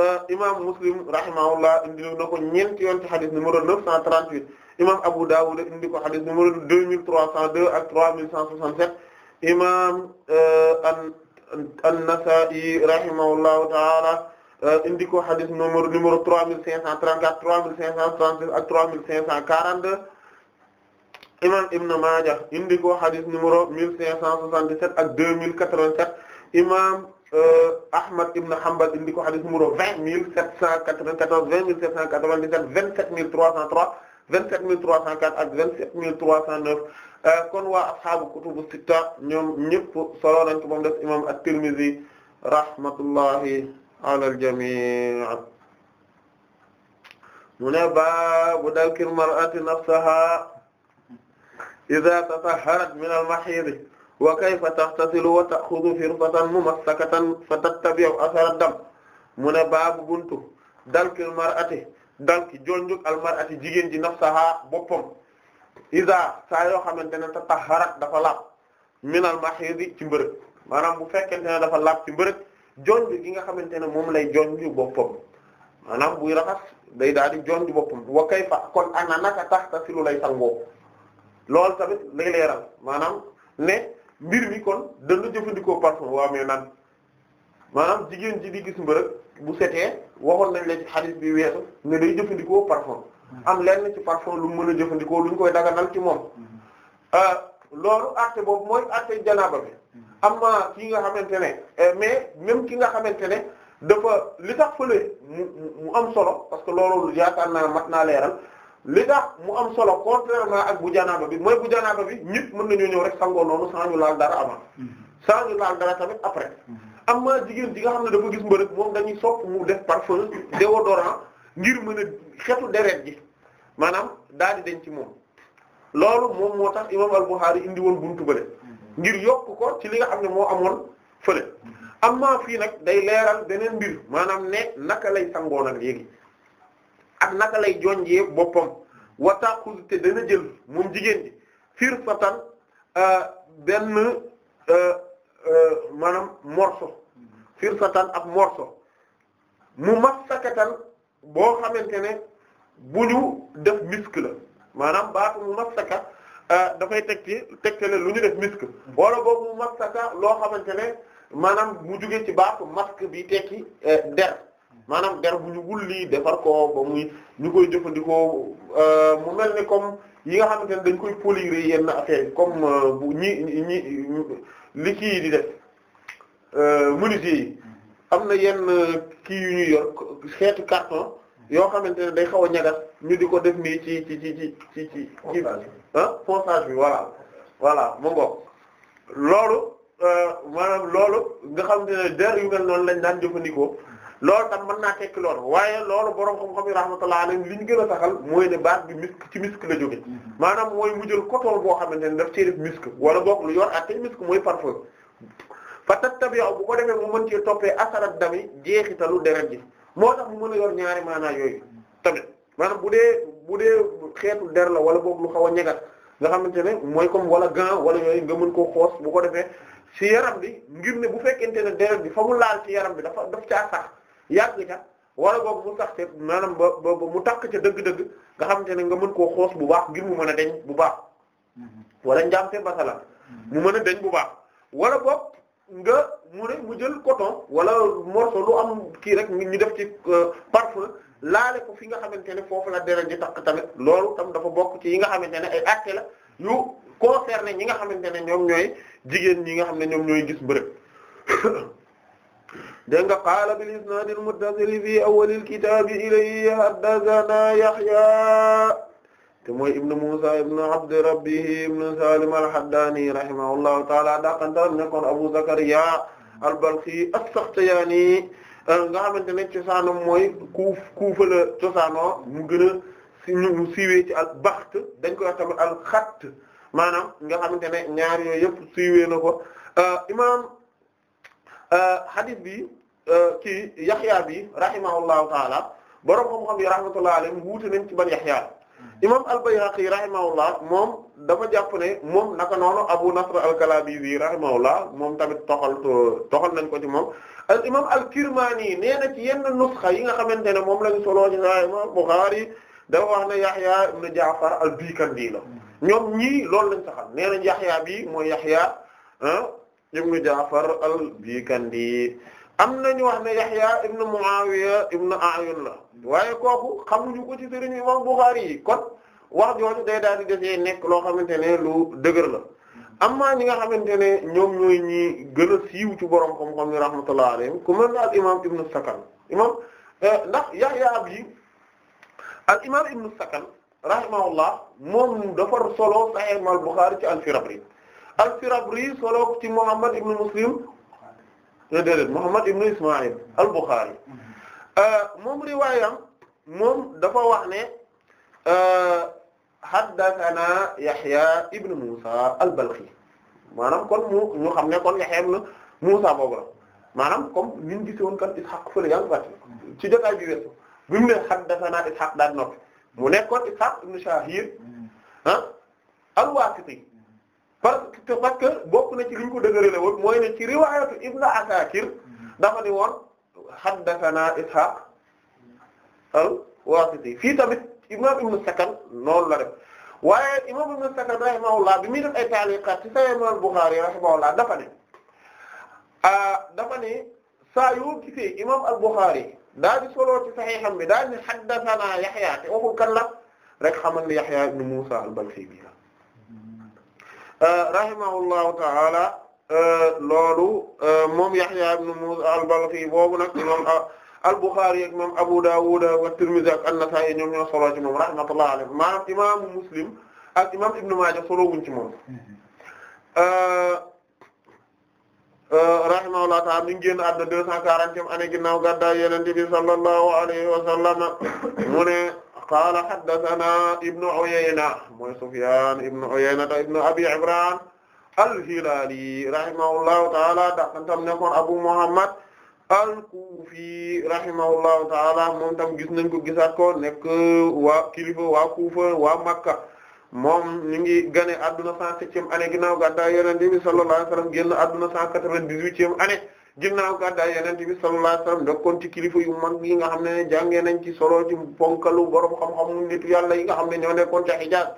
euh, imam Muslim rahimahullah indi na ko ñeenti yoon ci hadith numéro 938 imam Abu Dawud indi ko xadis numéro 2302 ak 3167 imam euh, an-Nasa'i rahimahullahu ta'ala euh, indi ko xadis numéro numéro 3534 3536 ak 3542 imam Ibn Majah indi ko xadis numéro 1577 ak 2087 imam euh, Ahmad ibn Hanbal indi ko xadis numéro 20794 20797 27303 vingt-sept mille trois cent quatre ak vingt-sept mille trois cent neuf euh, kon waa ashaabu kutubu sitta ñoom ñëpp solo nañ ko moom def imam at-Tirmidhi rahmatullahi ala al-jami' mu ne baabu dalki al-mar'ati nafsaha idha tatahharat min al-mahid wa kayfa taghtasilu wa ta'khudhu firfatan mumassakatan fa tattabi'u athara ad-dam mu ne baabu buntu dalki al-mar'ati dal ki jonjug almar'ati jigéen ji nafsaha boppam isa saa yoo xamante ne tatahharat dafa laab minal mahidi ci mbërëg maanaam bu fekkente ne dafa laab ci mbërëg jonj gi nga xamante ne moom lay jonj boppam maanaam buy raxas day daal di jonj boppam wa kayfa kon ana naka tax ta si lu lay sangoo loolu tamit lay leeral maanaam ne mbir mi kon dana jëfandikoo parfum waa mais nan maanaam jigéen ji di gis mbërëg bu setee waxoon nañ la ci xadis bi weesu ne day jëfandikoo parfum am lenn ci parfum lu mu mën a jëfandikoo luñ koy daganal ci moom euh, loolu acte boobu mooy acte janaaba bi amma ki nga xamante ne euh, mais même ki nga xamante ne dafa li tax fële mu am solo parce que loolu yaakaar naa mat naa leeral li tax mu am solo contrairement ak bu janaaba bi mooy bu janaaba bi ñëpp mën nañoo ñëw rek sangoo noonu sans ñu laal dara amal sans ñu laal dara tamit après mm-hmm. am na jigéen ji nga xam ne dafa gis mbërëg moom dañuy sopp mu def parfum déodorant ngir mën a xetu deret ji maanaam daal di dañ ci moom loolu moom moo tax imam al-Bukhari indi woon buntu bële mm-hmm. ngir yokk ko ci li nga xam ne moo amoon fële mm-hmm. amma fii nag day leeral beneen mbir maanaam ne naka lay sangoon ak léegi ak naka lay jonjee boppam wataaxul te dana jël moom jigéen ji fiir fatan euh, benn euh, Euh, maanaam morceau firsatan ab morceau mu massakatan boo xamante ne bu ñu def misk la maanaam baax mu massaka euh, dafay teg ci tegtale lu ñu def misk wala boobu mu massaka loo xamante ne maanaam mu jugee ci baatu masque bi tekki euh, der maanaam der bu ñu wulli defar ko ba muy ñu koy jëfandikoo mu mel ni comme yi nga xamante ne dañ koy polir yenn affaire comme bu ñi ñi li kii di def euh, menuisier yi am na yenn euh, kii yu ñuy yor xeetu carton yoo xamante ne day xaw a ñagas ñu di ko def nii ci ci ci ci ci ci ci ah ponçage bi voilà voilà mu ngoog loolu euh, maanaam loolu nga xam ne der yu mel noonu lañ daan jëfandikoo loolu tam mën naa tekki loolu waaye loolu borom xam-xam yi rahmatullahi alayhim li ñu gën a saxal mooy ne baat bi misk ci misk la jóge mm-hmm. maanaam mooy mu jël coton boo xamante ne daf ci def misk wala boog lu yor atte misk mooy parfum fa tattabi'u bu ko defee mu mën ci toppee asarat dami jeexitalu deret ji moo tax mu mën a yor ñaari yooyu tamit maanaam bu dee bu dee xeetu der la wala boog lu xaw a ñegat nga xamante ne mooy comme wala gant wala yooyu nga mën koo xoos bu ko defee ci yaram bi ngir ne bu fekkente ne deret bi fa mu laal ci yaram bi dafa daf caa sax yàgg ca wala boog mu sax te maanaam ba ba mu takk ca dëgg-dëgg nga xam ne nga mën koo xoos bu baax ngir mu mën a deñ bu baax mm-hmm. wala njaamte basala mu mm-hmm. mën a deñ bu baax wala boog nga mu ne mu jël coton wala morceau lu am kii rek ñu def ci euh, parfum laale ko fi nga xamante ne foofu la deret ji takk tamit loolu tam dafa bokk ci yi nga xamante ne ay acte la yu concerné ñi nga xamante ne ñoom ñooy jigéen ñi nga xam ne ñoom ñooy gis mbërëg dégg nga qaala bil isnaadil muttasil fii awwalil kitaabi ilayhi haddasanaa Yahyaa te mooy ibnu Muusaa ibnu Abdi Rabbihi ibnu Saalim al-Haddaani rahimahullahu ta'aala daqantaram nekkoon Abu Zakariya al-Balkhi as-Sakhtiyaani nga xamante ne cosaanam mooy kuuf kuufa la cosaanoo mu gën a si ñu siiwee ci al-Baxt dañ koy wax tamit al-Xatt maanaam nga xamante ne ñaar yooyu yëpp siiwee na ko imaam. Euh, hadith bi euh, ci Yaxya bi rahimahullahu taala borom xam-xam yi rahmatullahi alayhim wuute nañ ci ban Yaxya hmm. imam al-Bayhaqi rahimahullah moom dafa jàpp ne moom naka noonu Abu Nasr al-Kalabizi rahimahullah moom tamit toxal toxal nañ ko ci moom al imam al-Kirmani nee na ci yenn nusxa yi nga xamante ne moom lañu soloo ci imam Bukhari dafa wax ne Yahya ibn Ja'far al-Bikandi la hmm. ñoom ñii loolu lañ saxal nee nañ Yahya bi mooy Yahya ah ibnu Ja'far al-Bikandi am na ñu wax ne Yahya ibnu Muawiya ibnu A'yun la waaye kooku xamuñu ko ci sëriñ imam Bukhari yi kon wax jooju day daal di defee nekk loo xamante ne lu dëgër la am amma ñi nga xamante ne ñoom ñu ñi gën a siiw ci borom xam-xam ni rahmatullah ku mel na al imam ibnu Sakan imam eh, ndax Yahya bi al imam ibnu Sakan rahimahullah moom dafa solo Sahih al-Bukhari ci al-Firabri al-Firabri solo ko ci Muhammad ibn Muslim eh, déedéet Muhammad ibn Isma'il al-Bukhari mm-hmm. euh, moom riwaayam moom dafa wax ne euh, haddathana Yahya ibn Musa al-Balkhi maanaam kon mu ñu xam ne kon Yahya ibn Musa boobu la maanaam comme ni ñu gisoon kan Ishaq fële yaa ngi fàtte ci jotaay bi weesu bi mu ne haddathana Ishaq daan noppi mu nekkoon Ishaq ibn Shahir mm-hmm. ah, al-Wasiti parce que bokk na ci li ñu ko dëgërale woon mooy ne ci riwaayatu Ibn Asakir dafa ni woon haddathana Ishaq al-Wasiti fii tamit imam Ibn Sakan noonu la def waaye imam Ibn Sakan rahimahullah bi muy def ay taaliqaat ci Sahih imam Bukhari rahimahullah dafa ne dafa ne saa yoo gisee imam al-Bukhari daa di soloo ci sahiham bi daa di ne haddathana Yahya te waxul kan la rek xamal Yahya ibn Musa al-Balkhi Euh, rahimahullahu ta'ala euh, loolu euh, moom Yahya ibn Musa al-Balkhi boobu nag imam al-Bukhari ak imam Abu Dawud wa Tirmidhi ak an ñoom ñoo solo ci moom rahmatullahi alayhi maanaam imaamu Muslim ak imam Ibn Maaja solo wuñ ci moom. rahimahullahu ta'ala mi ngi génn àdduna deux cent quarantième année ginnaaw gàddaay Yonent bi sallallahu alayhi wa sallam qaala haddathana ibnu Uyayna mooy Sufyaan ibnu Uyayna ta ibnu Abi Imraan al-Hilaali rahimahullahu ta'ala dakantam nekkoon Abu Muhammad al-Kufi rahimahullahu ta'ala moom tam gis nañ ko gisaat ko nekk waa kilifa waa Kufa waa Makka moom ñu ngi gane adduna 107e année ginnaaw gàddaay Yonent bi sallallahu alayhi wasallam génn adduna 198e année ginnaaw gàddaay i bi sallallahu alayhi wasallam nekkoon ci kilifa yu mag yi nga xam ne jàngee nañ ci solo ci ponkalu borom xam-xam nitu yàlla yi nga xam ne ñoo nekkoon ca Hijaz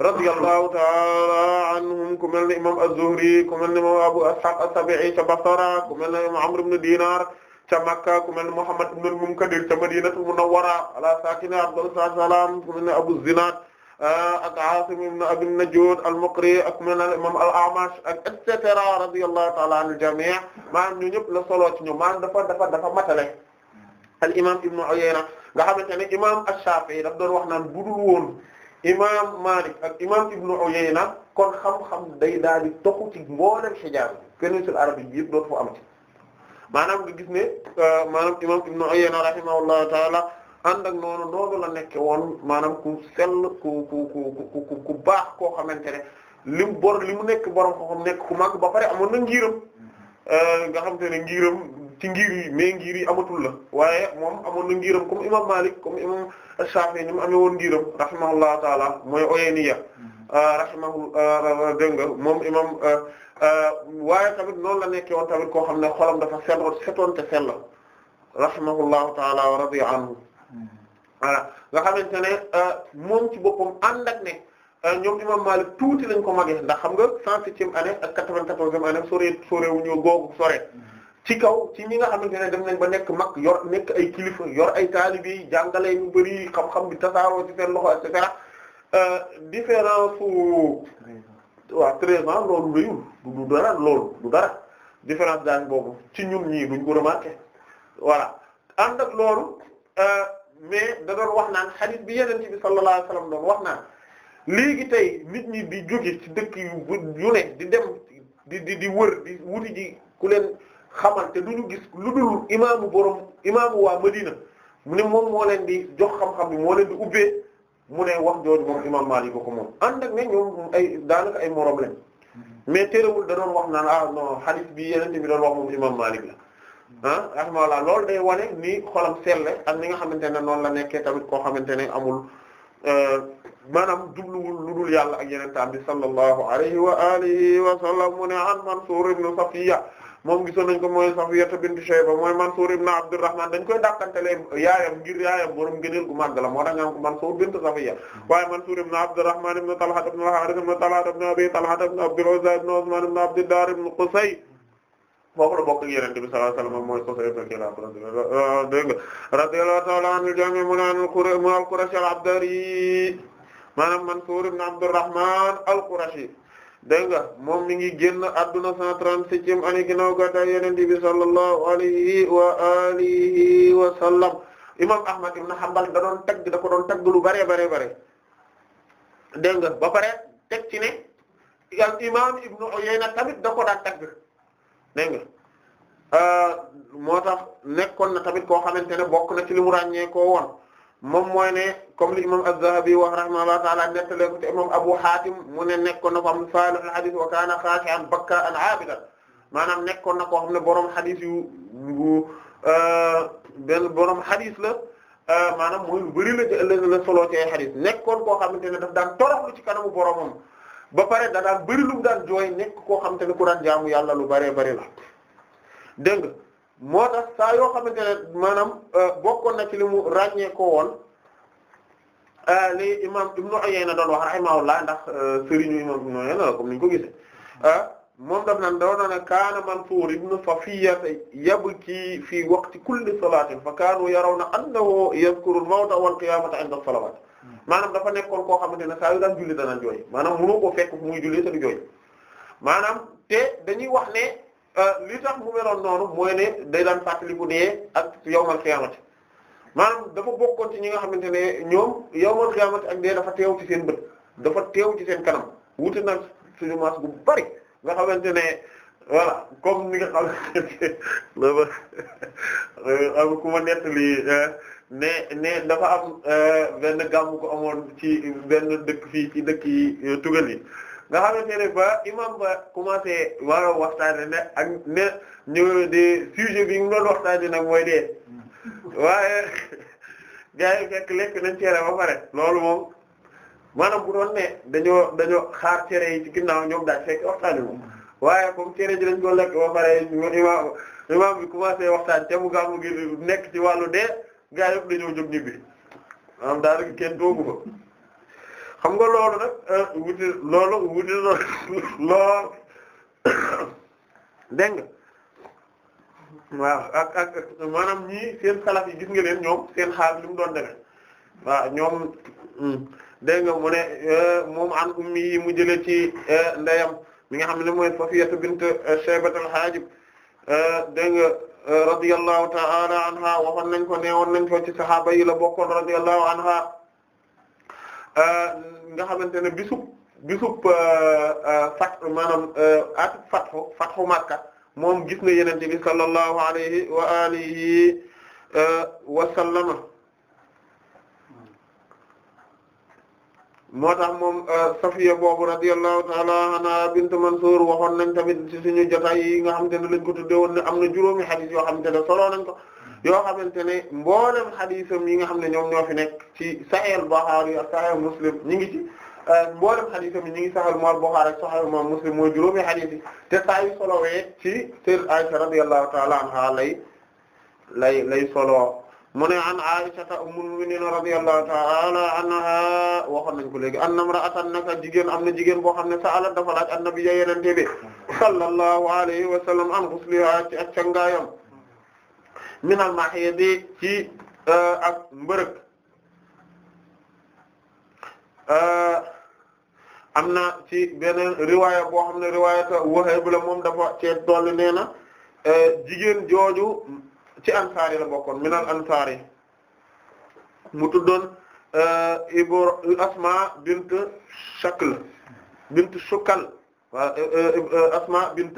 radiyallahu ta'ala anhum ku mel ne imam az-Zuhri ku mel ne imam Abu Ishaq as-Sabi'i ca Basra ku mel ne imam Amr ibn Dinar ca Makka ku mel ne Muhammad ibn al-Munkadir ca Madinatul Munawwara ala sakina abdul salam ku mel ne Abu Zinad ak Aasim ibn Abi Najuud al-Muqri ak man al-imaam al-A'mash ak et cetera radiyallahu ta'ala anil jamii' maanaam ñu ñëpp la solo ci ñoom maanaam dafa dafa dafa matale al-imaam Ibn Uyayna nga xamante ne imaam Ash-Shafi'i daf doon wax naan budul woon imaam Malik ak imaam Ibn Uyayna kon xam-xam day daal di toxu ci mboolem Hijaaz péninsule arabique bi yëpp dootu fa amati maanaam nga gis ne euh, maanaam imaam Ibn Uyayna rahimahullahu ta'ala ànd ak noonu noonu la nekke woon maanaam ku sell ku ku ku baax koo xamante ne li mu bor li mu nekk borom ko xam nekk ku màgg ba pare amoon na ngiram euh, nga xam ne ngiram ci ngir yi mais ngir yi amatul la waaye moom amoon na ngiram comme imam Malik comme imam Shafi ni mu amee woon ngiram rahimahullahu taala mooy oyeniya euh, rahimahu euh, dégg nga moom imam waaye tamit noonu la nekkee woon tamit koo xam ne xolam dafa sell setoon te sell rahimahullahu taala wa radiya anhu voilà nga xamante ne euh, moom ci boppam ànd ak ne euh, ñoom imam Malik tuuti lañ ko magee ndax xam nga cent septième année ak quatre-vingt-quatorzième année soree soreewuñu googu sore ci kaw ci ñi nga xamante ne dem nañ ba nekk mag yor nekk ay kilifa yor ay taalibi jàngale yu bari xam-xam bi tasaaroo ci seen loxo et cetera euh, différence su waaw treize ans loolu rëyul du dara loolu du dara différence daan boobu ci ñun ñii duñ ko remarqué voilà ànd ak loolu mais da doon wax naan xadis bi yenente bi sallallahu alayhi wasallam doon wax naan léegi tey nit ñi di jóge ci dëkk yu yu ne di dem di di di wër di wuti ji ku leen xamal te ñu gis lu dul imaamu borom imaamu waa Madina mu ne moom moo leen di jox xam-xam bi moo leen di ubbee mu ne wax jooju moom imam Maalik ko moom ànd ak ne ñoom ay daanaka ay morom lañ mm-hmm. mais terewul da doon wax naan ah non xadis bi yenente bi doon wax moom imam Maalik la ah rahimahullah loolu day wane ni xolam selle ak ni nga xamante ne noonu la nekke tamit koo xamante ne amul euh, maanaam jubluwul lu dul yàlla ak yeneen taam bi sallallahu alayhi wa alihi wa sallam mu ne an Mansur ibn Safiya moom gisoon nañ ko mooy Safiya bint Shayba mooy Mansur ibn Abdurrahman dañ koy dàqantelee yaayam ngir yaayam borom gëneel gu màgg la moo tax nga am ko Mansur bint Safiya waaye Mansur ibn Abdurrahman ibn Talha ibn al-Harith ibn Talha ibn Abdul Uzza ibn Uthman ibn Abd ad foofu la bokk ak Yonent bi sallallahu alayhi wasallam mooy Qusay ibn Kilab dégg nga radiyallahu ta'ala anhu al-Qurashi al-Abdari maanaam Mansur ibn Abdurrahman al-Qurashi dégg nga moom mi ngi génn adduna 137e année ginnaaw gàddaay Yonent bi sallallahu alayhi wa alihi wa sallam imam Ahmad ibn Hanbal da doon tagg da ko doon tagg lu bare bare bare dégg nga ba pare teg ci ne al imam Ibn Uyayna tamit da ko daan tagg dégg nga euh, moo tax nekkoon na tamit koo xamante ne bokk na ci li mu ràññee koo moom mooy ne comme li imam az-Zahabi wax rahimahullahu ta'ala nettalee ko te imam Abu Hatim mu ne nekkoon na ko am salih al-hadith wa kana khashi'an bakkaan 'abidan maanaam nekkoon na koo xam ne borom hadith yu euh, benn borom hadith la euh, maanaam mooy lu bari la la solo ci hadith nekkoon koo xamante ne daf daan toroxlu ci kanamu boromam. ba pare da daan bëri lu mu daan jooy nekk koo xam te ne ku daan jaamu yàlla lu bëree bëri la dégg nga moo tax saa yoo xamante ne maanaam euh, bokkoon na ci li mu ràññee ko woon euh, li imam Ibnu Uyayna doon wax rahimahullah ndax euh, sëriñu imam Ibnu Uyayna la comme ni ñu ko gisee moom daf nan doo na ne kaana Mansuur ibnu Safiyya yabki fii waqti kulli salaatin fa kaanu yarawna annahu yadhkuru al-mawta wal qiyaamata inda as-salawaat maanaam dafa nekkoon koo xamante ne saa yu daan julli dana jooy maanaam mënoo ko fekk muy julli te du jooy maanaam te dañuy wax ne euh, li tax mu meloon noonu mooy ne day daan fàttaliku dee ak yawmal qiyaamati maanaam dafa bokkoon ci ñi nga xamante ne ñoom yawmal qiyaamati ak dee dafa teew ci seen bët dafa teew ci seen kanam wuute nag suñu maas bu bari nga xamante ne voilà comme ni nga xam ne loolu am ku ma ne ne dafa am euh, benn gàmm ko amoon ci benn dëkk fii ci dëkk yi euh, tugal yi nga xamante ne ba imam ba commencé wara waxtaane ne ak ne ñu de sujet bi mu doon waxtaane nag mooy dee mm-hmm. waaye gars yi fekk lekk nañ cere ba pare loolu moom maanaam bu doon ne dañoo dañoo xaar cere yi ci ginnaaw ñoom daaj fekk waxtaane moom waaye comme cere ji lañ ko lekk ba pare imam imam bi commencé waxtaan te mu gàmm gi nekk ci wàllu dee gaa yëpp dañoo jóg ñibbi maanaam daanaka kenn toogu fa xam nga loolu nag euh, wuti loolu na lool dégg nga waaw ak ak maanaam yi gis nga leen ñoom seen xaal li mu doon demee waaw ñoom hmm, dégg nga mu ne euh, moom an ummi yi mu jëlee ci euh, ndeyam mi nga xam ne mooy Safiyatu bint Shaybat al-Hajib dégg nga radiyallahu ta'ala anha waxoon nañ ko neewoon nañ ko ci saxaaba yi la bokkoon radiyallahu anha nga xamante ne bisub bisub uh, uh, fat maanaam uh, atuk fatxu fatxu Makka moom gis na yonent bi sallallahu alayhi wa alihi wa sallama moo tax moom euh, Safiya boobu radiyallahu ta'ala anha bint Mansur waxoon nañ tamit ci suñu jotaay yi nga xamante ne lañ ko tuddee woon ne am na juróomi xadis yoo xamante ne solo nañ ko yoo xamante ne mboolem xadisam yi nga xam ne ñoom ñoo fi nekk ci Sahih al a ak Muslim ñi ngi ci euh, mboolem xadisam yi ñi ngi Sahih al-Bukhari ak Sahih Muslim mooy juróomi xadis yi te saa yu solowee ci Sayyid Aisha radiyallahu ta'ala anha lay lay lay solo. mu ne an Aisha ummul mu'minin radiyallahu ta'ala anha waxoon nañ ko léegi anna imra'atan naka jigéen am na jigéen boo xam ne sa'alat dafa laaj annabi ya yenente bi sallallahu alayhi wa sallam an ghusliha ci ak cangaayam min al mahid ci uh, ak mbërëg uh, am na ci beneen riwaaya boo xam ne riwaayata Wahb la moom dafa cee dolli nee uh, jigéen jooju ci ansaar yi la bokkoon minal ansaar yi mu tuddoon euh, Ibor bint Shakl bint Shukal euh, euh, bint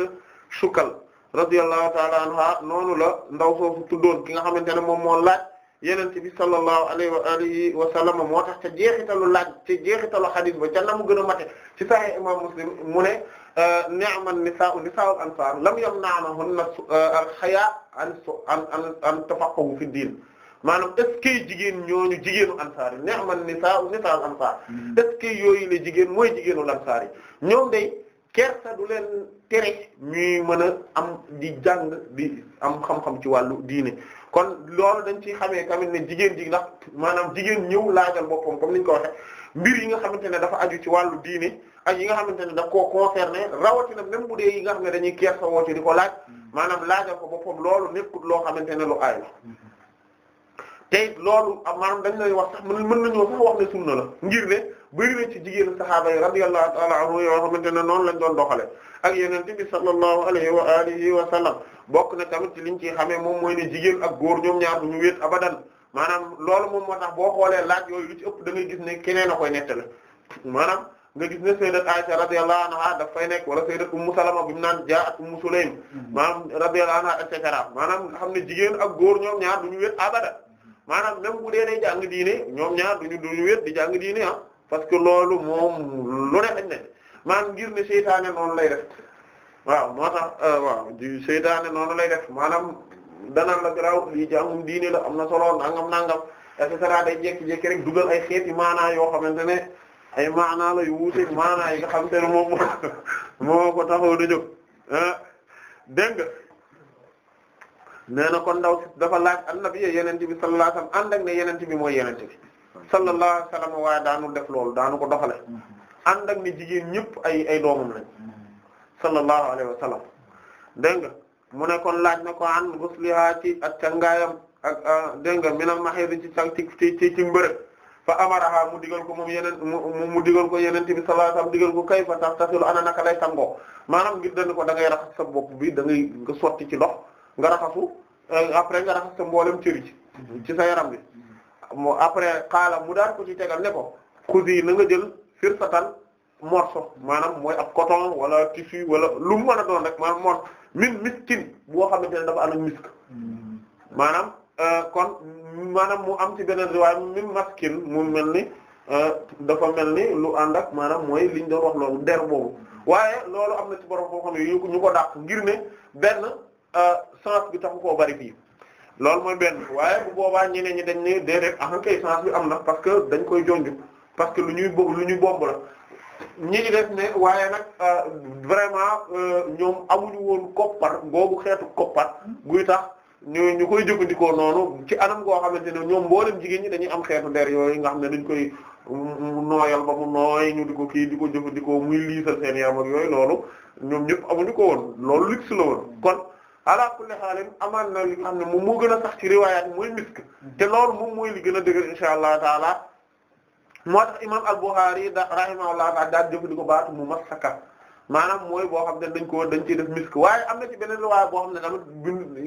Shukal radiyallahu ta'ala anha noonu la ndaw soosu tuddoon ki nga xamante ne moom moo laaj yenent bi sallallahu alayhi wa alihi wa sallam moo tax ca jeexitalu laaj ca jeexitalu xadis ba ca na mu gën a mate ci sahih imam muslim mu ne ni'man nisaa'u nisaa'ul ansar lam yamna'hunna al-hayaa' an an an an tafaqquhu fi diin maanaam est ce que jigéen ñooñu jigéenu ansaar yi ni'man nisaa'u nisaa'ul ansar est ce que yooyu la jigéen mooy jigéenu ansaar yi ñoom day kersa du leen tere ñuy mën a am di jàng di am xam-xam ci wàllu diine kon loolu dañ ci xamee tamit ne jigéen ji ndax maanaam jigéen ñëw laajal boppam comme niñ ko waxe mbir yi nga xamante ne dafa aju ci wàllu diine ak yi nga xamante ne daf koo concerné rawatina même bu dee yi nga xam ne dañuy keer sa woote di ko laaj mm. maanaam laajal ko boppam loolu nekkut loo xamante ne lu aay la mm-hmm. te loolu maanaam dañ lay wax sax mën mën nañoo sax wax ne sunna la ngir ne bëri na ci jigéenu sahaaba yi radiyallahu ta'ala anhu yoo xamante ne noonu lañ doon doxale ak yeneen bi sallallahu alayhi wa alihi bokk na tamit ci liñ ci xamee moom mooy ne jigéen ak góor ñoom ñaar duñu wéet abadan maanaam loolu moom moo tax boo xoolee laaj yooyu lu ëpp da gis ne keneen a koy maanaam nga gis ne sayyidat Aisha radiyallahu anha daf fay nekk wala sayyidat Ummu Salama bi mu naan jaa'at Ummu Sulaym hmm. maanaam radiyallahu anha et cetera maanaam nga xam jigéen ak góor ñoom ñaar duñu wéet abada maanaam même bu de day jàng diine ñoom ñaar duñu duñu wét di jàng diine ah parce que loolu moom lu ne xañ ne maanaam ngir ne seytaane noonu lay def waaw moo tax euh, seytaane noonu lay def maanaam danaan la garaaw lii jàngum diine la am na solo nangam nangam et cetera day jékki-jékki rek dugal ay xeeti maanaa yoo xamante ne ay maanaa la wuute maanaa yi nga xamante ne moom moo ko taxaw na jóg nee na kon ndaw si dafa laaj annabi yenente bi sallallahu alayhi wasallam ànd ak ne yenente bi mooy yenente bi sallallahu alayhi wasallam def loolu daanu ko doxale ànd ak jigéen ñëpp ay ay doomam lañ sallallahu alayhi wasallam nga mu ne kon na ko an gusliha ci ak cangaayam ak ah, dégg nga minal mahid ci cang ci ci ci mbërëg fa amaraha mu digal ko moom yeneen mu mu digal ko yenente bi sallallahu alayhi wasallam digal ko kayfa tax taxilu ana naka lay sangoo maanaam ngir dana ko da ngay sa bopp bi da ngay nga sotti ci ndox nga raxasu euh, après nga raxas sa mboolem cëri ci ci sa yaram bi moo après xaala mu daal ko ci tegal ne ko xusi na nga jël firsatan morso maanaam mooy ab coton wala tissu wala lu mu mën a doon rek maanaam mor min miskin boo xamante ne dafa ànd ak misk mm-hmm. maanaam euh, kon maanaam mu am ci beneen riwaay min maskin mu mel ni euh, dafa mel ni lu ànd ak maanaam mooy liñ doon wax loolu der boobu mm-hmm. waaye loolu am na ci borom boo xam ne ñu ko dàq ngir ne benn Ah, sens bi taxu koo bari fii loolu mooy benn waaye boobaa ñi ne ñi dañ ne déedéet ak ah, kay sens bi am na parce que dañ koy jonj parce que lu ñuy bo lu ñuy bomb la ñi ci def ne waaye nag ah, vraiment euh, ñoom amuñu woon koppar googu xeetu koppar guy tax ñu ñu koy jëfandikoo noonu ci anam goo xamante ne ñoom mboolem jigéen ñi dañuy am xeetu ndeer yooyu nga xam ne dañ koy nooyal ba mu nooy ñu di ko kii di ko jëfandikoo muy liisal seen yaram ak yooyu loolu ñoom ñëpp amuñu ko woon loolu luxe la ala kulli xaalin amaan na li nga xam ne moom moo gën a sax ci riwaayaat mooy misk te loolu moom mooy li gën a dëgër insha allah taala moo tax imam al-Bukhari da rahimahullah taala daal jëfandikoo baatu mu masaka maanaam mooy boo xam ne dañ ko dañ ciy def misk waaye am na ci beneen riwaaya boo xam ne tamit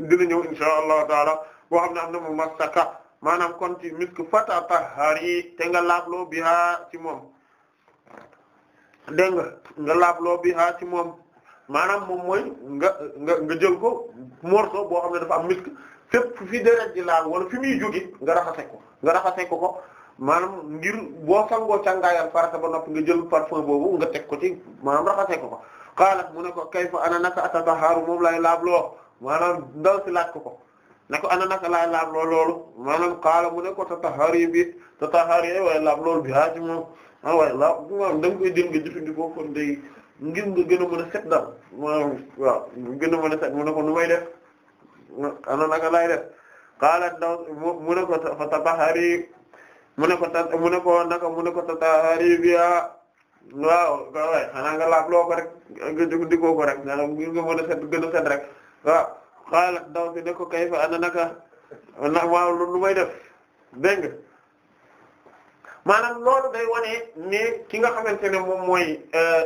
dina ñëw insha allah boo xam ne am na mu masaka maanaam kon ci misk fatatahari te nga laabloo biha ci moom dégg nga nga bi biha ci moom maanaam moom mooy nga nga nga jël ko morceau boo xam ne dafa am misk fépp fi deret di laal wala fi muy jóge nga raxase ko nga raxase ko ko maanaam ngir boo sangoo càngaayal farata ba nopp nga jël par parfum boobu nga teg ko ci maanaam raxase ko ko kaalat mu ne ko kayfa ana naka atataharu moom lay laabloo maanaam ndaw si laaj ko ko ne ko ana naka laay laabloo loolu maanaam xaala mu ne ko tatahari bi tatahari waaye laab loolu bi haa ci moom a ah, waaye laab maanaam da nga koy jël nga jëfandikoo kon ngir nga gën a mën a set dal maanaam waaw gën a a set mu ne ko nu may def ana naka laay def xaalat daw mu ne ko fa tatahari mu ne ko ta mu ne ko naka mu ne ko tatahari biya waaw waay xanaa nga laab loo rek nga jëfandikoo ko rek maanaam ngir nga a set rek waaw xaalat daw si ne ko kayfa ana naka na waaw lu may def dégg maanaam loolu day wane ne ki nga xamante ne moom mooy euh,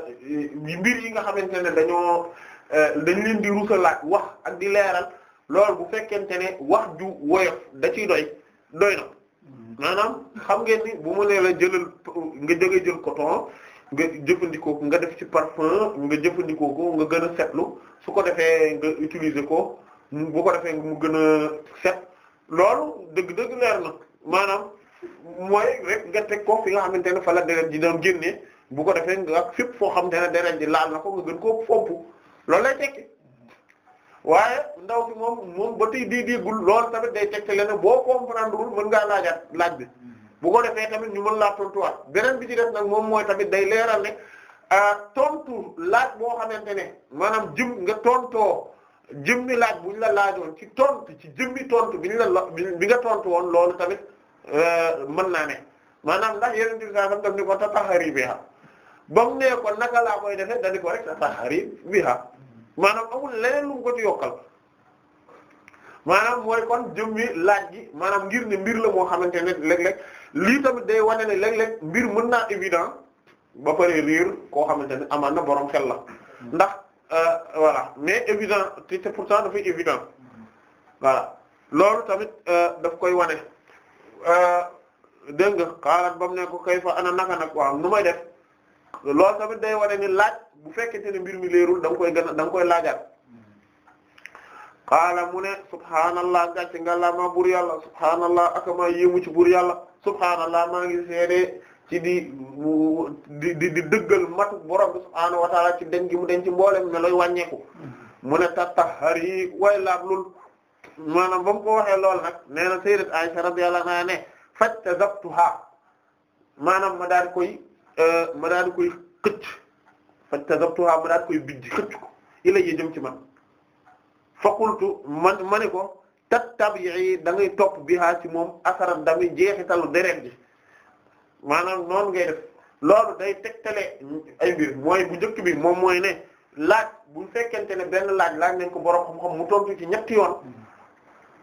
mbir yi nga xamante ne dañoo euh, dañ leen di rusalaat wax ak di leeral loolu bu fekkente ne wax ju woyof da ciy doy doy na maanaam xam ngeen ni bu mu nee la jëlal nga jëge jël coton nga jëfandikoo ko nga def ci parfum nga jëfandikoo ko nga gën a setlu su ko defee nga utiliser ko bu ko defee mu gën a set loolu dëgg-dëgg leer na maanaam mooy rek nga teg ko fi nga xamante ne fa la deret ji doon génnee bu ko defee nga ak fépp foo xamante ne deret ji laal na ko nga gën koo fomp loolu lay tekki waaye ndaw si moom moom ba tey dii diigul loolu tamit day tekki leneen boo comprendre wul mën ngaa laajaat laaj bi bu ko defee tamit ñu mën laa tontuwaat beneen bi ci def nag moom mooy tamit day leeral ne euh, tontu laaj boo xamante ne maanaam jëm nga tontoo jëmmi laaj bu ñu la laajoon ci tontu ci jëmmi tontu bi ñu la bi nga tontu woon loolu tamit Euh, mën naa ne maanaam ndax yeneen ci saa daf ni ko tatahari biha ba mu ne ko naka laa koy defee dandi ko rek tatahari biha maanaam amul leneen lu ko ci yokkal maanaam mooy kon jëmmi laaj gi maanaam ngir ne mbir la moo xamante ne léeg-léeg lii tamit day wane ne léeg-léeg mbir mën naa évident ba pare riir koo xamante ne amaan na boroom xel la ndax euh, voilà mais évident te pourtant dafay évident voilà loolu tamit euh, daf koy wane Euh, dégg nga xaalat ba mu ne ko kay fa ana naka nag waaw nu may def loolu tamit day wane ni laaj bu fekkente ne mbir mi leerul da koy gën a koy laajaat mu ne subhaanallah gàcc ngàllaa maa buur yàlla subhaanallah akamaa yéemu ci buur yàlla subhaanallah maa ngi seede ci di di di di dëggal matu borom bi ci den gi mu den ci mboolem ne lay mm-hmm. mu ne tattax har yi way laablul maanaam ba mu ko waxee lool nag nee na sayyidat Aisha radiyallahu anha ne fajtazabtuha maanaam ma daal koy euh, ma daal koy xëcc fajtazabtuha ma daal koy bijji xëcc ko ilayya jëm ci man fa qultu man ma ne ko tattabi'i da ngay topp biha ci moom asaran dami jeexitalu deret ji maanaam noonu ngay def loolu day tegtale ay mbir mooy bu njëkk bi moom mooy ne laaj bu fekkente ne benn laaj laaj nañ ko borom xam-xam mu tontu ci ñetti yoon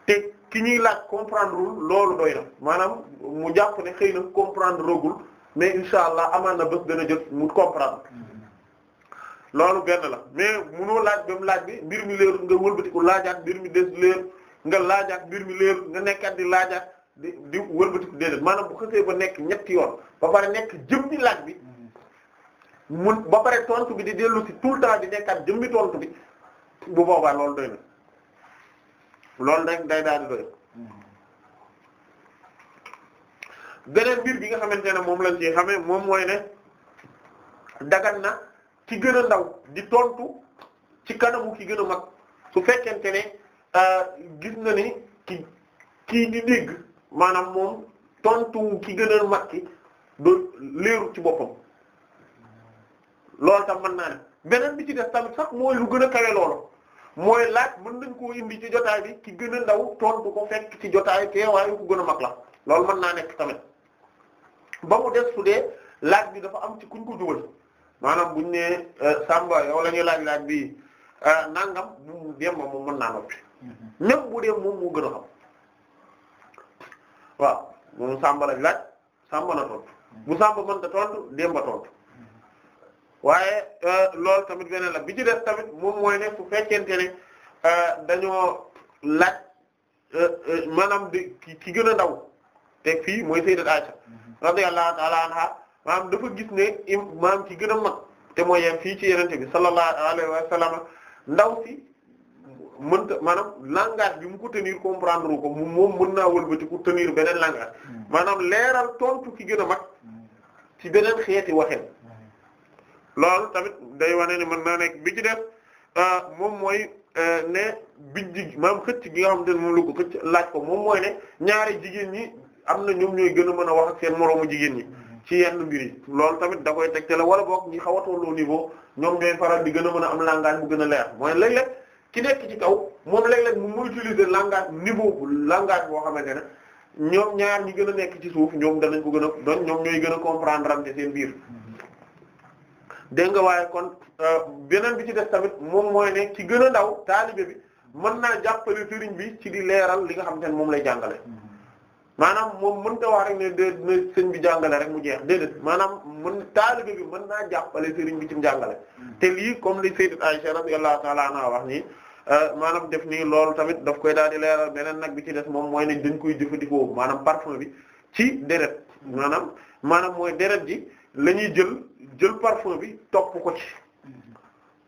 te ki ñuy laaj comprendre wul loolu doy na maanaam mu jàpp ne xëy na comprendre rogul mais incha allah amaan na bés dana jël mu comprendre loolu benn la mais munoo laaj ba mu laaj bi mbir mi leer nga wëlbatiku laajaat mbir mi des leer nga laajaat mbir mi leer nga nekkaat di laajaat di di wëlbatiku déedéet maanaam bu xasee ba nekk ñetti yoon ba pare nekk jëmmi laaj bi mun ba pare tontu bi di dellu si tout le temps di nekkaat jëmmi tontu bi bu boobaa loolu doy loolu rek day daal di doy beneen mbir bi nga xamante ne moom lañ ci xamee moom mooy ne dagan na ci gën a ndaw di tontu ci kanamu ki gën a mag su fekkente ne euh, gis na ni ki kii di dégg maanaam moom tontu ki gën a mag ki do leeru ci boppam loolu tam mën naa ne beneen bi ci def tamit sax mooy lu gën a kawe loolu mooy laaj mën nañ koo indi ci jotaay bi ci gën a ndaw tontu ko fekk ci jotaay teewaayu ku gën a mag la loolu mën naa nekk tamit ba mu des su dee laaj bi dafa am ci kuñ ko maanaam buñ ne euh, Samba yow la ñuy laaj laaj bi euh, nangam mu dem ba moom mën naa noppi mhm. même bu dee moom moo gën a xam waaw moom Samba lañ laaj Samba na tontu mhm. bu Samba mënta tontu dem tontu. waaye euh, loolu tamit beneen la bi ci def tamit moom mooy ne su fekkente ne euh, dañoo laaj euh, maanaam de ki gën a ndaw te fii mooy sayyidat Aisha mhm. radiyallahu ta'ala anha maanaam dafa gis ne maanaam ki gën a mag te mooy fii ci yenente bi sallallahu alayhi wa sallam ndaw si mënta maanaam langage bi mu ko tenir ko moom moom mën naa wëlbati ku tenir beneen langage mhm. maanaam leeral tontu ki gën a mag mhm. ci beneen xeeti waxeen loolu tamit day wane ne man naa nekk bi ci def euh, moom mooy euh, ne bijj maam xëcc gi nga xam ne moom la ko xëcc laaj ko moom mooy ne ñaari jigéen ñi am na ñoom ñooy gën a mën a wax ak seen moroomu jigéen ñi mm-hmm. ci yenn mbir loolu tamit da koy tegte la wala boog ñi xaw a tolloo niveau ñoom ñooy faral di gën a mën a am langage bu gën a leer mooy léeg-léeg ki nekk ci kaw moom léeg mu mu utiliser langage niveau bu langage boo xamante ne ñoom ñaar ñi gën a nekk ci suuf ñoom danañ ko gën a doon ñoom ñooy gën a comprendre am ci seen biir mm-hmm. dégg nga waaye kon euh, beneen bi ci def tamit moom mooy ne ci gën a ndaw taalibe bi mën naa jàppale sëriñ bi ci di leeral li nga xam te ne moom lay jàngale mm-hmm. maanaam moom mënta wax rek ne de na sëñ bi jàngale rek mu jeex déedéet maanaam mën taalibe bi mën naa jàppale sëriñ bi ci mu jàngale mm-hmm. te lii comme li sayyidat Aisha radiyallahu ta'ala anha wax nii euh, maanaam def nii loolu tamit daf koy daal di leeral beneen nag bi ci des moom mooy ne dañ koy jëfandikoo maanaam parfum bi ci deret maanaam maanaam mooy deret ji la ñuy jël jël parfum bi topp ko ci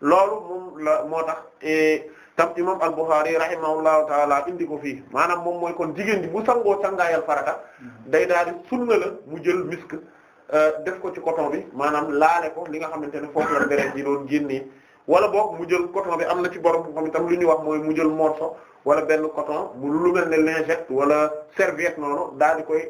loolu moom la moo tax e, tam imam al-Bukhari rahimahullahu taala indi ko fii maanaam moom mooy kon jigéen ji mu sangoo sangaayal farata mm-hmm. day daal di sunna la mu jël misk e, def ko ci coton bi maanaam laale ko li nga xamante ne foofu la deret yi doon génnee wala boog mu jël coton bi am na ci borom xam itam lu ñuy wax mooy mu jël morceau wala benn coton mu lu mel ne lingette wala serviette noonu daal di koy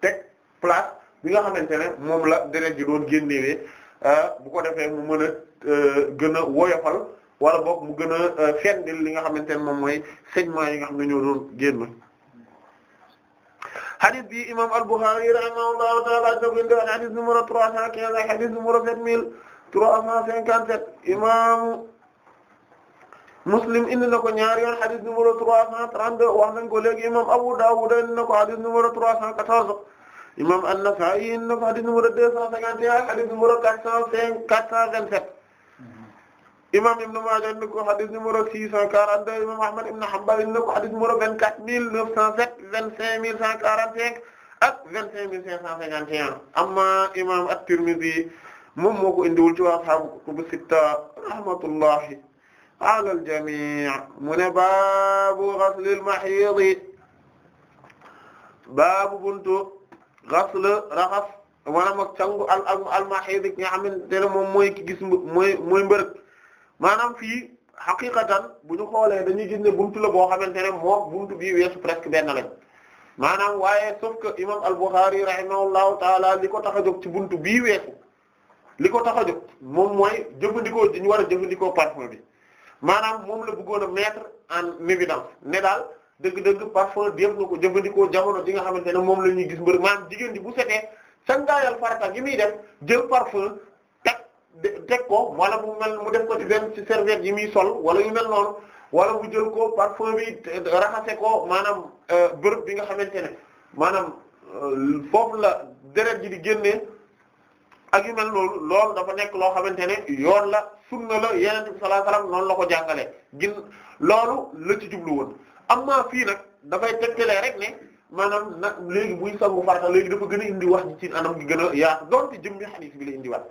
teg place bi nga xamante ne moom la deret ji doon génnewee ah, bu ko defee mu mën a euh, gën a woyofal wala boog mu gën a euh, fendil li nga xamante ne moom mooy saignement yi nga xam ne ñoo doon génn hadith bi imam al-Bukhari rahimahullahu ta'ala joginde woon hadith numéro 315 hadith numéro 7357 imam Muslim indi na ko ñaar yoon hadith numéro 332 wax nañ ko léegi imam Abu Dawud indi na ko hadith numéro 314 imam An-Nasa'i indi na ko hadith numéro deux cent cinquante et un hadith numéro quatre cent cinq quatre cent vingt-sept imam Ibn Maaja indi na ko hadith numéro six cent quarante-deux imam Ahmad ibn Hanbal indi na ko hadith numéro vingt-quatre mille neuf cent sept vingt-cinq mille cent quarante-cinq ak vingt-cinq mille cinq cent cinquante et un amma imam At-Tirmidhi moom moo ko indiwul ci ashaabu kutubu sitta rahmatullahi ala al-jamii mu ne baabu ghaslil mahiid baabu buntu ghasl raxas maanaam ak sangu al al almahid ki nga xamante ne moom mooy ki gis mooy mooy mbërëg maanaam fii xaqiqatan bu ñu xoolee dañuy gis ne buntu la boo xamante ne moom buntu bii weesu presque benn lañ maanaam waaye sauf que imam al-Bukhari rahimahullahu taala li ko tax a jóg ci buntu bii weesu li ko tax a jóg moom mooy jëfandikoo di ñu war a jëfandikoo parfum bi maanaam moom la bëggoon a mettre en évidence ne daal. dëgg-dëgg parfois def na ko jëfandikoo jamono ji nga xamante ne moom la ñuy gis mbër maanaam jigéen ji bu setee sangaayal farata gi muy def jël parfum teg teg ko wala mu mel mu def ko ci benn ci serviette yi muy sol wala yu mel noonu wala mu jël ko parfum bi raxase ko maanaam euh, bërëb bi nga xamante ne maanaam euh, foofu la deret ji di génnee ak yu mel noonu loolu dafa nekk loo xamante ne yoon la sunna la yeneen bi sallallahu alayhi la ko jàngale gin loolu la ci jubluwoon am maa fii nag dafay tegtalee rek ne maanaam na léegi buy sangu farata léegi dafa gën a indi wax ci anam gi gën a yaatu donte jëmmi hadith bi la indiwaat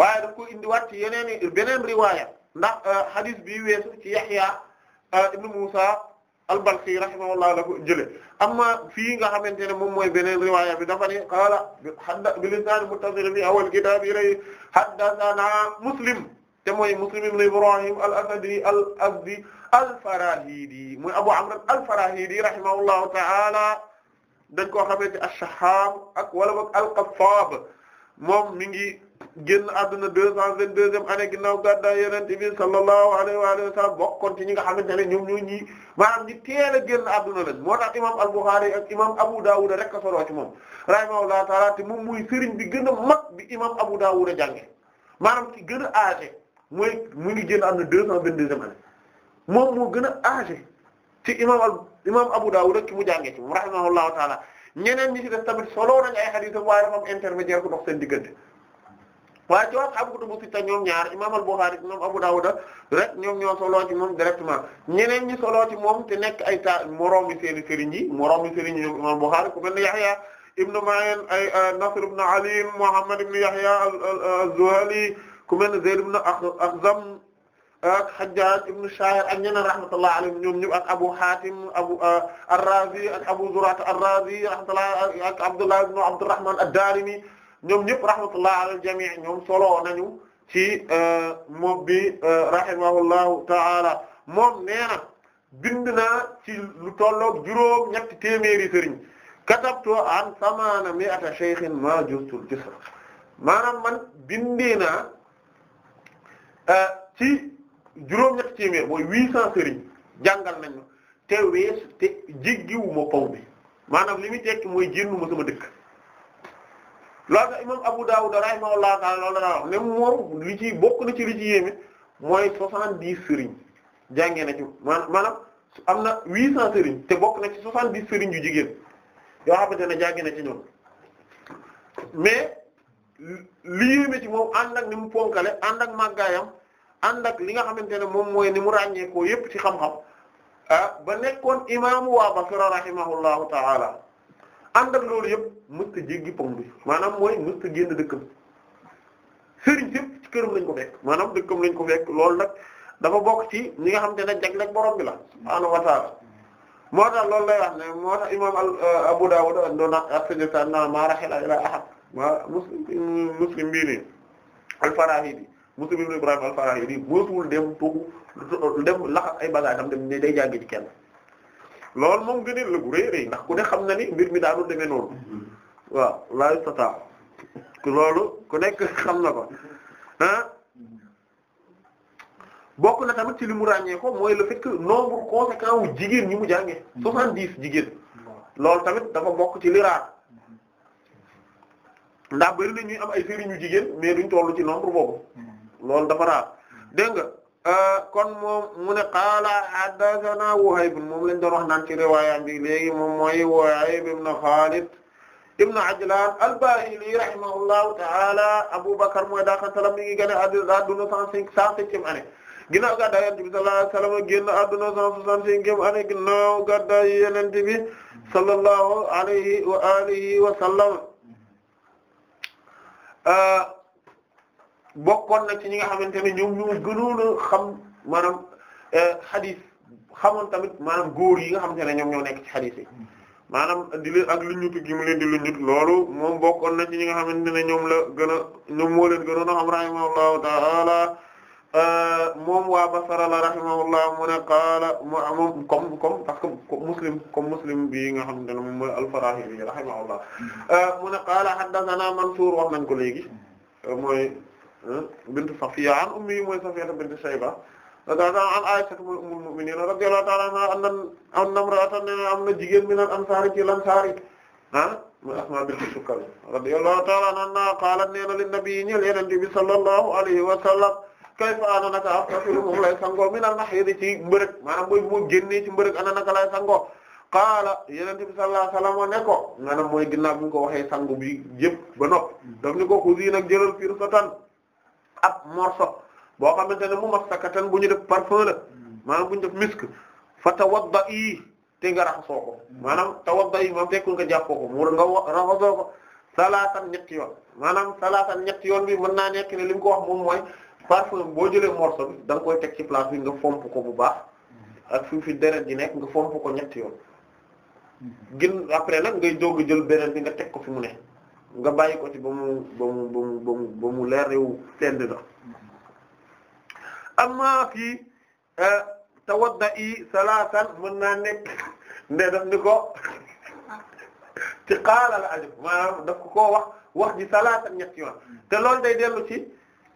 waaye daf ko indiwaat ci yeneen beneen riwaaya ndax euh, hadith bi weesu ci Yahya euh, ibn Musa al-Balkhi rahimahullah la ko jëlee amma fii nga xamante ne moom mooy beneen riwaaya bi dafa ne qaala hadda bi lisaan muttasil fi awal kitaab ilay haddathana Muslim te mooy Muslim ibn Ibrahim al-Asadi al-Azdi al-Farahidi muy Abu Amr al-Farahidi rahimahullahu ta'ala dañ koo xamee ci ash ak wala boog al-Qaffab moom mi ngi génn àdduna deux cent vingt-deuxième année ginnaaw gàddaay Yonent bi sallallahu alayhi wa alihi wa sallam bokkoon ci ñi nga xamante ne ñoom ñoo ñi maanaam ñi teel a génn àdduna lañ moo tax imam al ak imam Abu Dawud rek a solo ci moom rahimahullahu ta'ala te moom muy sëriñ bi gën a mag bi imam Abu Dawud a jànge maanaam gën a âgé mu ngi génn àdduna moom moo gën a âgé ci imam al imam Abu Dawud ki mu jàngee ci rahimahullahu taala ñeneen ñi ci def tamit solo nañ ay hadith waaye dafa am intermédiaire ku dox seen diggante waaye ci wax am kutubu sitta ñoom ñaar imam al Bukhari imam Abu Dawud rek ñoom ñoo solo ci moom directement ñeneen ñi solo ci moom te nekk ay ta moroomi seeni sëriñ yi moroomi sëriñ yi ñoom imam Bukhari ku mel ne ibn Ma'in ay Nasr ibn Ali Muhammad ibn Yahya al-Zuhali ak Hajjaj ibn Sha'ir ak ñeneen rahmatullahi alayhim ñoom ñëpp ak Abu Hatim Abu euh, ar-Razi ak Abu Zur'a ar-Razi rahmatullahi ak Abdullah ibn Abdurrahman ad-Darimi ñoom ñëpp rahmatullahi ala al-jami' ñoom solo nañu ci euh, moom bi euh, rahimahullahu ta'ala moom nee na bind naa ci lu tolloog juróom ñetti téeméeri sëriñ katabtu an samana mi'ata shaykhin ma justul jisr maanaam man bindee naa ci juróom-ñetti téeméer mooy huit cent sëriñ jàngal nañ ma te wees te jéggiwuma paw bi maanaam li muy mooy génnuma sama dëkk loolu tax imam Abu Dawud rahimahullahu ta'ala loolu la wax ne moom li ci bokk na ci li ci yéeme mooy soixante-dix sëriñ jàngee na ci maanaam am na huit cent sëriñ te bokk na ci soixante-dix sëriñ yu jigéen yoo xamante ne jàngee na ci ñoom mais li yéeme ci moom ànd ak ni mu ponkale ànd ak màggaayam and ak li nga xamante ne moom mooy ni mu ràññeekoo yépp ci xam-xam ah, ba nekkoon imaamu waa Basra rahimahullahu ta'ala ànd ak loolu yépp mësta jéggi bi maanaam mooy mësta génn dëkkam ci këram lañ ko fekk maanaam dëkkam lañ ko fekk loolu nag dafa bokk ci ñi nga xam ne jagleel boroom bi la subhaanahu wa ta'ala moo tax lool lay wax ne moo tax imaam euh, Abu Dawud doona as-Sijistani na maa raxila ila ahad ma muslim bii nii al-Farahidi Muslim ibn Ibrahim al-Farahi di moytuwul dem tuugu dem laxas ay bagage dem ne day jàngi ci kenn loolu moom gën a lëgu rëy rëy ndax ku ne xam na ni mbir mi daanul demee noonu waaw laayu tata loolu ku nekk xam na ko ah bokk na tamit ci li mu ràññee ko mooy le fait que nombre conséquent wu jigéen ñi mu jàngee soixante-dix jigéen loolu tamit dafa bokk ci li raar ndax bari na ñuy am ay sëriñu jigéen mais duñ tollu ci nombre boobu loolu dafa raar dégg nga euh, kon moom mu ne qaala haddathana Wuhayb moom lañ doon wax naan ci riwaayam bi léegi moom mooy Wuhayb ibn Khalid ibn Ajlan al-Bahili rahimahullahu ta'ala Abu Bakr mooy daa xantalam mi ngi gën a adduna adduna cent cinq cent septième année ginnaaw gàddaay Yonent bi sallallahu alayhi alayhi wa alihi bokkoon na ci ñi nga xamante ne ñoom ñoo gënoon xam maanaam eh, xadis xamoon tamit maanaam góor yi nga xamante ne ñoom ñoo nekk ci xadis yi maanaam di leen ak lu ñut gi mu leen di lu ñut xamante ne ñoom la gën a ñoom moo a xam rahimahullahu taala eh, moom waa Basra la rahimahullah mu ne qaala moom comme comme que muslim comme nga xamante ne moom mooy al eh, mu ne qaala haddathana Mansuur wax nañ ko léegi mooy bintu Safiya an ummi mooy Safiya bintu Shayba radiyallahu an Aisha ummul mu'minin radiyallahu ta'ala anha am na am na imra'atan am na jigéen min al-ansari ci al-ansari ah mooy Asma bintu Sukkal radiyallahu ta'ala anha qalat nee na li nabi ñeel Yonent bi sallallahu alayhi wa sallam kayfa ana naka aftasilu moom lay sangoo min al-mahid ci mbërëg maanaam mooy bu génnee ci mbërëg ana naka lay sangoo qaala Yonent bi sallallahu alayhi wa sallam ne ko maanaam mooy ginnaaw bi nga ko waxee sangu bi yëpp ba noppi daf ni ko xusi nag jëlal firsatan ab morso boo te ne mu massakatan bu ñu def parfum la maa bu ñu def misk fa tawadda'i te nga raxasoo ko maanaam tawadda'i moom tekkul nga jàppoo ko mu nga raxasoo ko salaatan ñetti yoon maanaam salaatan ñetti yoon bi mën naa nekk ne li mu ko wax moom mooy parfum boo jëlee morso bi da nga koy teg ci place bi nga fom ko bu baax ak fi fi deret di nekk nga fom ko ñetti yoon gin après nag ngay jóg jël beneen bi nga teg ko fi mu ne nga bàyyi ko ci ba mu ba mu ba mu ba mu ba mu leer eh, tawadda i salatan mën naa nekk nde daf ni ko ci xaala la aju daf ko koo wax wax ji salatan ñetti yoon te loolu day dellu ci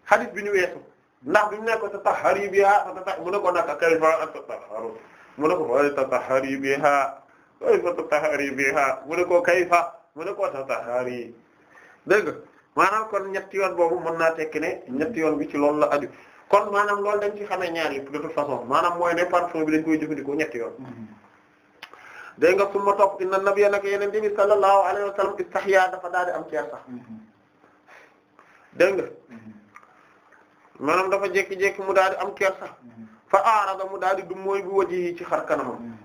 hadith bi ñu weesu ndax bi mu ne tatahari biha tatahari mu ne ko naka kayfa tatahharu mu ne ko fa tatahari biha kayfa mu ne ko kayfa mu ne ko tatahari dégg nga maanaam kon ñetti yoon boobu mën naa tekki ne ñetti yoon bi ci loolu la aju kon maanaam loolu dañ ci xamee ñaar yëpp de toute façon maanaam mooy ne parfum bi dañ koy jëfandikoo ñetti yoon mm-hmm. dégg nga su ma topp inna nabiyya nag yeneen bi sallallahu alayhi wa sallam istahya dafa daal am ceer sax mm-hmm. dégg nga mm-hmm. maanaam dafa jékki mu daal di am kersa fa aarada mu daal di du mooy bu waji yi ci xar kanamam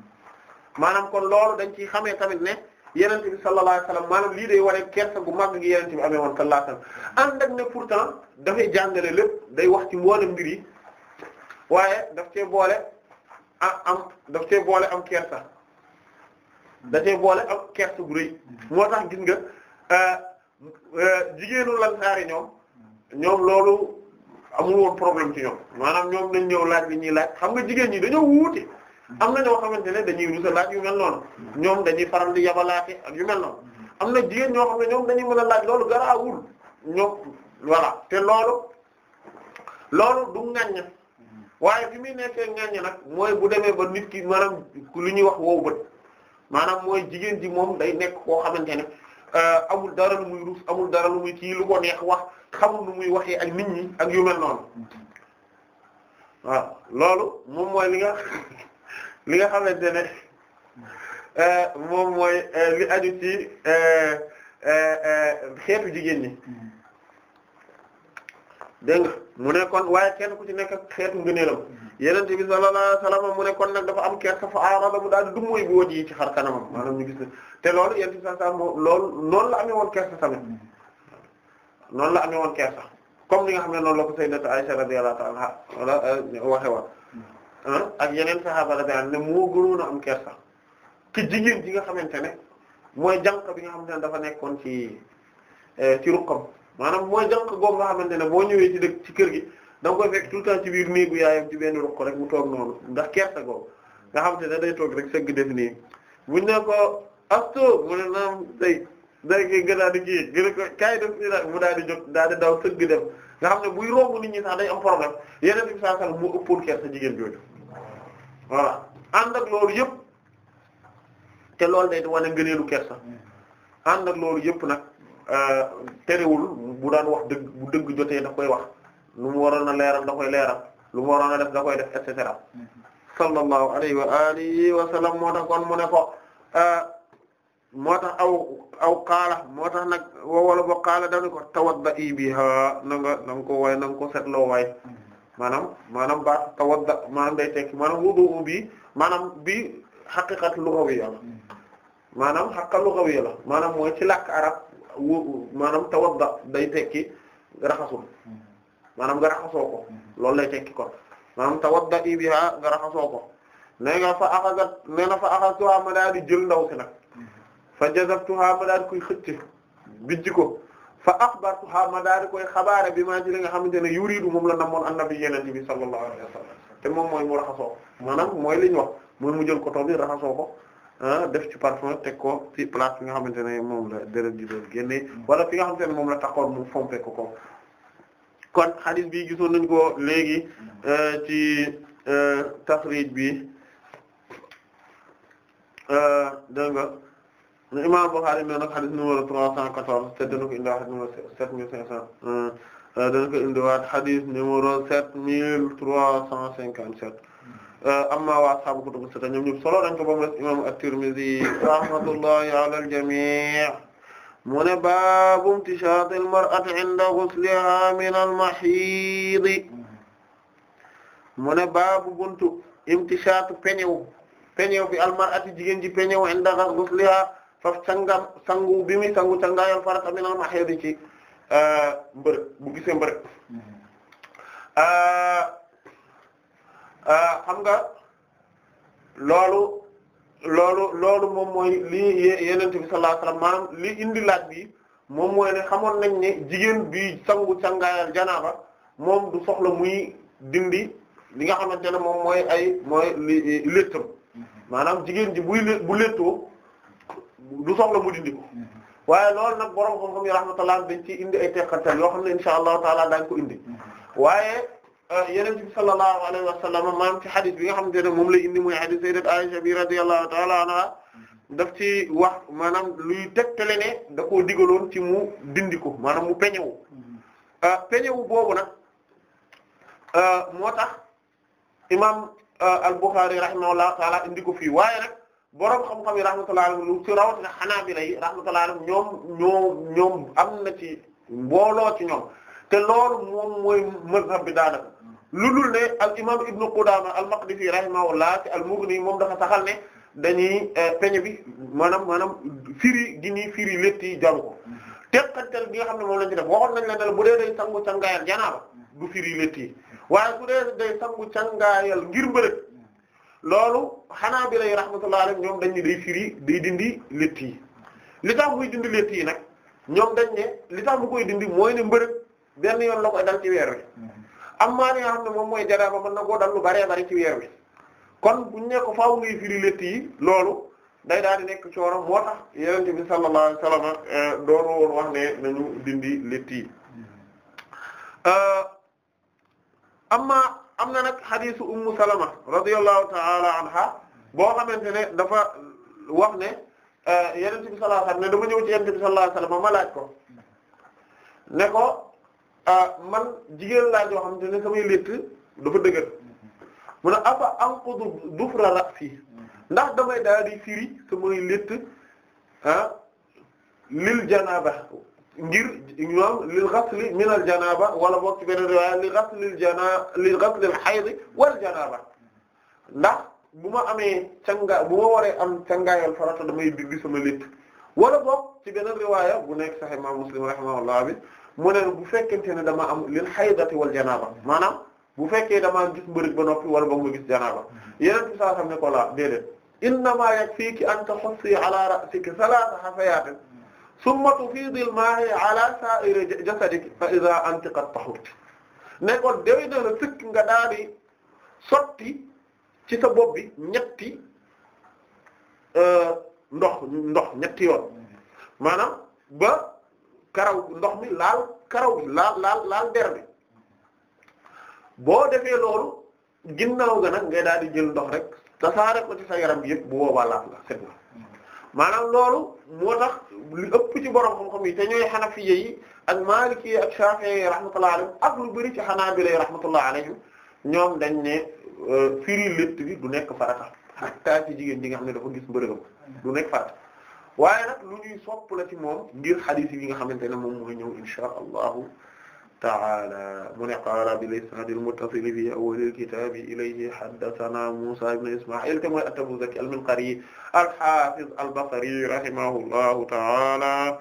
maanaam kon loolu dañ ci xamee tamit ne yenent bi sallallahu alayhi wasallam maanaam lii day waree kersa gu mag gi yenent bi amee woon sallallahu alayhi wasallam ànd ak ne pourtant dafay jàngale lépp day wax ci mboolem mbir yi waaye daf cee boole am daf cee boole am kersa da cee boole am kersa gu rëy moo tax gis nga euh, euh, jigéenu lansaari ñoom ñoom loolu amul woon problème ci ñoom maanaam ñoom dañ ñëw laaj bi ñuy laaj xam nga jigéen ñi dañoo wuute am na ñoo xamante ne dañuy a yu mel noonu ñoom dañuy faral di yabalaate ak yu mel noonu am na jigéen ñoo xam ne ñoom dañuy mën a laaj loolu garaawul ñoom voilà te loolu loolu du ŋaññe waaye bi muy nekkee ŋaññe nag mooy bu demee ba nit ki maanaam lu ñuy wax wow bët maanaam mooy jigéen ji moom day nekk koo xamante ne euh, amul dara lu muy ruus amul dara lu muy kii lu ko neex wax xamul lu muy waxee ak nit ñi ak yu mel noonu waaw loolu moom mooy li li nga xamante ne euh, moom mooy euh, li aju ci euh, xeetu jigéen ñi dégg nga mu ne kon waaye kenn ku ti nekk xeetu ngëneelam yeneen bi sallallahu alayhi wasallam mu ne kon nag dafa am kersa fa aarada mu daal du muy boo ji ci xar kanamam maanaam ñu gis ne te loolu yeneen bi sallallahu alayhi wasallam loolu noonu la amee woon kersa tamit la amee woon comme li nga xam ne noonu la ko sayyidatu Aisha radiyallahu ta'ala anha waxe woon ak yeneen sahaaba a anhum ne moo gënoon a am kersa ki jigéen ji nga xamante ne mooy janq bi nga xamante ne dafa nekkoon ci eh, ci ruqam maanaam mooy jànq goom nga xamante ne boo ñëwee ci dëkk ci kër gi da nga koy fekk ci biir néegu yaayam ci benn rek mu toog noonu ndax kersa googu nga xamante ne day toog rek sëgg def nii muñ ne ko asto mu ne naam day day ki nga di kii gëna ko kayi mu daal di jóg daal di daw sëgg def nga xam ne buy romb nit ñi sax day am problème yeneen bi saa sal mu ëppoon kersa jigéen jooju voilà ànd ak loolu yépp te loolu day wane ngëneelu kersa ànd ak loolu yëpp nag euh, terewul bu daan wax dëgg bu dëgg jotee da koy wax lu mu waroon a leeral da koy leeral lu mu a def da koy def et cetera sallallahu alayhi wa alihi wa sallam moo tax kon mu ne ko euh, moo tax aw aw xaala moo tax nag wala bo xaala danu ko tawadda i biha na nga na ko waay nang ko ko setloo waay maanaam maanaam baat tawadda maanaam day tekki maanaam wudu bi maanaam bi xaqiqat lughawiyya la maanaam xaqa lughawiyya la maanaam mooy ci làkk arab wu maanaam tawadda day tekki raxasul maanaam nga raxasoo ko loolu lay tekki kon maanaam tawadda i biha nga raxasoo ko fa axagat nee na fa axastuha ma daal di jël ndaw si nag fa jazabtuha ma daal koy xëcc bijji ko fa akhbartuha ma daal di koy xabaare bi maa ci li nga xamante ne yuridu moom la namoon annabi yenente bi sallallahu alayhi wa sallam te moom mooy mu raxasoo maanaam mooy li ñu wax mooy mu jël coton bi raxasoo ko ah, def ci parfum teg ko ci place bi nga xamante ne moom la deret ji doon génnee wala fi nga xamante ne moom la taxoon mu fompe ko ko kon hadith bi gisoon nañ ko léegi eh, ci eh, taxrij bi eh, dégg nga imam Bukhari ne nag xadis numéro 314 te euh, dana ko indiwaat xadis numéro 7501 dana ko indiwaat xadis numéro 7357 amma wa ashaabu kutubu sitta ñoom ñëpp solo dañ ko ba mu des imam at-Tirmidhi rahmatullahi ala al-jami' mu ne baabu imtishaat al-mar'ati 'inda ghusliha min al-mahiid mu ne baabu buntu imtishaat peñew peñew fi al-mar'ati jigéen ji peñew 'inda ghusliha faf sangam sangu bi muy sangu sangaayal farata mi naa ma xeedi ci euh, mbërëg bu gisee mbërëg mm-hmm. euh, euh, xam nga loolu loolu loolu moom mooy lii yenent bi sallallahu alayhi wasallam li indi laaj bi moom mooy ne xamoon nañ ne jigéen bi sangu sangaayal janaaba moom du soxla muy dindi li nga xamante ne moom mooy ay mooy li léttam mm-hmm. maanaam jigéen ji buy bu léttoo du soxla mu dindi ko mm-hmm. waaye loolu nag borom xam-xam yi rahmatullah dañ ci indi ay teqantal yoo xam ne insha allahu taala daañ ko indi mm-hmm. waaye euh, yeneen bi sallallahu alayhi wa sallam maam ci xadis bi nga xamante ne moom lay indi muy xadis sayyidat Aisha bi radiyallahu taala anha mm-hmm. daf ci wax maanaam luy tegtale ne da koo digaloon ci mu dindi ko maanaam mu peñewu euh, peñewu boobu nag euh, moo tax imaam al-Bukhari rahimahullahu taala indi ko fii waaye nag borom xam-xam yi rahmatullahi alayhim ci rawatina Hanaabila yi rahmatullahi alayhim ñoom ñoom ñoom am na ci mbooloo ci ñoom te loolu moom mooy mazhab bi daanaka lu dul ne al imam Ibn Qudaama al-Maqdisi rahimahullah ci al-Mughni moom dafa saxal ne dañuy eh, peñe bi maanaam maanaam firi gi ñuy firi létt yi jaru ko teqantel nga xam ne moom lañ ci def waxoon nañ la ne bu dee day sangu cangaayal janaaba du firi létt yi waaye bu dee day sangu cangaayal ngir mbërëg loolu xanaa bi lay rahmatullah alayhi ñoom dañ ne day firi day dindi létt yi li tax muy dindi létt yi nag ñoom dañ ne li mu koy dindi mooy ne mbërëg benn yoon la koy dal ci weer wi mm-hmm. am maa ni xam ne moom mooy janaaba mën na koo dal lu baree bari ci weer wi kon buñ ne ko faaw ngay firi létt yi loolu day daal di nekk coono moo tax yonent bi sallallahu alayhi wasallam eh, doon woon wax ne nañu dindi létt yi mm-hmm. eh, am na nag xadiisu ummu salama radiyallahu ta'ala anha boo xamante ne dafa wax ne euh, yenente bi sallallahu alayhi ne dama ñëw ci yenente bi ma laaj ko ne ko euh, man jigéen laaj yoo xamante ne samay létt dafa dëgër mu ne afa anqudu dufra ra'si ndax damay daal di samay létt ah, lil janaaba ngir ñoom lil ghasli min al janaba wala boog ci beneen riwaaya li ghaslil jana li ghaslil hayd wal janaba ndax bu ma amee canga bu ma waree am cangaayal farata damay digg sama létt wala boog ci beneen riwaaya bu nekk Sahih Imam Muslim rahimahullah bi mu ne bu fekkente ne dama am lil haydati wal janaba maanaam bu fekkee damaa gis mbërëg ba noppi wala boog ma gis janaba yeneen ci saa xam ne ko la déedéet innamaa yakfiiki an taxassi ala ra'siki salaasa hafayaat summa tufiidil maa'i ala saa'iri jasadiki fa idha antiqat tahurt ne kon déwén na la sëkk nga daal di sotti ci sa bopp bi ñetti euh, ndox ndox ñetti yoon maanaam ba karaw ndox mi laal karaw bi laal laal laal der bi boo defee loolu ginnaaw nga nag ngay daal di jël ndox rek tasaare ko ci sa yaram bi bu boobaa laaf na maanaam loolu moo tax lu ëpp ci borom xam-xam yi te ñooy xanafiye yi ak maaliki yi ak shafi'i yi rahmatullah alayhim ak lu bëri ci xanaabila yi rahmatullah alayhim ñoom dañ ne euh, firi létt bi du nekk farata hatta ci jigéen ji nga xam ne dafa gis mbërëgam du nekk farata waaye nag lu ñuy sopp la ci moom ngir xadiis yi nga xamante ne moom mooy ñëw insha allahu taala mu ne qaala bil isnaad al muttasil fi awwal al kitaab ilayhi haddasanaa Muusaa ibn Ismaa'iil te mooy at-Tabuzaki al-Minqari al-Haafiz al-Basri rahimahullahu taala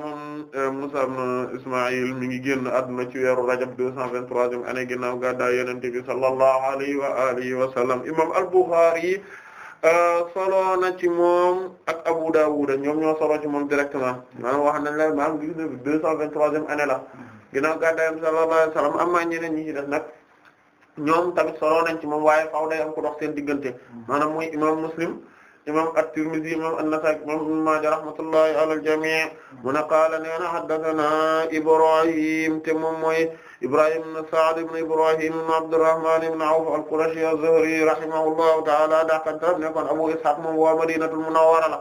moom Muusaa ibn Ismaa'iil mi ngi génn àdduna ci weeru rajab 223e année ginnaaw gàddaay Yonent bi sallallahu alayhi wa alihi wa sallam imaam al-Bukhari euh, solo na ci moom ak Abu Dawud ñoom ñoo solo ci moom directement maanaam wax nañ la maanaam gis na 223e année la. ginnaaw gàddaay am sallallahu alayhi wasallam amma ñeneen ñi ci def nag ñoom tamit soloo nañ ci moom waaye faaw day am ko dox seen diggante maanaam mooy imam muslim imam at-Tirmidhi imam an-Nasa'i imam Ibn Majah rahmatullahi ala al-jami' mu ne qaala nee na haddathana Ibrahim te moom mooy Ibrahim ibn Sa'd ibn Ibrahim ibn Abdurrahman ibn Awf al-Qurashi az-Zuhri rahimahullahu ta'ala daakantaram nekkoon Abu Ishaq moom waa Madinatul Munawwara la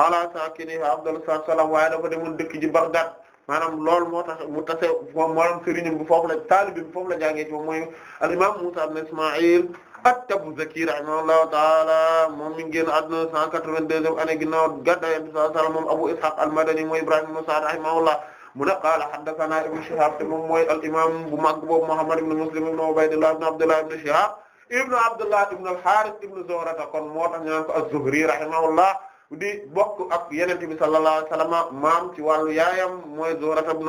ala sakiniha afdalu salaam waaye dafa demoon dëkk ji Baghdad maanaam loolu moo tax mu tase moom maanaam sëriñam bi foofu la taalibi bi foofu la jàngee ci moom mooy al imam Musa ibn Ismaïl at-Tabuzaki rahimahullahu taala moom mi ngi génn àdduna 182e année ginnaaw gàddaay Yonent bi sallallahu alayhi wasallam moom Abu Ishaq al-Madani mooy Ibrahim ibn Sa'd rahimahullah mu ne qaala haddathana Ibn Shihab te moom mooy al imam bu mag boobu Muhammad ibn Muslim ibn Ubaydillah ibn Abdullah ibn Shihab ibn Abdullah ibn al-Harith ibn Zuhra kon moo tax ñu naan ko az-Zuhri rahimahullah di bokk ak yenente bi sallallahu alayhi wasallam maam ci wàllu yaayam mooy Zuhra ibn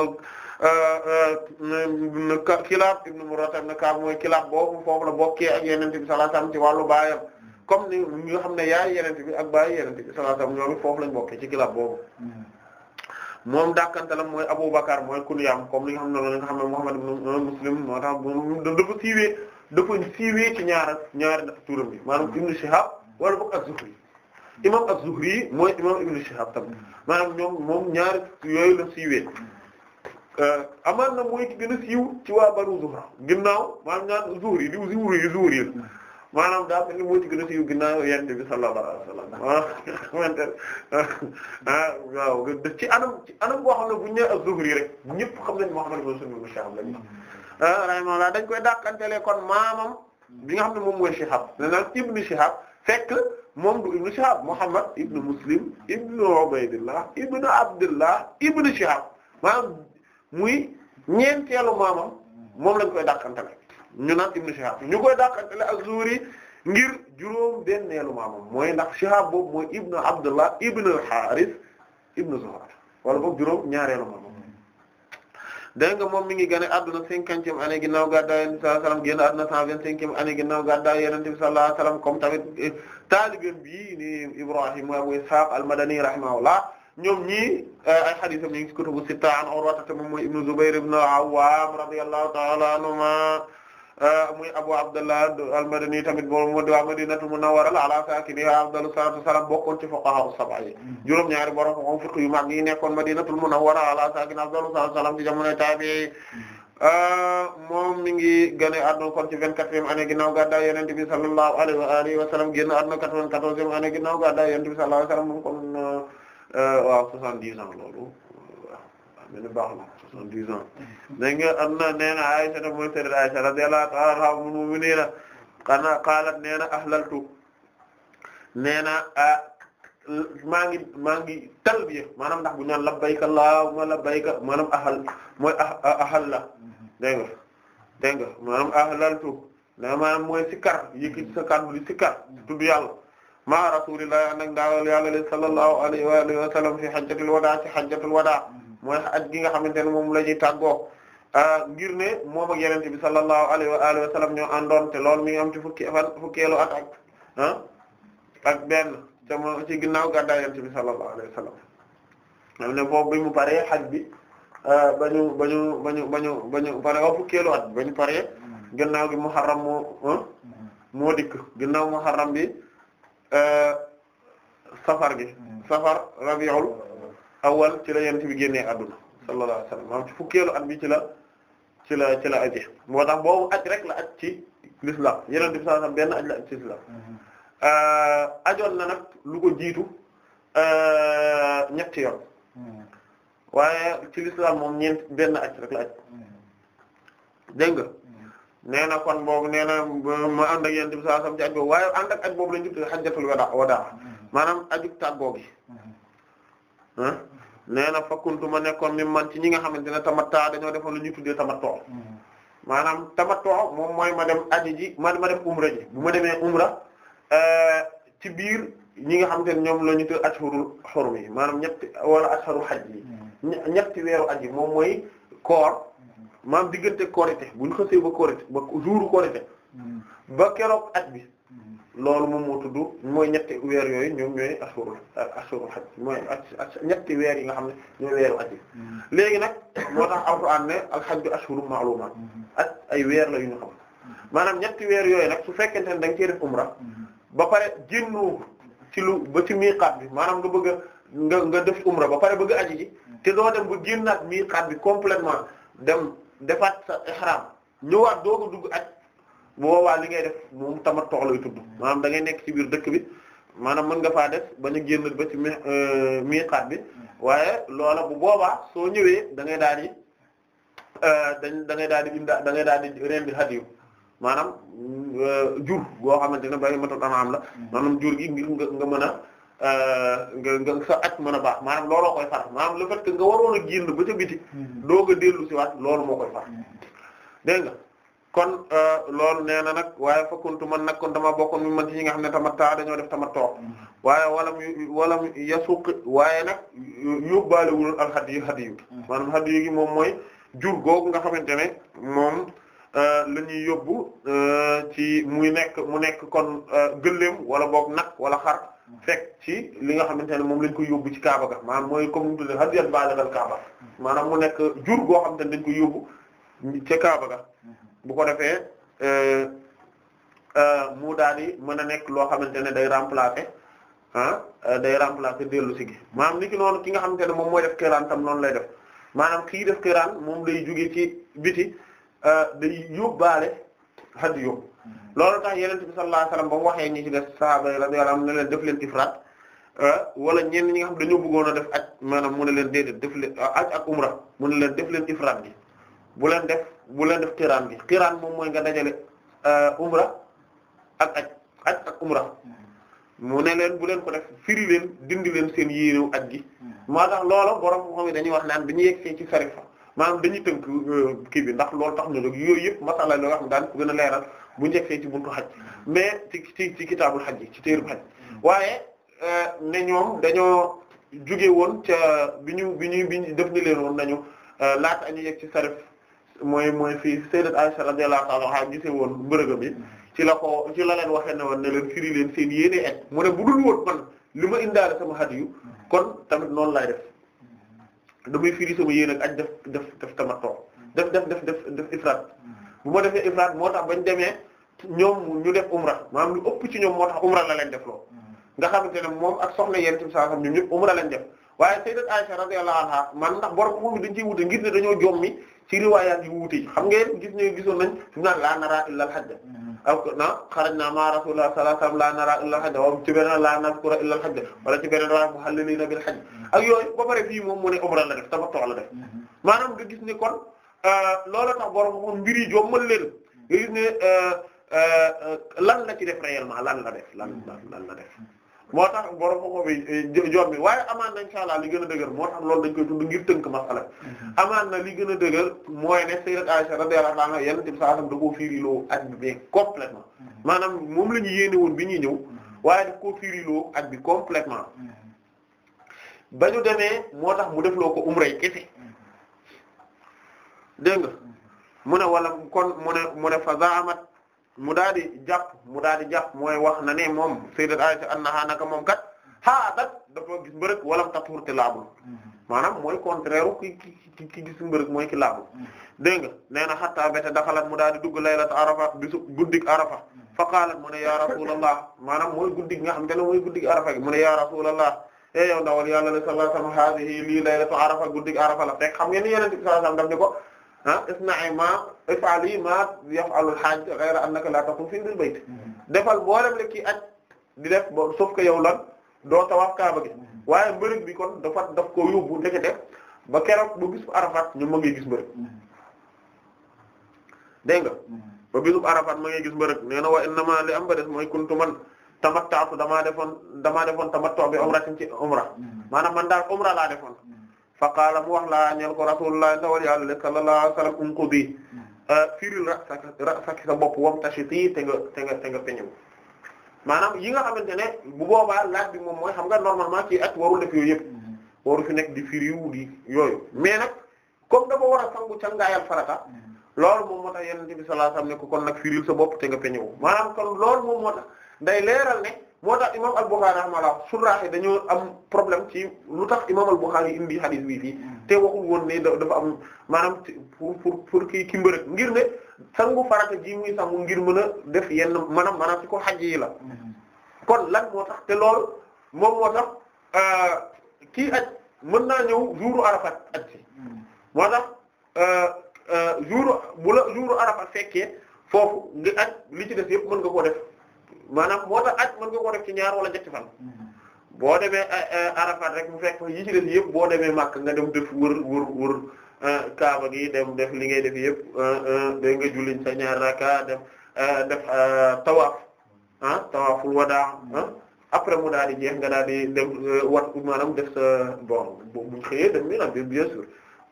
Kilaab uh, uh, ibn Murra ibn Kaab mooy Kilaab boobu foofu la bokkee ak yenente bi sallallahu alayhi wasallam ci wàllu baayam comme ni xam ne yaay yenente bi ak baay yenente bi sallallahu alayhi wasallam ñoom foofu lañ bokkee ci Kilaab boobu moom dàkkantalam mooy Aboubacar mooy kunyaam comme li nga xam ne li nga xam ne Muhammad ibn uh, Muslim moo tax dafa siiwee dafa siiwee ci ñaar ñaari dafa turam bi maanaam Ibn Shihab wala boog az-Zuhri imam az-Zuhri mooy imam Ibn Shihab tamit maanaam ñoom moom ñaar yooyu la siiwee euh, amaan na mooy ki gën siiw ci waa Banu Zuhra ginnaaw maanaam ñaar Zuhri di Zuhri Zuhri maanaam daa mel ni moo ci gën a siiw ginnaaw Yonent bi sallallahu alayhi wasallam ah, ah, ah, ci anam ci anam boo xam ne bu ñu nee az-Zuhri rek ñëpp xam nañ Muhammad ibn Shihab lañu ah rahimahullah dañ koy dàqantelee kon maamam bi nga xam ne moom mooy Shihab nee naa Ibn Shihab fekk. moom du ibnu Shihab Muhammad ibnu Muslim ibnu Ubaydillah ibnu Abdullah ibnu Shihab maanaam muy ñeenteelu maamam moom lañ koy dàqantale ñu naan ibnu Shihab ñu koy dàqantale ak ngir juróom benneelu maamam mooy ndax Shihab boobu mooy ibnu Abdullah ibnu al-Harith ibnu Zuhra wala boog juróom ñaareelu maamam dégg nga moom mi ngi gane adduna cinquantième année ginnaaw gàddaay yonent bi sallallahu alayhi wasallam génn bi sallallahu alayhi comme tamit eh, taalibeem bii ni Ibrahim Abu Ishaq al-Madani rahimahullah ñoom ñii eh, ay xadisam ñu ngi ci kutubu sitta an Urwa moom mooy Ibn Zubayr ibn al-Awwam radiyallahu ta'ala anhuma eh, muy Abu Abdullah al-Madani tamit moom moo di waa Madinatu Munawwara ala saakinihaa afdalu salaatu wa salaam bokkoon ci fuqahaa sab'a yi mm-hmm. juróom-ñaari borom xam-xam fiqh yu mag yi nekkoon Madinatul Munawwara ala saakinihaa afdalu salaatu wa salaam ci jamono tabi'i mm-hmm. Euh, moom mi ngi gane àdduna kon ci vingt-quatrième année ginnaaw gàddaay Yonent bi sallallahu alayhi wa alihi wa sallam génn àdduna quatre-vingt-quatorzième année ginnaaw gàddaay Yonent bi sallallahu alayhi wa sallam moom kon euh, waaw soixante-dix ans loolu waaw baax na soixante-dix ans dégg nga am mooy sayyidat Aisha radiyallahu ta'ala anha mu'minina xanaa qaalat ahlaltu nee na maa ngi maa ngi talbiya maana ndax bu ñu naan labbayka allahumma labbayka maanaam ahal mooy ah, ahal dégg nga dégg nga maanaam ahlaltu na maanaam mooy sikkar yëkkati sa kàddu di sikkar tudd yàlla maa rasulillahi an nag ndaawal yàlla li sallallahu alayhi wa alihi wa sallam fi hajjatul wadaa ci hajjatul wadaa mooy aj gi nga xamante ne moom la ñuy tàggoo ah, ngir ne moom ak yenente bi sallallahu alayhi wa alihi wa sallam ñoo àndoon te loolu mi ngi am ci fukki fan fukkeelu at ak ah ak benn te mo ci ginnaaw gàddaay yenente bi sallallahu alayhi wa sallam xam ne boobu bi mu paree xaj bi Euh, ba ñu ba ñu ba ñu ba ñu ba ñu pare waa fukkeelu at ba ñu paree mm-hmm. gannaaw gi muharram moo mm-hmm. moo dikk gannaaw muharram bi euh, safar gi mm-hmm. safar rabiul awal ci la yent bi génnee adduna sallallahu alayhi wasallam maanaam ci fukkeelu at bi ci la ci la ci la aji moo tax boobu aj rek la aj ci l'islam yeneen bi sallallahu alayhi wasallam benn aj la aj ci l'islam euh, ajoon na nag lu ko jiitu ñetti yoon waaye ci lislaam moom ñeent benn aj rek la aj dégg nga nee na kon boobu nee na ma ànd ak yonent bi sallallahu alayhi wasallam ci aj boobu waaye ànd ak aj boobu lañu tuddee maanaam ajug tàggoo gi ah nee na ma nekkoon mi man ci ñi nga xamante ne tamatta dañoo defoon lu ñuy tuddee tamattoo maanaam tamattoo moom mooy ma dem aj ji ma ma dem umra bu ma demee umra euh, ci biir ñi nga xam ne ñoom la ñu tuddee ashhurul hurum yi maanaam ñetti wala ashhurul xaj yi ñetti weeru aji moom mooy koor maam diggante korite bu ñu xasee ba korite ba jouru korite mm-hmm. ba bi mm-hmm. loolu moom moo tudd mooy ñetti weer yooyu ñoom ñooy asuru asuru xaj mooy ñetti weer yi nga xam ne ñooy weeru aji mm-hmm. léegi nag moo tax alxuraan ne alxajju ashuru ma'lumaat at ay weer la yu ñu xam maanaam ñetti weer yooyu nag su fekkente ne da nga cee umra ba pare génnoo ci lu ba ci miiqaat bi maanaam nga bëgg nga nga def umra ba pare bëgg aji ji te doo dem ba génnaat mii xaat bi complètement dem defaat sa ihram ñëwaat doo ko dugg aj boobaa li ngay def moom tamat toox lay tudd ma da ngay nekk ci biir dëkk bi maanaam mën nga faa def bañ a génn ba ci mi euh, mii xaat bi waaye loola bu boobaa soo ñëwee da daal di euh, dañ da ngay daal di inda da ngay daal di rendi hadiyu maanaam euh, jur goo xamante ne bay matal am la mm-hmm. maanaam jur gi nga nga mën a Euh, nga nga sa at mën a baax maanaam looloo koy far maanaam le fait que nga waroon a génn ba ca biti hmm. doog a dellu si waat loolu moo koy far hmm. dégg nga kon euh, loolu nee na nag waaye fakkuntu man nag kon dama bokkoon mi man ci ñi nga xam ne tamataa dañoo def tamatoo hmm. waaye walam walam yasuq waaye nag yóbbaalewul al hadiyu hadiyu maanaam hadiyu moom mooy jur googu nga xamante ne moom euh, la ñuy yóbbu ci muy nekk mu nekk kon gëléem wala boog nag wala xar fekk ci li nga xamante ne moom lañ koy yóbbu ci Kaaba ga maanaam mooy comme ñu tuddee hadiyan baalighal Kaaba maanaam mu nekk jur goo xamante ne dañ koy yóbbu ca mm-hmm. bu ko defee euh, euh, mu daal di mën a nekk loo xamante ne day remplacer ah euh, day remplacer dellu si gi maanaam ni ki noonu ki nga xamante ne moom mooy def kiraan tam noonu lay def maanaam kii def kiraan moom lay jóge ci biti day yóbbaale hadiyu loolu tax yenente bi sallallahu alayhi wasallam ba waxee ñi ci def sahaaba yi la anhum ne leen def leen ifraat euh, wala ñenn ñi nga xam dañoo bëggoon a def aj maanaam mu ne leen déedéet def leen euh, aj ak mu leen def leen ifraat gi bu leen def bu leen def xiraan bi xiraan moom mooy nga dajale euh, umra ak aj aj ak umra mu ne leen bu leen ko def firi leen dindi leen seen yéenéw aj gi maa tax loola borom ko wax ne dañuy wax naan dañuy yegg ci sarifa maanaam dañuy tënk kii bi ndax loolu tax na rek yooyu yëpp masala la yoo xam daan ko gën a leeral bu njëkkee ci buntu xaj mais ci ci ci kitaabul xaj ci téerub xaj mm-hmm. waaye euh, ne ñoom dañoo juge woon ca bi ñu bi ñuy bi def ni leen woon nañu euh, laat a añu yegg ci sarif mooy mooy fii sayyidat Aisha radiyallahu ta'ala a gisee woon mbërëga bi mm-hmm. ci la ko ci la leen waxee ne woon ne leen firi leen seen yéenee ak mu ne bu dul woon man li ma indaale sama hadiyu mm-hmm. kon tamit noonu laay def damay firi sama yéen ak aj def def def tamattu def def def def def ifraat bu ma defee ifraat moo tax bañ demee ñoom ñu def umra maanaam lu ëpp ci ñoom moo tax umra la leen def loo nga xamante ne moom ak soxna yent bi sallallahu alayhi wasallam ñoom ñëpp umra lañ def waaye sayyidat Aisha radiyallahu anha man ndax borom foofu dañ ciy wute ngir ne dañoo jommi ci riwaayaat yu wuute xam ngeen gis ñu gisoon nañ su naan laa nara illa al hajj ak na xaraj naa ma rasulullah sallallahu alayhi laa nara illa al hajj ci beneen laa nazkura illa al hajj wala ci beneen riwaaya muhallilina bil hajj ak yooyu ba pare fii moom moo ne umra la def tamattu la def mm-hmm. maanaam nga gis ni kon Euh, loola tax borom moom mbir yi jommal leen nga gis ne euh, euh, lan la ci def réellement lan la def lan lan def moo tax borom ko eh, bi jommi waaye amaan na insha Allah li gën a dëgër moo tax loolu dañ koy tudd ngir tënk masala amaan na li gën a dëgër mooy ne sayyidat Aisha radiyallahu anha yenn tim saa sam da koo fiiriloo ak bi mais complètement maanaam moom la ñu yéene woon bi ñuy ñëw waaye daf koo fiiriloo ak bi complètement bañu ñu moo tax mu defloo ko umra yi kese dégg nga mu ne wala kon mu ne mu ne fa zaamat mu daal di jàpp mu daal di jàpp mooy wax na ne moom sayyidat Aisha annaha naka moom kat haa dat dafa gis mbërëk wala tatuur te laabul maanaam mooy contraire ki ki ki gis mbërëk mooy ki laabul dégg nga nee na xattaa bete daxalat mu daal di dugg laylat arafa bisu guddik arafa fa qaalat mu ne ya rasulallah maanaam mooy guddik nga xam te ne mooy guddik arafa gi mu ne ya rasulallah e eh o ndawal yàlla sallallahu alayhi wa sallam haadihi lii laylatu arafa guddik xam ngeen ni yeneen sallallahu alayhi ko ah isna'i ma if'ali ma yaf'alul hajj ghayra annaka la taqum fi bil bayt mm-hmm. defal boolem la kii aj di def ba sauf que yow lan doo tawaaf kaaba gi mm-hmm. waaye mbërëg bi kon dafa daf ko yóbbu ndekete ba keroog ba gis bu arafat ñu ma ngi gis mbërëg mm-hmm. dégg nga ba bis bu arafat ma ngi gis mbërëg nee na wa innama am ba des mooy kuntu man tamattaatu damaa defoon damaa defoon tamattu bi umratin ci umra maanaam man daal umra laa defoon fa mu wax laa ñeel ko rasulullah ndawal yàlla sallallahu alayhi wasallam unqudi um hmm. uh, firil ra'sak ra'sak sa bopp wam tashiti te nga te nga te nga peñu maanaam yi nga xamante ne bu boobaa laaj bi moom mooy xam nga normalement ci at warul def yooyu yëpp hmm. waru fi nekk di firiw di yooyu mais nag comme dafa war a sangu cangaayal farata hmm. loolu moom moo tax yonent bi sallallahu alayhi wasallam ne ko kon nag firil sa bopp te nga peñu maanaam kon loolu moom moo tax day leeral ne moo tax imam al-Bukhari rahimahullah suraax yi dañoo am problème ci lu tax imam al-Bukhari indi hadith bi fii mm. te waxul woon ne dafa am maanaam pour pour pour kii ki mbërëg ngir ne sangu farata ji muy sangu ngir mën a def yenn maanaam maanaam ci ko xaj yi la mm-hmm. kon lan moo tax te lool moom moo tax euh, kii aj mën naa ñëw jouru Arafat aj si mm. tax euh, euh, jouru bu la jouru foofu nga aj li ci def yëpp mën nga koo def maanaam moo tax aj mën nga koo def ci ñaar wala ñetti fan boo demee eh, eh, Arafat rek bu fekk yi ci des yëpp boo demee Makka nga dem def wër wër wër eh, Kaaba gi dem def li ngay def yëpp da nga julliñ sa ñaar raka def def tawaaf ah tawaaful wadaa ah. après mu daal di jeex nga daal di dem wat maanaam def sa bon buñ xëyee dem Mina bien sûr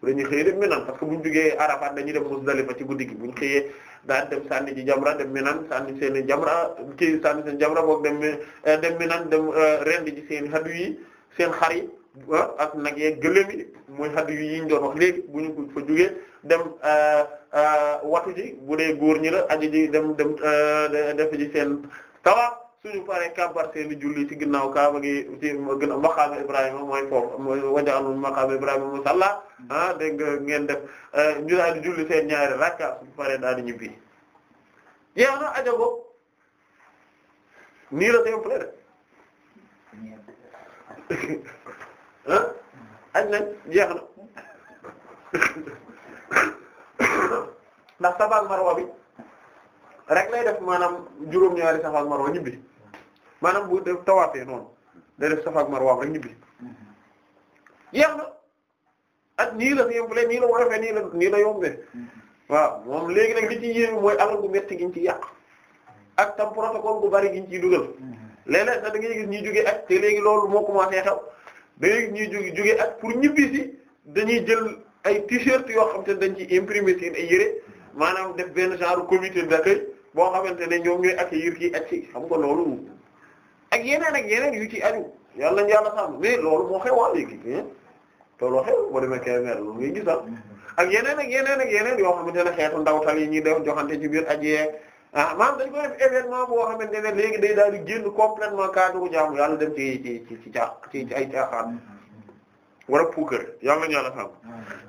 dañuy xëyee dem Mina parce que buñ jugee Arafat dañuy dem Muzdalifa ci guddi gi buñ xëyee daal dem sànni ji jamra dem minan sànni seen i jamra ci sànni seen jamra boog dem eh, dem minan dem eh, rendi ji seen hadu yi seen xar yi ah, ak nag yeeg gëléem mooy muy yi yiñ doon wax léegi bu ñu ko fa jógee dem eh, watu ji bu dee góor ñi la aji ji dem dem def ji seen tawaaf suñu paree kabar seeni julli ci ginnaaw kaaba gi ci ginnaaw maqaama Ibrahima mooy foofu mooy waja'alna maqaama Ibrahima musalla ah dégg ngeen def eh, ñu daal di julli seen ñaari rakka paree daal di ñibbi. jeex na aja boobu nii la seen pré ah aj nañ jeex na ndax Safa ak Marwa bi rek lay def maanaam juróom-ñaari Safa ak Marwa ñibbi. maanaam bu def tawaatee noonu day def Safa ak Marwa rek ñibbi yeex na ak nii la yëmbale nii la woyofee nii la nii la yombee waaw moom léegi nag di ci yéeme mooy alal gu metti giñ ci yàq ak tam ko gu bari giñ ciy dugal léeg-léeg da ngay gis ñuy jógee ak te léegi loolu moo commencé xew da ngay gis ñuy jóge jógee ak pour ñibbi si dañuy jël ay t-shirt yoo xam te dañ ci imprimer seen ay yére maanaam def benn genre comité d'accueil boo xamante ne ñoom ñooy accueillir kii ak si xam nga loolu ak yeneen ak yeneen yu ci aju yàlla nañu yàlla sàmm mais loolu moo xewoo léegi looloo xew boo demee Kébémer loolu ngay gisal ah. ak yeneen ak yeneen ak yeneen yoo xamante ne xeetu ndawtal yi ñuy def joxante ci biir aji ah maanaam dañ koy def événement boo xamante ne léegi day daal di génn complètement cadre jaamu yàlla dem ci ci ci ci caa ci ay caaxaan war a puukare yàlla nañu yàlla sàmm.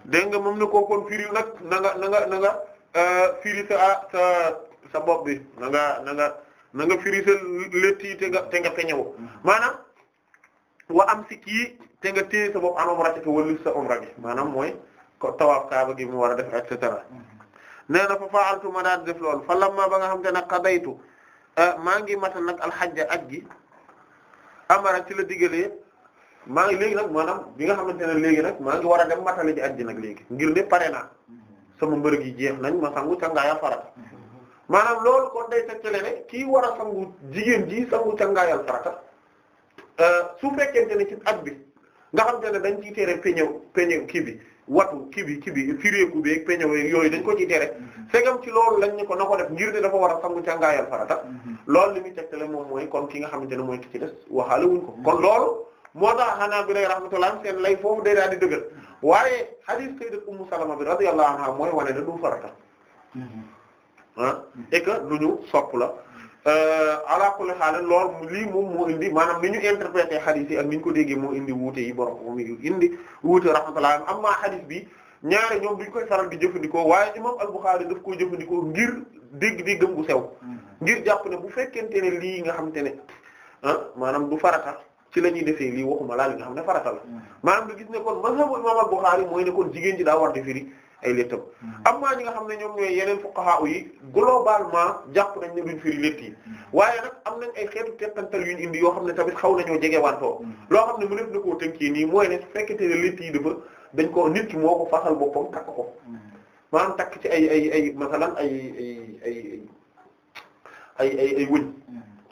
dégg nga moom ne ko kon firi nag na nga na nga na nga euh, firi sa sa sa bopp bi na nga firi sa létt te nga te nga peñewu mm-hmm. maanaam wa am si kii te nga téye sa bopp an ko wëllu sa umra gi maanaam mooy ko tawaaf kaaba gi mu war a def et cetera mm-hmm. nee na fa ma daan def loolu fa lamma ba nga xam te nag qadaytu eh, maa ngi matal nag alxajja aj gi amara ci la digalee maa ngi léegi nag maanaam bi nga xamante ne léegi nag maa ngi war a dem matali ji aj ji nag léegi ngir ne pare naa mm-hmm. sama mbër gi jeex nañ ma sangu cangaaya farata maanaam loolu kon day tegtale ne kii war a sangu jigéen ji sangu cangaayal farata euh, su fekkente ne ci ak bi nga xam te ne dañ ciy tere peñew peñew kii bi watu kii bi kii bi firéeku beeg peñew yooyu dañ ko ciy tere segam mm-hmm. ci loolu lañ ne ko na ko def ngir ne dafa war a sangu cangaayal farata mm-hmm. lool li muy tegtale moom mooy kon ki nga xamante ne mooy ki ci des waxaale wuñ ko kon loolu moo tax xanaa bi lay rahmatullah seen lay foofu day daal di dëgër waaye hadith sayyidat ummu salama bi radiyallahu anha mooy wane ne du farata mm-hmm. ah et lu ñu sopp la euh, ala kulli haal loolu lii moom moo indi maanaam ni ñu interprété hadith yi ak ni ñu ko déggee moo indi wuute yi borom moom mi indi wuute rahmatullah am maa hadith bi ñaare ñoom duñ koy faral di jëfandikoo waaye imam al-Bukhari daf koy jëfandikoo ngir dégg-déggam gu sew. Mm-hmm. ngir jàpp ne bu fekkente ne lii nga xamante ne ah maanaam du farata ci la ñuy defee lii waxuma laa li nga xam ne farata la. Mm-hmm. maanaam nga gis ne kon mazhabu imam al-Bukhari mooy ji daa war di ay léttam hmm. amma ñi nga xam ne ñoom ñooy yeneen fuqaha yi globalement jàpp nañ ne duñ firi létt yi hmm. waaye nag am nañ ay xeetu tekkantal yuñ indi yoo xam ne tamit xaw nañoo jege wantoo hmm. loo xam ne mu def na koo tënkii nii mooy ne fekkete ne létt yi dafa dañ ko nit ki moo ko fasal boppam takk ko maanaam takk ci ay ay ay masalan ay ay ay wëñ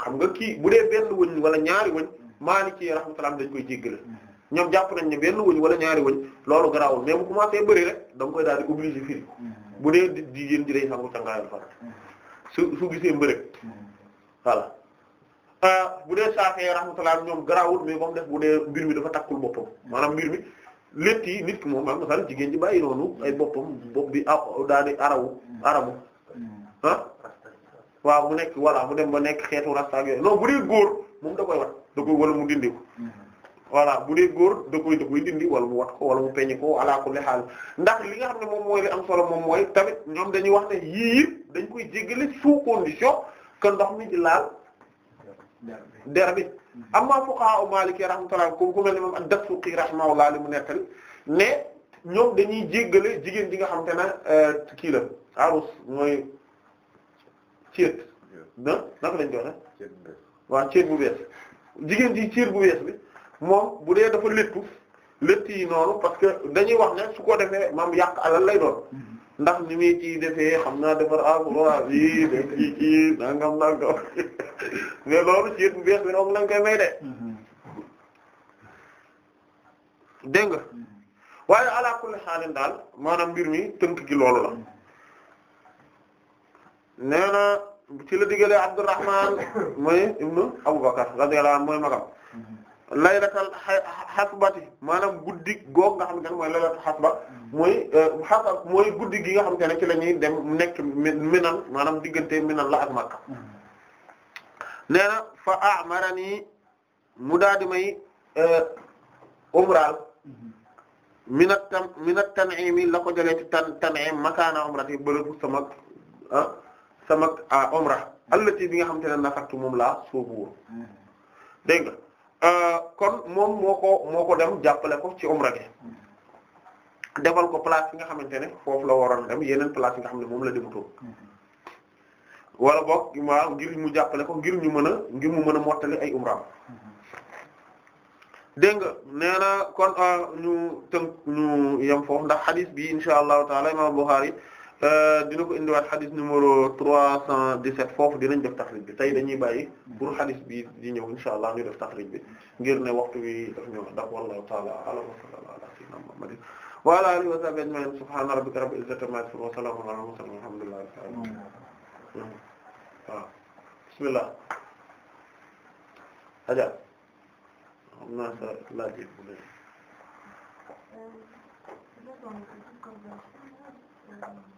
xam nga kii bu dee benn wëñ wala ñaari wëñ Maliki rahmatullah dañ koy jéggale ñoom jàpp nañ ne benn wëñ wala ñaari wëñ loolu garaawul mais bu commencé bëri rek da koy daal di obligé firi mm-hmm. bu dee jigéen ji day sangu cangaayal far mm-hmm. su su gisee mm-hmm. euh, bu dee saafee rahmatullah ñoom garaawul mais comme bu dee mbir mi dafa takkul boppam maanaam mbir mi nit ki moom maam masal jigéen ji bàyyi ay boppam bopp bi a daa di mu nekk voilà mu dem ba nekk xeetu rastaak yooyu non bu dee góor moom da koy wat da koy wala mu dindi voilà bu dee góor da koy da koy dindi wala mu wat ko wala mu peñi ko ala kulli xaal ndax li nga xam ne moom mooy li am solo moom mooy tamit ñoom dañuy wax ne yii yëpp koy jéggale sous condition ndox mi di bi amma fuqaha maliki rahmatullah comme ku mel ne moom ad-Dafsuqi rahimahullah mu nettal ne ñoom dañuy jéggale jigéen ji nga xam te ne euh, kii la arus mooy ceet na lañ doon waa ceet bu bees jigéen ji ceet bu bees bi moom bu dee dafa léttu létt yi noonu parce que dañuy wax ne su ko defee maam yàq alal lay doon mm-hmm. ndax ni muy ci defee xam naa defar akroa yi da ci ci nangam nangam mais loolu ciet bu bees bi moom lañ koy may de mm-hmm. dégg nga mm-hmm. waaye ala kulli xaalin daal maanam mbir mi tënk gi loolu la nee ci la diggalee Abdurrahman mooy ibnu Abubakar radiyallahu anhu mooy magam laylatal hasbati maanaam guddi goog nga xamante ne mooy laylatul hasba mooy euh, hasab mooy guddi gi nga xamante ne ci la ñuy dem nekk minan maanaam diggante minan la ak Makka nee na fa amarani mu daal di may euh, umraal min at tan min at tan'imi la ko jëlee ci tan tan'im makaana umrati bërëbu sama ah sama ah, umra allati bi nga xamante ne nafaktu moom laa soobu woon dégg nga Euh, kon moom moo ko moo ko dem jàppale ko ci umra gi defal ko place yi nga xamante ne foofu la waroon dem yeneen place yi nga xam ne moom la demutoon mhm. wala boog waaw ngir mu jàppale ko ngir ñu mën a ngir mu mën a mottali ay umra mhm. dégg nga nee na kon euh, ñu tënk ñu yem foofu ndax hadith bi insha allahu taala imam Bukhari Euh, dina ko indiwaat xadis numéro 317 foofu dinañ def taxrij bi tey dañuy bàyyi pour xadis bi di ñëw insha allah ñu def taxrij bi ngir ne waxtu bi daf ñëw ndax wallahu ta'ala a'lam wa sallallahu ala sayyidina muhammadin wa ala alihi wa sahbihi ajma'in subhana rabbika rabbil izzati amma yasifun wa salamun ala mursalin walhamdulillahi rabbil alamin waaw bismillah aja am naa sa laaj bu leen Thank you.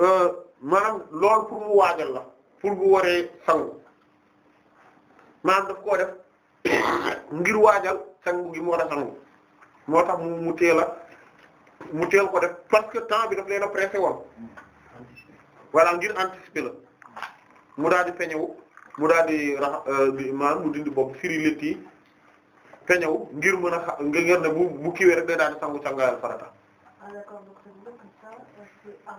Euh, maanaam loolu pour mu waajal la pour bu waree sangu maanaam daf koo def ngir waajal sangu gi mu war sangu moo tax mu mu teel a mu teel ko def parce que temps bi daf leen a pressé woon voilà ngir anticiper la mu daal di peñewu mu daal di rax euh, maanaam mu dindi bopp firi létt yi peñewu ngir mën a xa ngir ne bu bu rek day daal di sangu sangaayal farata. Ah,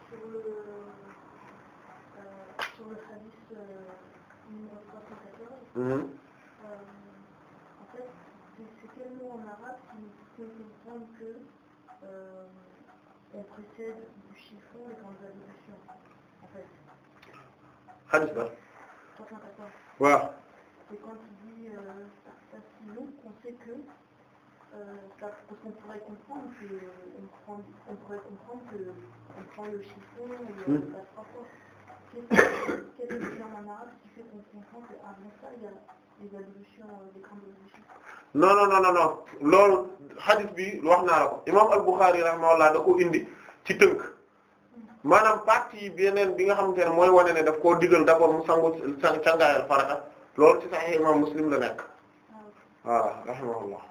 sur le, sur euh, le hadith euh, numéro 314. Mm-hmm. Euh, en fait, c'est quel mot en arabe qui nous comprendre que on précède du chiffon et qu'on donne en fait. hadith ba. 314. quand il dit ça, qu'on sait que. Euh, parce qu'on pourrait comprendre qu'on pourrait comprendre euh, hmm. qu'on loolu hadith bi wax naa la ko imam al-Bukhari rahimahullah da ko indi ci tënk maanaam partie beneen bi nga xam ne mooy wane ne daf koo digal d'abord mu sangu cangaayal farata loolu ci Sahih imam Muslim la nekk waaw ah, rahimahullah